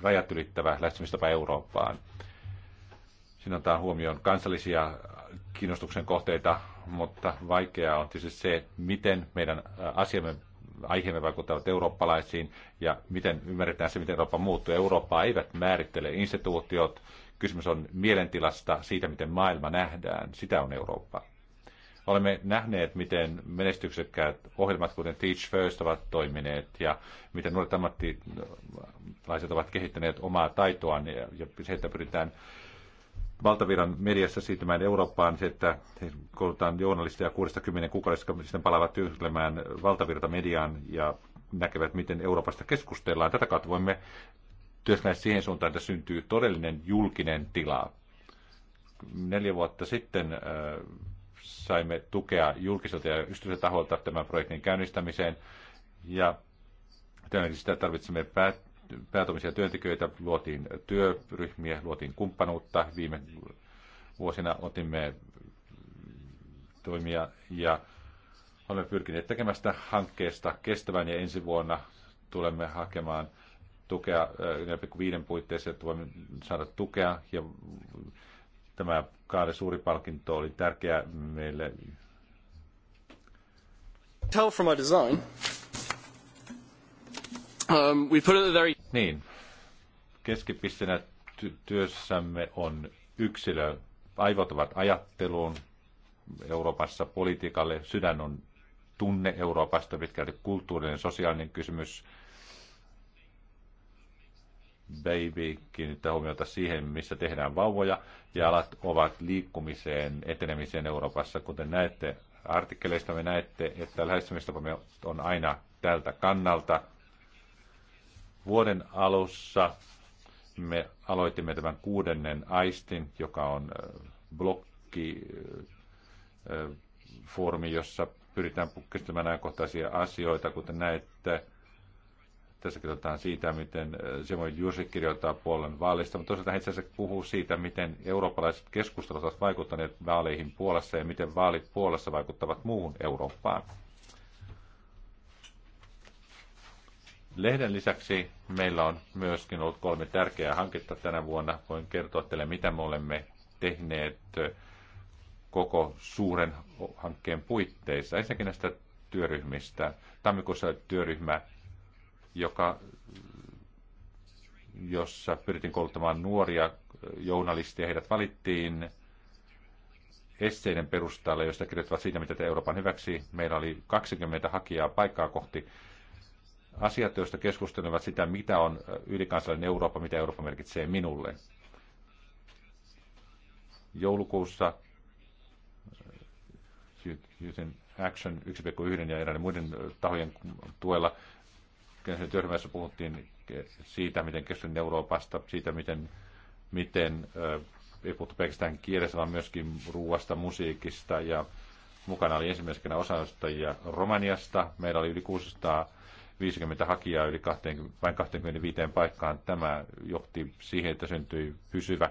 rajat ylittävä lähestymistapa Eurooppaan. Siinä otetaan huomioon kansallisia kiinnostuksen kohteita, mutta vaikeaa on tietysti se, miten meidän asiamme aiheemme vaikuttavat eurooppalaisiin ja miten ymmärretään se, miten Eurooppa muuttuu. Eurooppaa eivät määrittele instituutiot, Kysymys on mielentilasta, siitä miten maailma nähdään. Sitä on Eurooppa. Olemme nähneet, miten menestyksekkäät ohjelmat, kuten Teach First, ovat toimineet ja miten nuoret ammattilaiset ovat kehittäneet omaa taitoaan ja, ja se, että pyritään valtaviran mediassa siirtymään Eurooppaan, se, että koulutetaan journalisteja 60 kuukaudesta, sitten palaavat työskentelemään valtavirta mediaan ja näkevät, miten Euroopasta keskustellaan. Tätä kautta voimme työskennellä siihen suuntaan, että syntyy todellinen julkinen tila. Neljä vuotta sitten äh, saimme tukea julkiselta ja yksityiseltä taholta tämän projektin käynnistämiseen. Ja tietenkin sitä tarvitsemme päät- päätomisia työntekijöitä, luotiin työryhmiä, luotiin kumppanuutta. Viime vuosina otimme toimia ja olemme pyrkineet tekemästä hankkeesta kestävän ja ensi vuonna tulemme hakemaan – tukea 4,5 äh, puitteissa, että voimme saada tukea. Ja tämä Kaare suuri palkinto oli tärkeä meille. Tell from our design. Um, we put it very... Niin. Keskipisteenä ty- työssämme on yksilö. Aivot ovat ajatteluun Euroopassa politiikalle. Sydän on tunne Euroopasta, pitkälti kulttuurinen, sosiaalinen kysymys Baby kiinnittää huomiota siihen, missä tehdään vauvoja. Ja alat ovat liikkumiseen, etenemiseen Euroopassa. Kuten näette artikkeleista, me näette, että lähestymistapamme on aina tältä kannalta. Vuoden alussa me aloitimme tämän kuudennen aistin, joka on blokki foorumi, jossa pyritään käsittelemään ajankohtaisia asioita, kuten näette tässä kirjoitetaan siitä, miten äh, Simon Jussi kirjoittaa puolen vaaleista, mutta toisaalta hän itse asiassa puhuu siitä, miten eurooppalaiset keskustelut ovat vaikuttaneet vaaleihin Puolassa ja miten vaalit Puolassa vaikuttavat muuhun Eurooppaan. Lehden lisäksi meillä on myöskin ollut kolme tärkeää hanketta tänä vuonna. Voin kertoa teille, mitä me olemme tehneet äh, koko suuren hankkeen puitteissa. Ensinnäkin näistä työryhmistä. Tammikuussa työryhmä joka, jossa pyrittiin kouluttamaan nuoria journalisteja. Heidät valittiin esseiden perusteella, joista kirjoittavat siitä, mitä te Euroopan hyväksi. Meillä oli 20 hakijaa paikkaa kohti asiat, joista keskustelivat sitä, mitä on ylikansallinen Eurooppa, mitä Eurooppa merkitsee minulle. Joulukuussa Youth in Action 1.1 ja eräiden muiden tahojen tuella työryhmässä puhuttiin siitä, miten keskyn Euroopasta, siitä, miten, miten ei puhuttu pelkästään kielestä, vaan myöskin ruuasta, musiikista ja mukana oli ensimmäisenä osanostajia Romaniasta. Meillä oli yli 650 hakijaa yli 20, vain 25 paikkaan. Tämä johti siihen, että syntyi pysyvä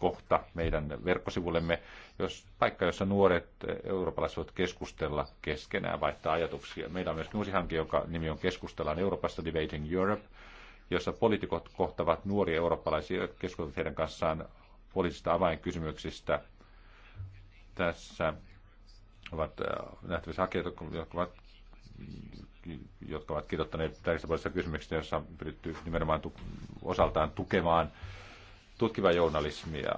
kohta meidän verkkosivullemme, jos paikka, jossa nuoret eurooppalaiset voivat keskustella keskenään, vaihtaa ajatuksia. Meillä on myös uusi hanke, joka nimi on Keskustellaan Euroopasta Debating Europe, jossa poliitikot kohtavat nuoria eurooppalaisia, jotka keskustelevat heidän kanssaan poliittisista avainkysymyksistä. Tässä ovat äh, nähtävissä hakijat, jotka ovat jotka ovat kirjoittaneet tärkeistä poliittisista kysymyksistä, joissa on pyritty nimenomaan tu- osaltaan tukemaan tutkivaa journalismia.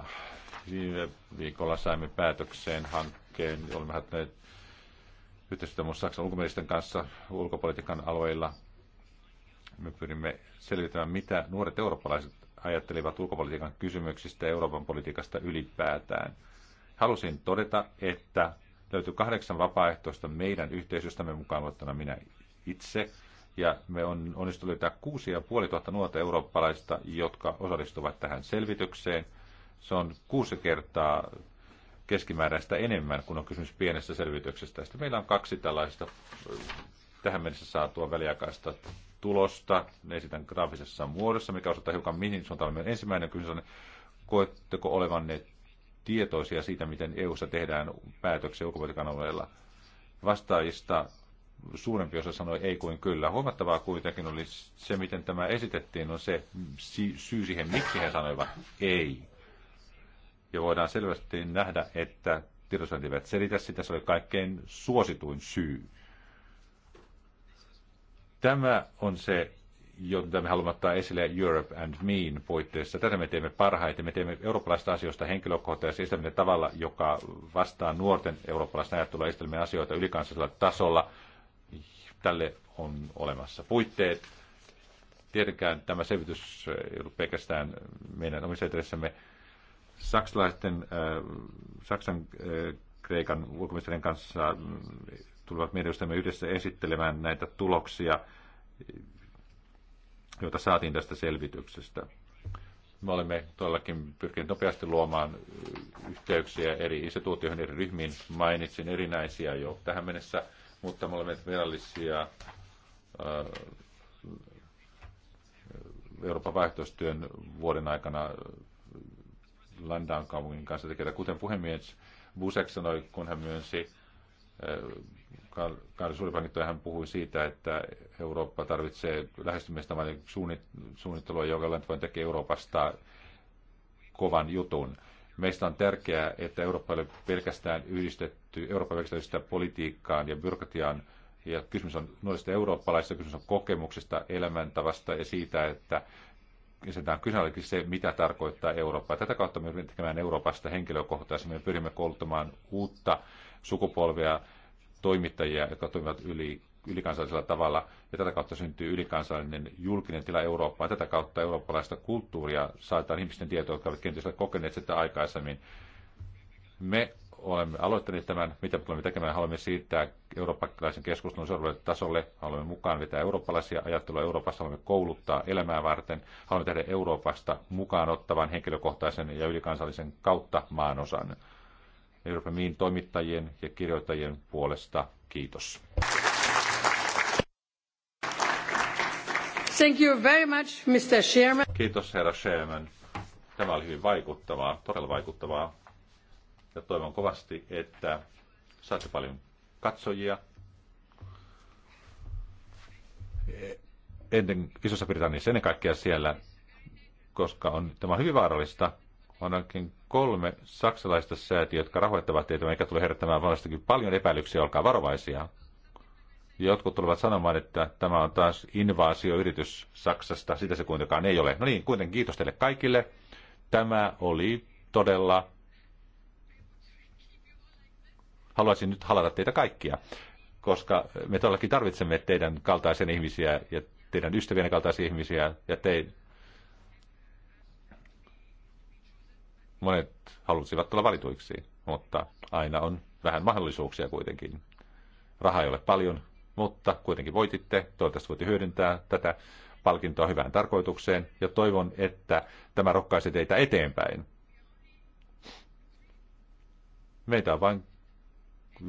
Viime viikolla saimme päätökseen hankkeen, olemme hattaneet yhteistyötä muun Saksan ulkomielisten kanssa ulkopolitiikan alueilla. Me pyrimme selvittämään, mitä nuoret eurooppalaiset ajattelivat ulkopolitiikan kysymyksistä ja Euroopan politiikasta ylipäätään. Halusin todeta, että löytyy kahdeksan vapaaehtoista meidän yhteisöstämme mukaan ottana minä itse – ja me on onnistu löytää 6500 nuorta eurooppalaista, jotka osallistuvat tähän selvitykseen. Se on kuusi kertaa keskimääräistä enemmän, kun on kysymys pienestä selvityksestä. Sitten meillä on kaksi tällaista tähän mennessä saatua väliaikaista tulosta. Ne esitän graafisessa muodossa, mikä osoittaa hiukan mihin suuntaan meidän ensimmäinen kysymys on, koetteko olevanne tietoisia siitä, miten EU-ssa tehdään päätöksiä ulkopolitiikan alueella. Vastaajista suurempi osa sanoi ei kuin kyllä. Huomattavaa kuitenkin oli se, miten tämä esitettiin, on se syy siihen, miksi he sanoivat ei. Ja voidaan selvästi nähdä, että tiedotusvälineet eivät selitä sitä, se oli kaikkein suosituin syy. Tämä on se, jota me haluamme ottaa esille Europe and Mean puitteissa. Tätä me teemme parhaiten. Me teemme eurooppalaista asioista henkilökohtaisesti esitämme tavalla, joka vastaa nuorten eurooppalaista ajattelua. Esitämme asioita ylikansallisella tasolla Tälle on olemassa puitteet. Tietenkään tämä selvitys ei ollut pelkästään meidän omissa intressämme. Saksalaisten, äh, Saksan, äh, Kreikan ulkoministerin kanssa äh, tulevat mielestämme yhdessä esittelemään näitä tuloksia, joita saatiin tästä selvityksestä. Me olemme todellakin pyrkineet nopeasti luomaan yhteyksiä eri instituutioihin, eri ryhmiin. Mainitsin erinäisiä jo tähän mennessä mutta me olemme virallisia äh, Euroopan vaihtoistyön vuoden aikana Landaan kaupungin kanssa tekemällä. Kuten puhemies Busek sanoi, kun hän myönsi äh, Kaari Suuripankittoja, hän puhui siitä, että Eurooppa tarvitsee lähestymistä suunnittelua, joka Landvoin tekee Euroopasta kovan jutun. Meistä on tärkeää, että Eurooppa ei pelkästään yhdistetty, Euroopan yhdistetty politiikkaan ja byrokratiaan. Ja kysymys on noista eurooppalaisista, kysymys on kokemuksesta, elämäntavasta ja siitä, että kysytään on se, mitä tarkoittaa Eurooppa. Tätä kautta me pyrimme tekemään Euroopasta henkilökohtaisesti. Me pyrimme kouluttamaan uutta sukupolvea toimittajia, jotka toimivat yli ylikansallisella tavalla, ja tätä kautta syntyy ylikansallinen julkinen tila Eurooppaan. Tätä kautta eurooppalaista kulttuuria saadaan ihmisten tietoa, jotka ovat kenties kokeneet sitä aikaisemmin. Me olemme aloittaneet tämän, mitä tulemme tekemään. Haluamme siirtää eurooppalaisen keskustelun seuraavalle tasolle. Haluamme mukaan vetää eurooppalaisia ajattelua Euroopassa. Haluamme kouluttaa elämää varten. Haluamme tehdä Euroopasta mukaan ottavan henkilökohtaisen ja ylikansallisen kautta maanosan. Euroopan toimittajien ja kirjoittajien puolesta kiitos. Thank you very much, Mr. Kiitos, herra Sherman. Tämä oli hyvin vaikuttavaa, todella vaikuttavaa. Ja toivon kovasti, että saatte paljon katsojia. Ennen Isossa Britanniassa ennen kaikkea siellä, koska on, tämä on hyvin vaarallista. On ainakin kolme saksalaista säätiötä, jotka rahoittavat teitä, eikä tule herättämään varmastikin paljon epäilyksiä, olkaa varovaisia. Jotkut tulevat sanomaan, että tämä on taas invaasioyritys Saksasta. Sitä se kuitenkaan ei ole. No niin, kuitenkin kiitos teille kaikille. Tämä oli todella... Haluaisin nyt halata teitä kaikkia, koska me todellakin tarvitsemme teidän kaltaisen ihmisiä ja teidän ystävien kaltaisia ihmisiä ja te... Monet halusivat tulla valituiksi, mutta aina on vähän mahdollisuuksia kuitenkin. Raha ei ole paljon, mutta kuitenkin voititte. Toivottavasti voitte hyödyntää tätä palkintoa hyvään tarkoitukseen ja toivon, että tämä rokkaisi teitä eteenpäin. Meitä on vain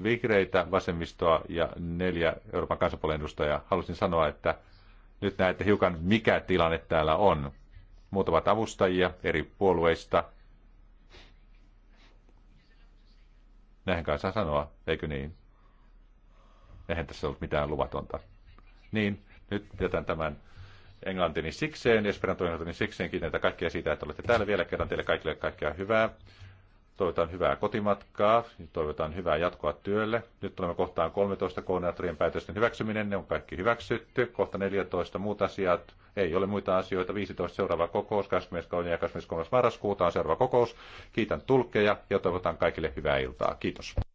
vihreitä, vasemmistoa ja neljä Euroopan kansanpuolen edustajaa. Halusin sanoa, että nyt näette hiukan, mikä tilanne täällä on. Muutamat avustajia eri puolueista. Näin kanssa sanoa, eikö niin? Eihän tässä ollut mitään luvatonta. Niin, nyt jätän tämän englantini sikseen, esperanto englantini sikseen. Kiitän kaikkia siitä, että olette täällä vielä kerran. Teille kaikille kaikkea hyvää. Toivotan hyvää kotimatkaa, toivotan hyvää jatkoa työlle. Nyt tulemme kohtaan 13 koordinaattorien päätösten hyväksyminen, ne on kaikki hyväksytty. Kohta 14 muut asiat, ei ole muita asioita. 15 seuraava kokous, 23. ja 23. marraskuuta on seuraava kokous. Kiitän tulkkeja ja toivotan kaikille hyvää iltaa. Kiitos.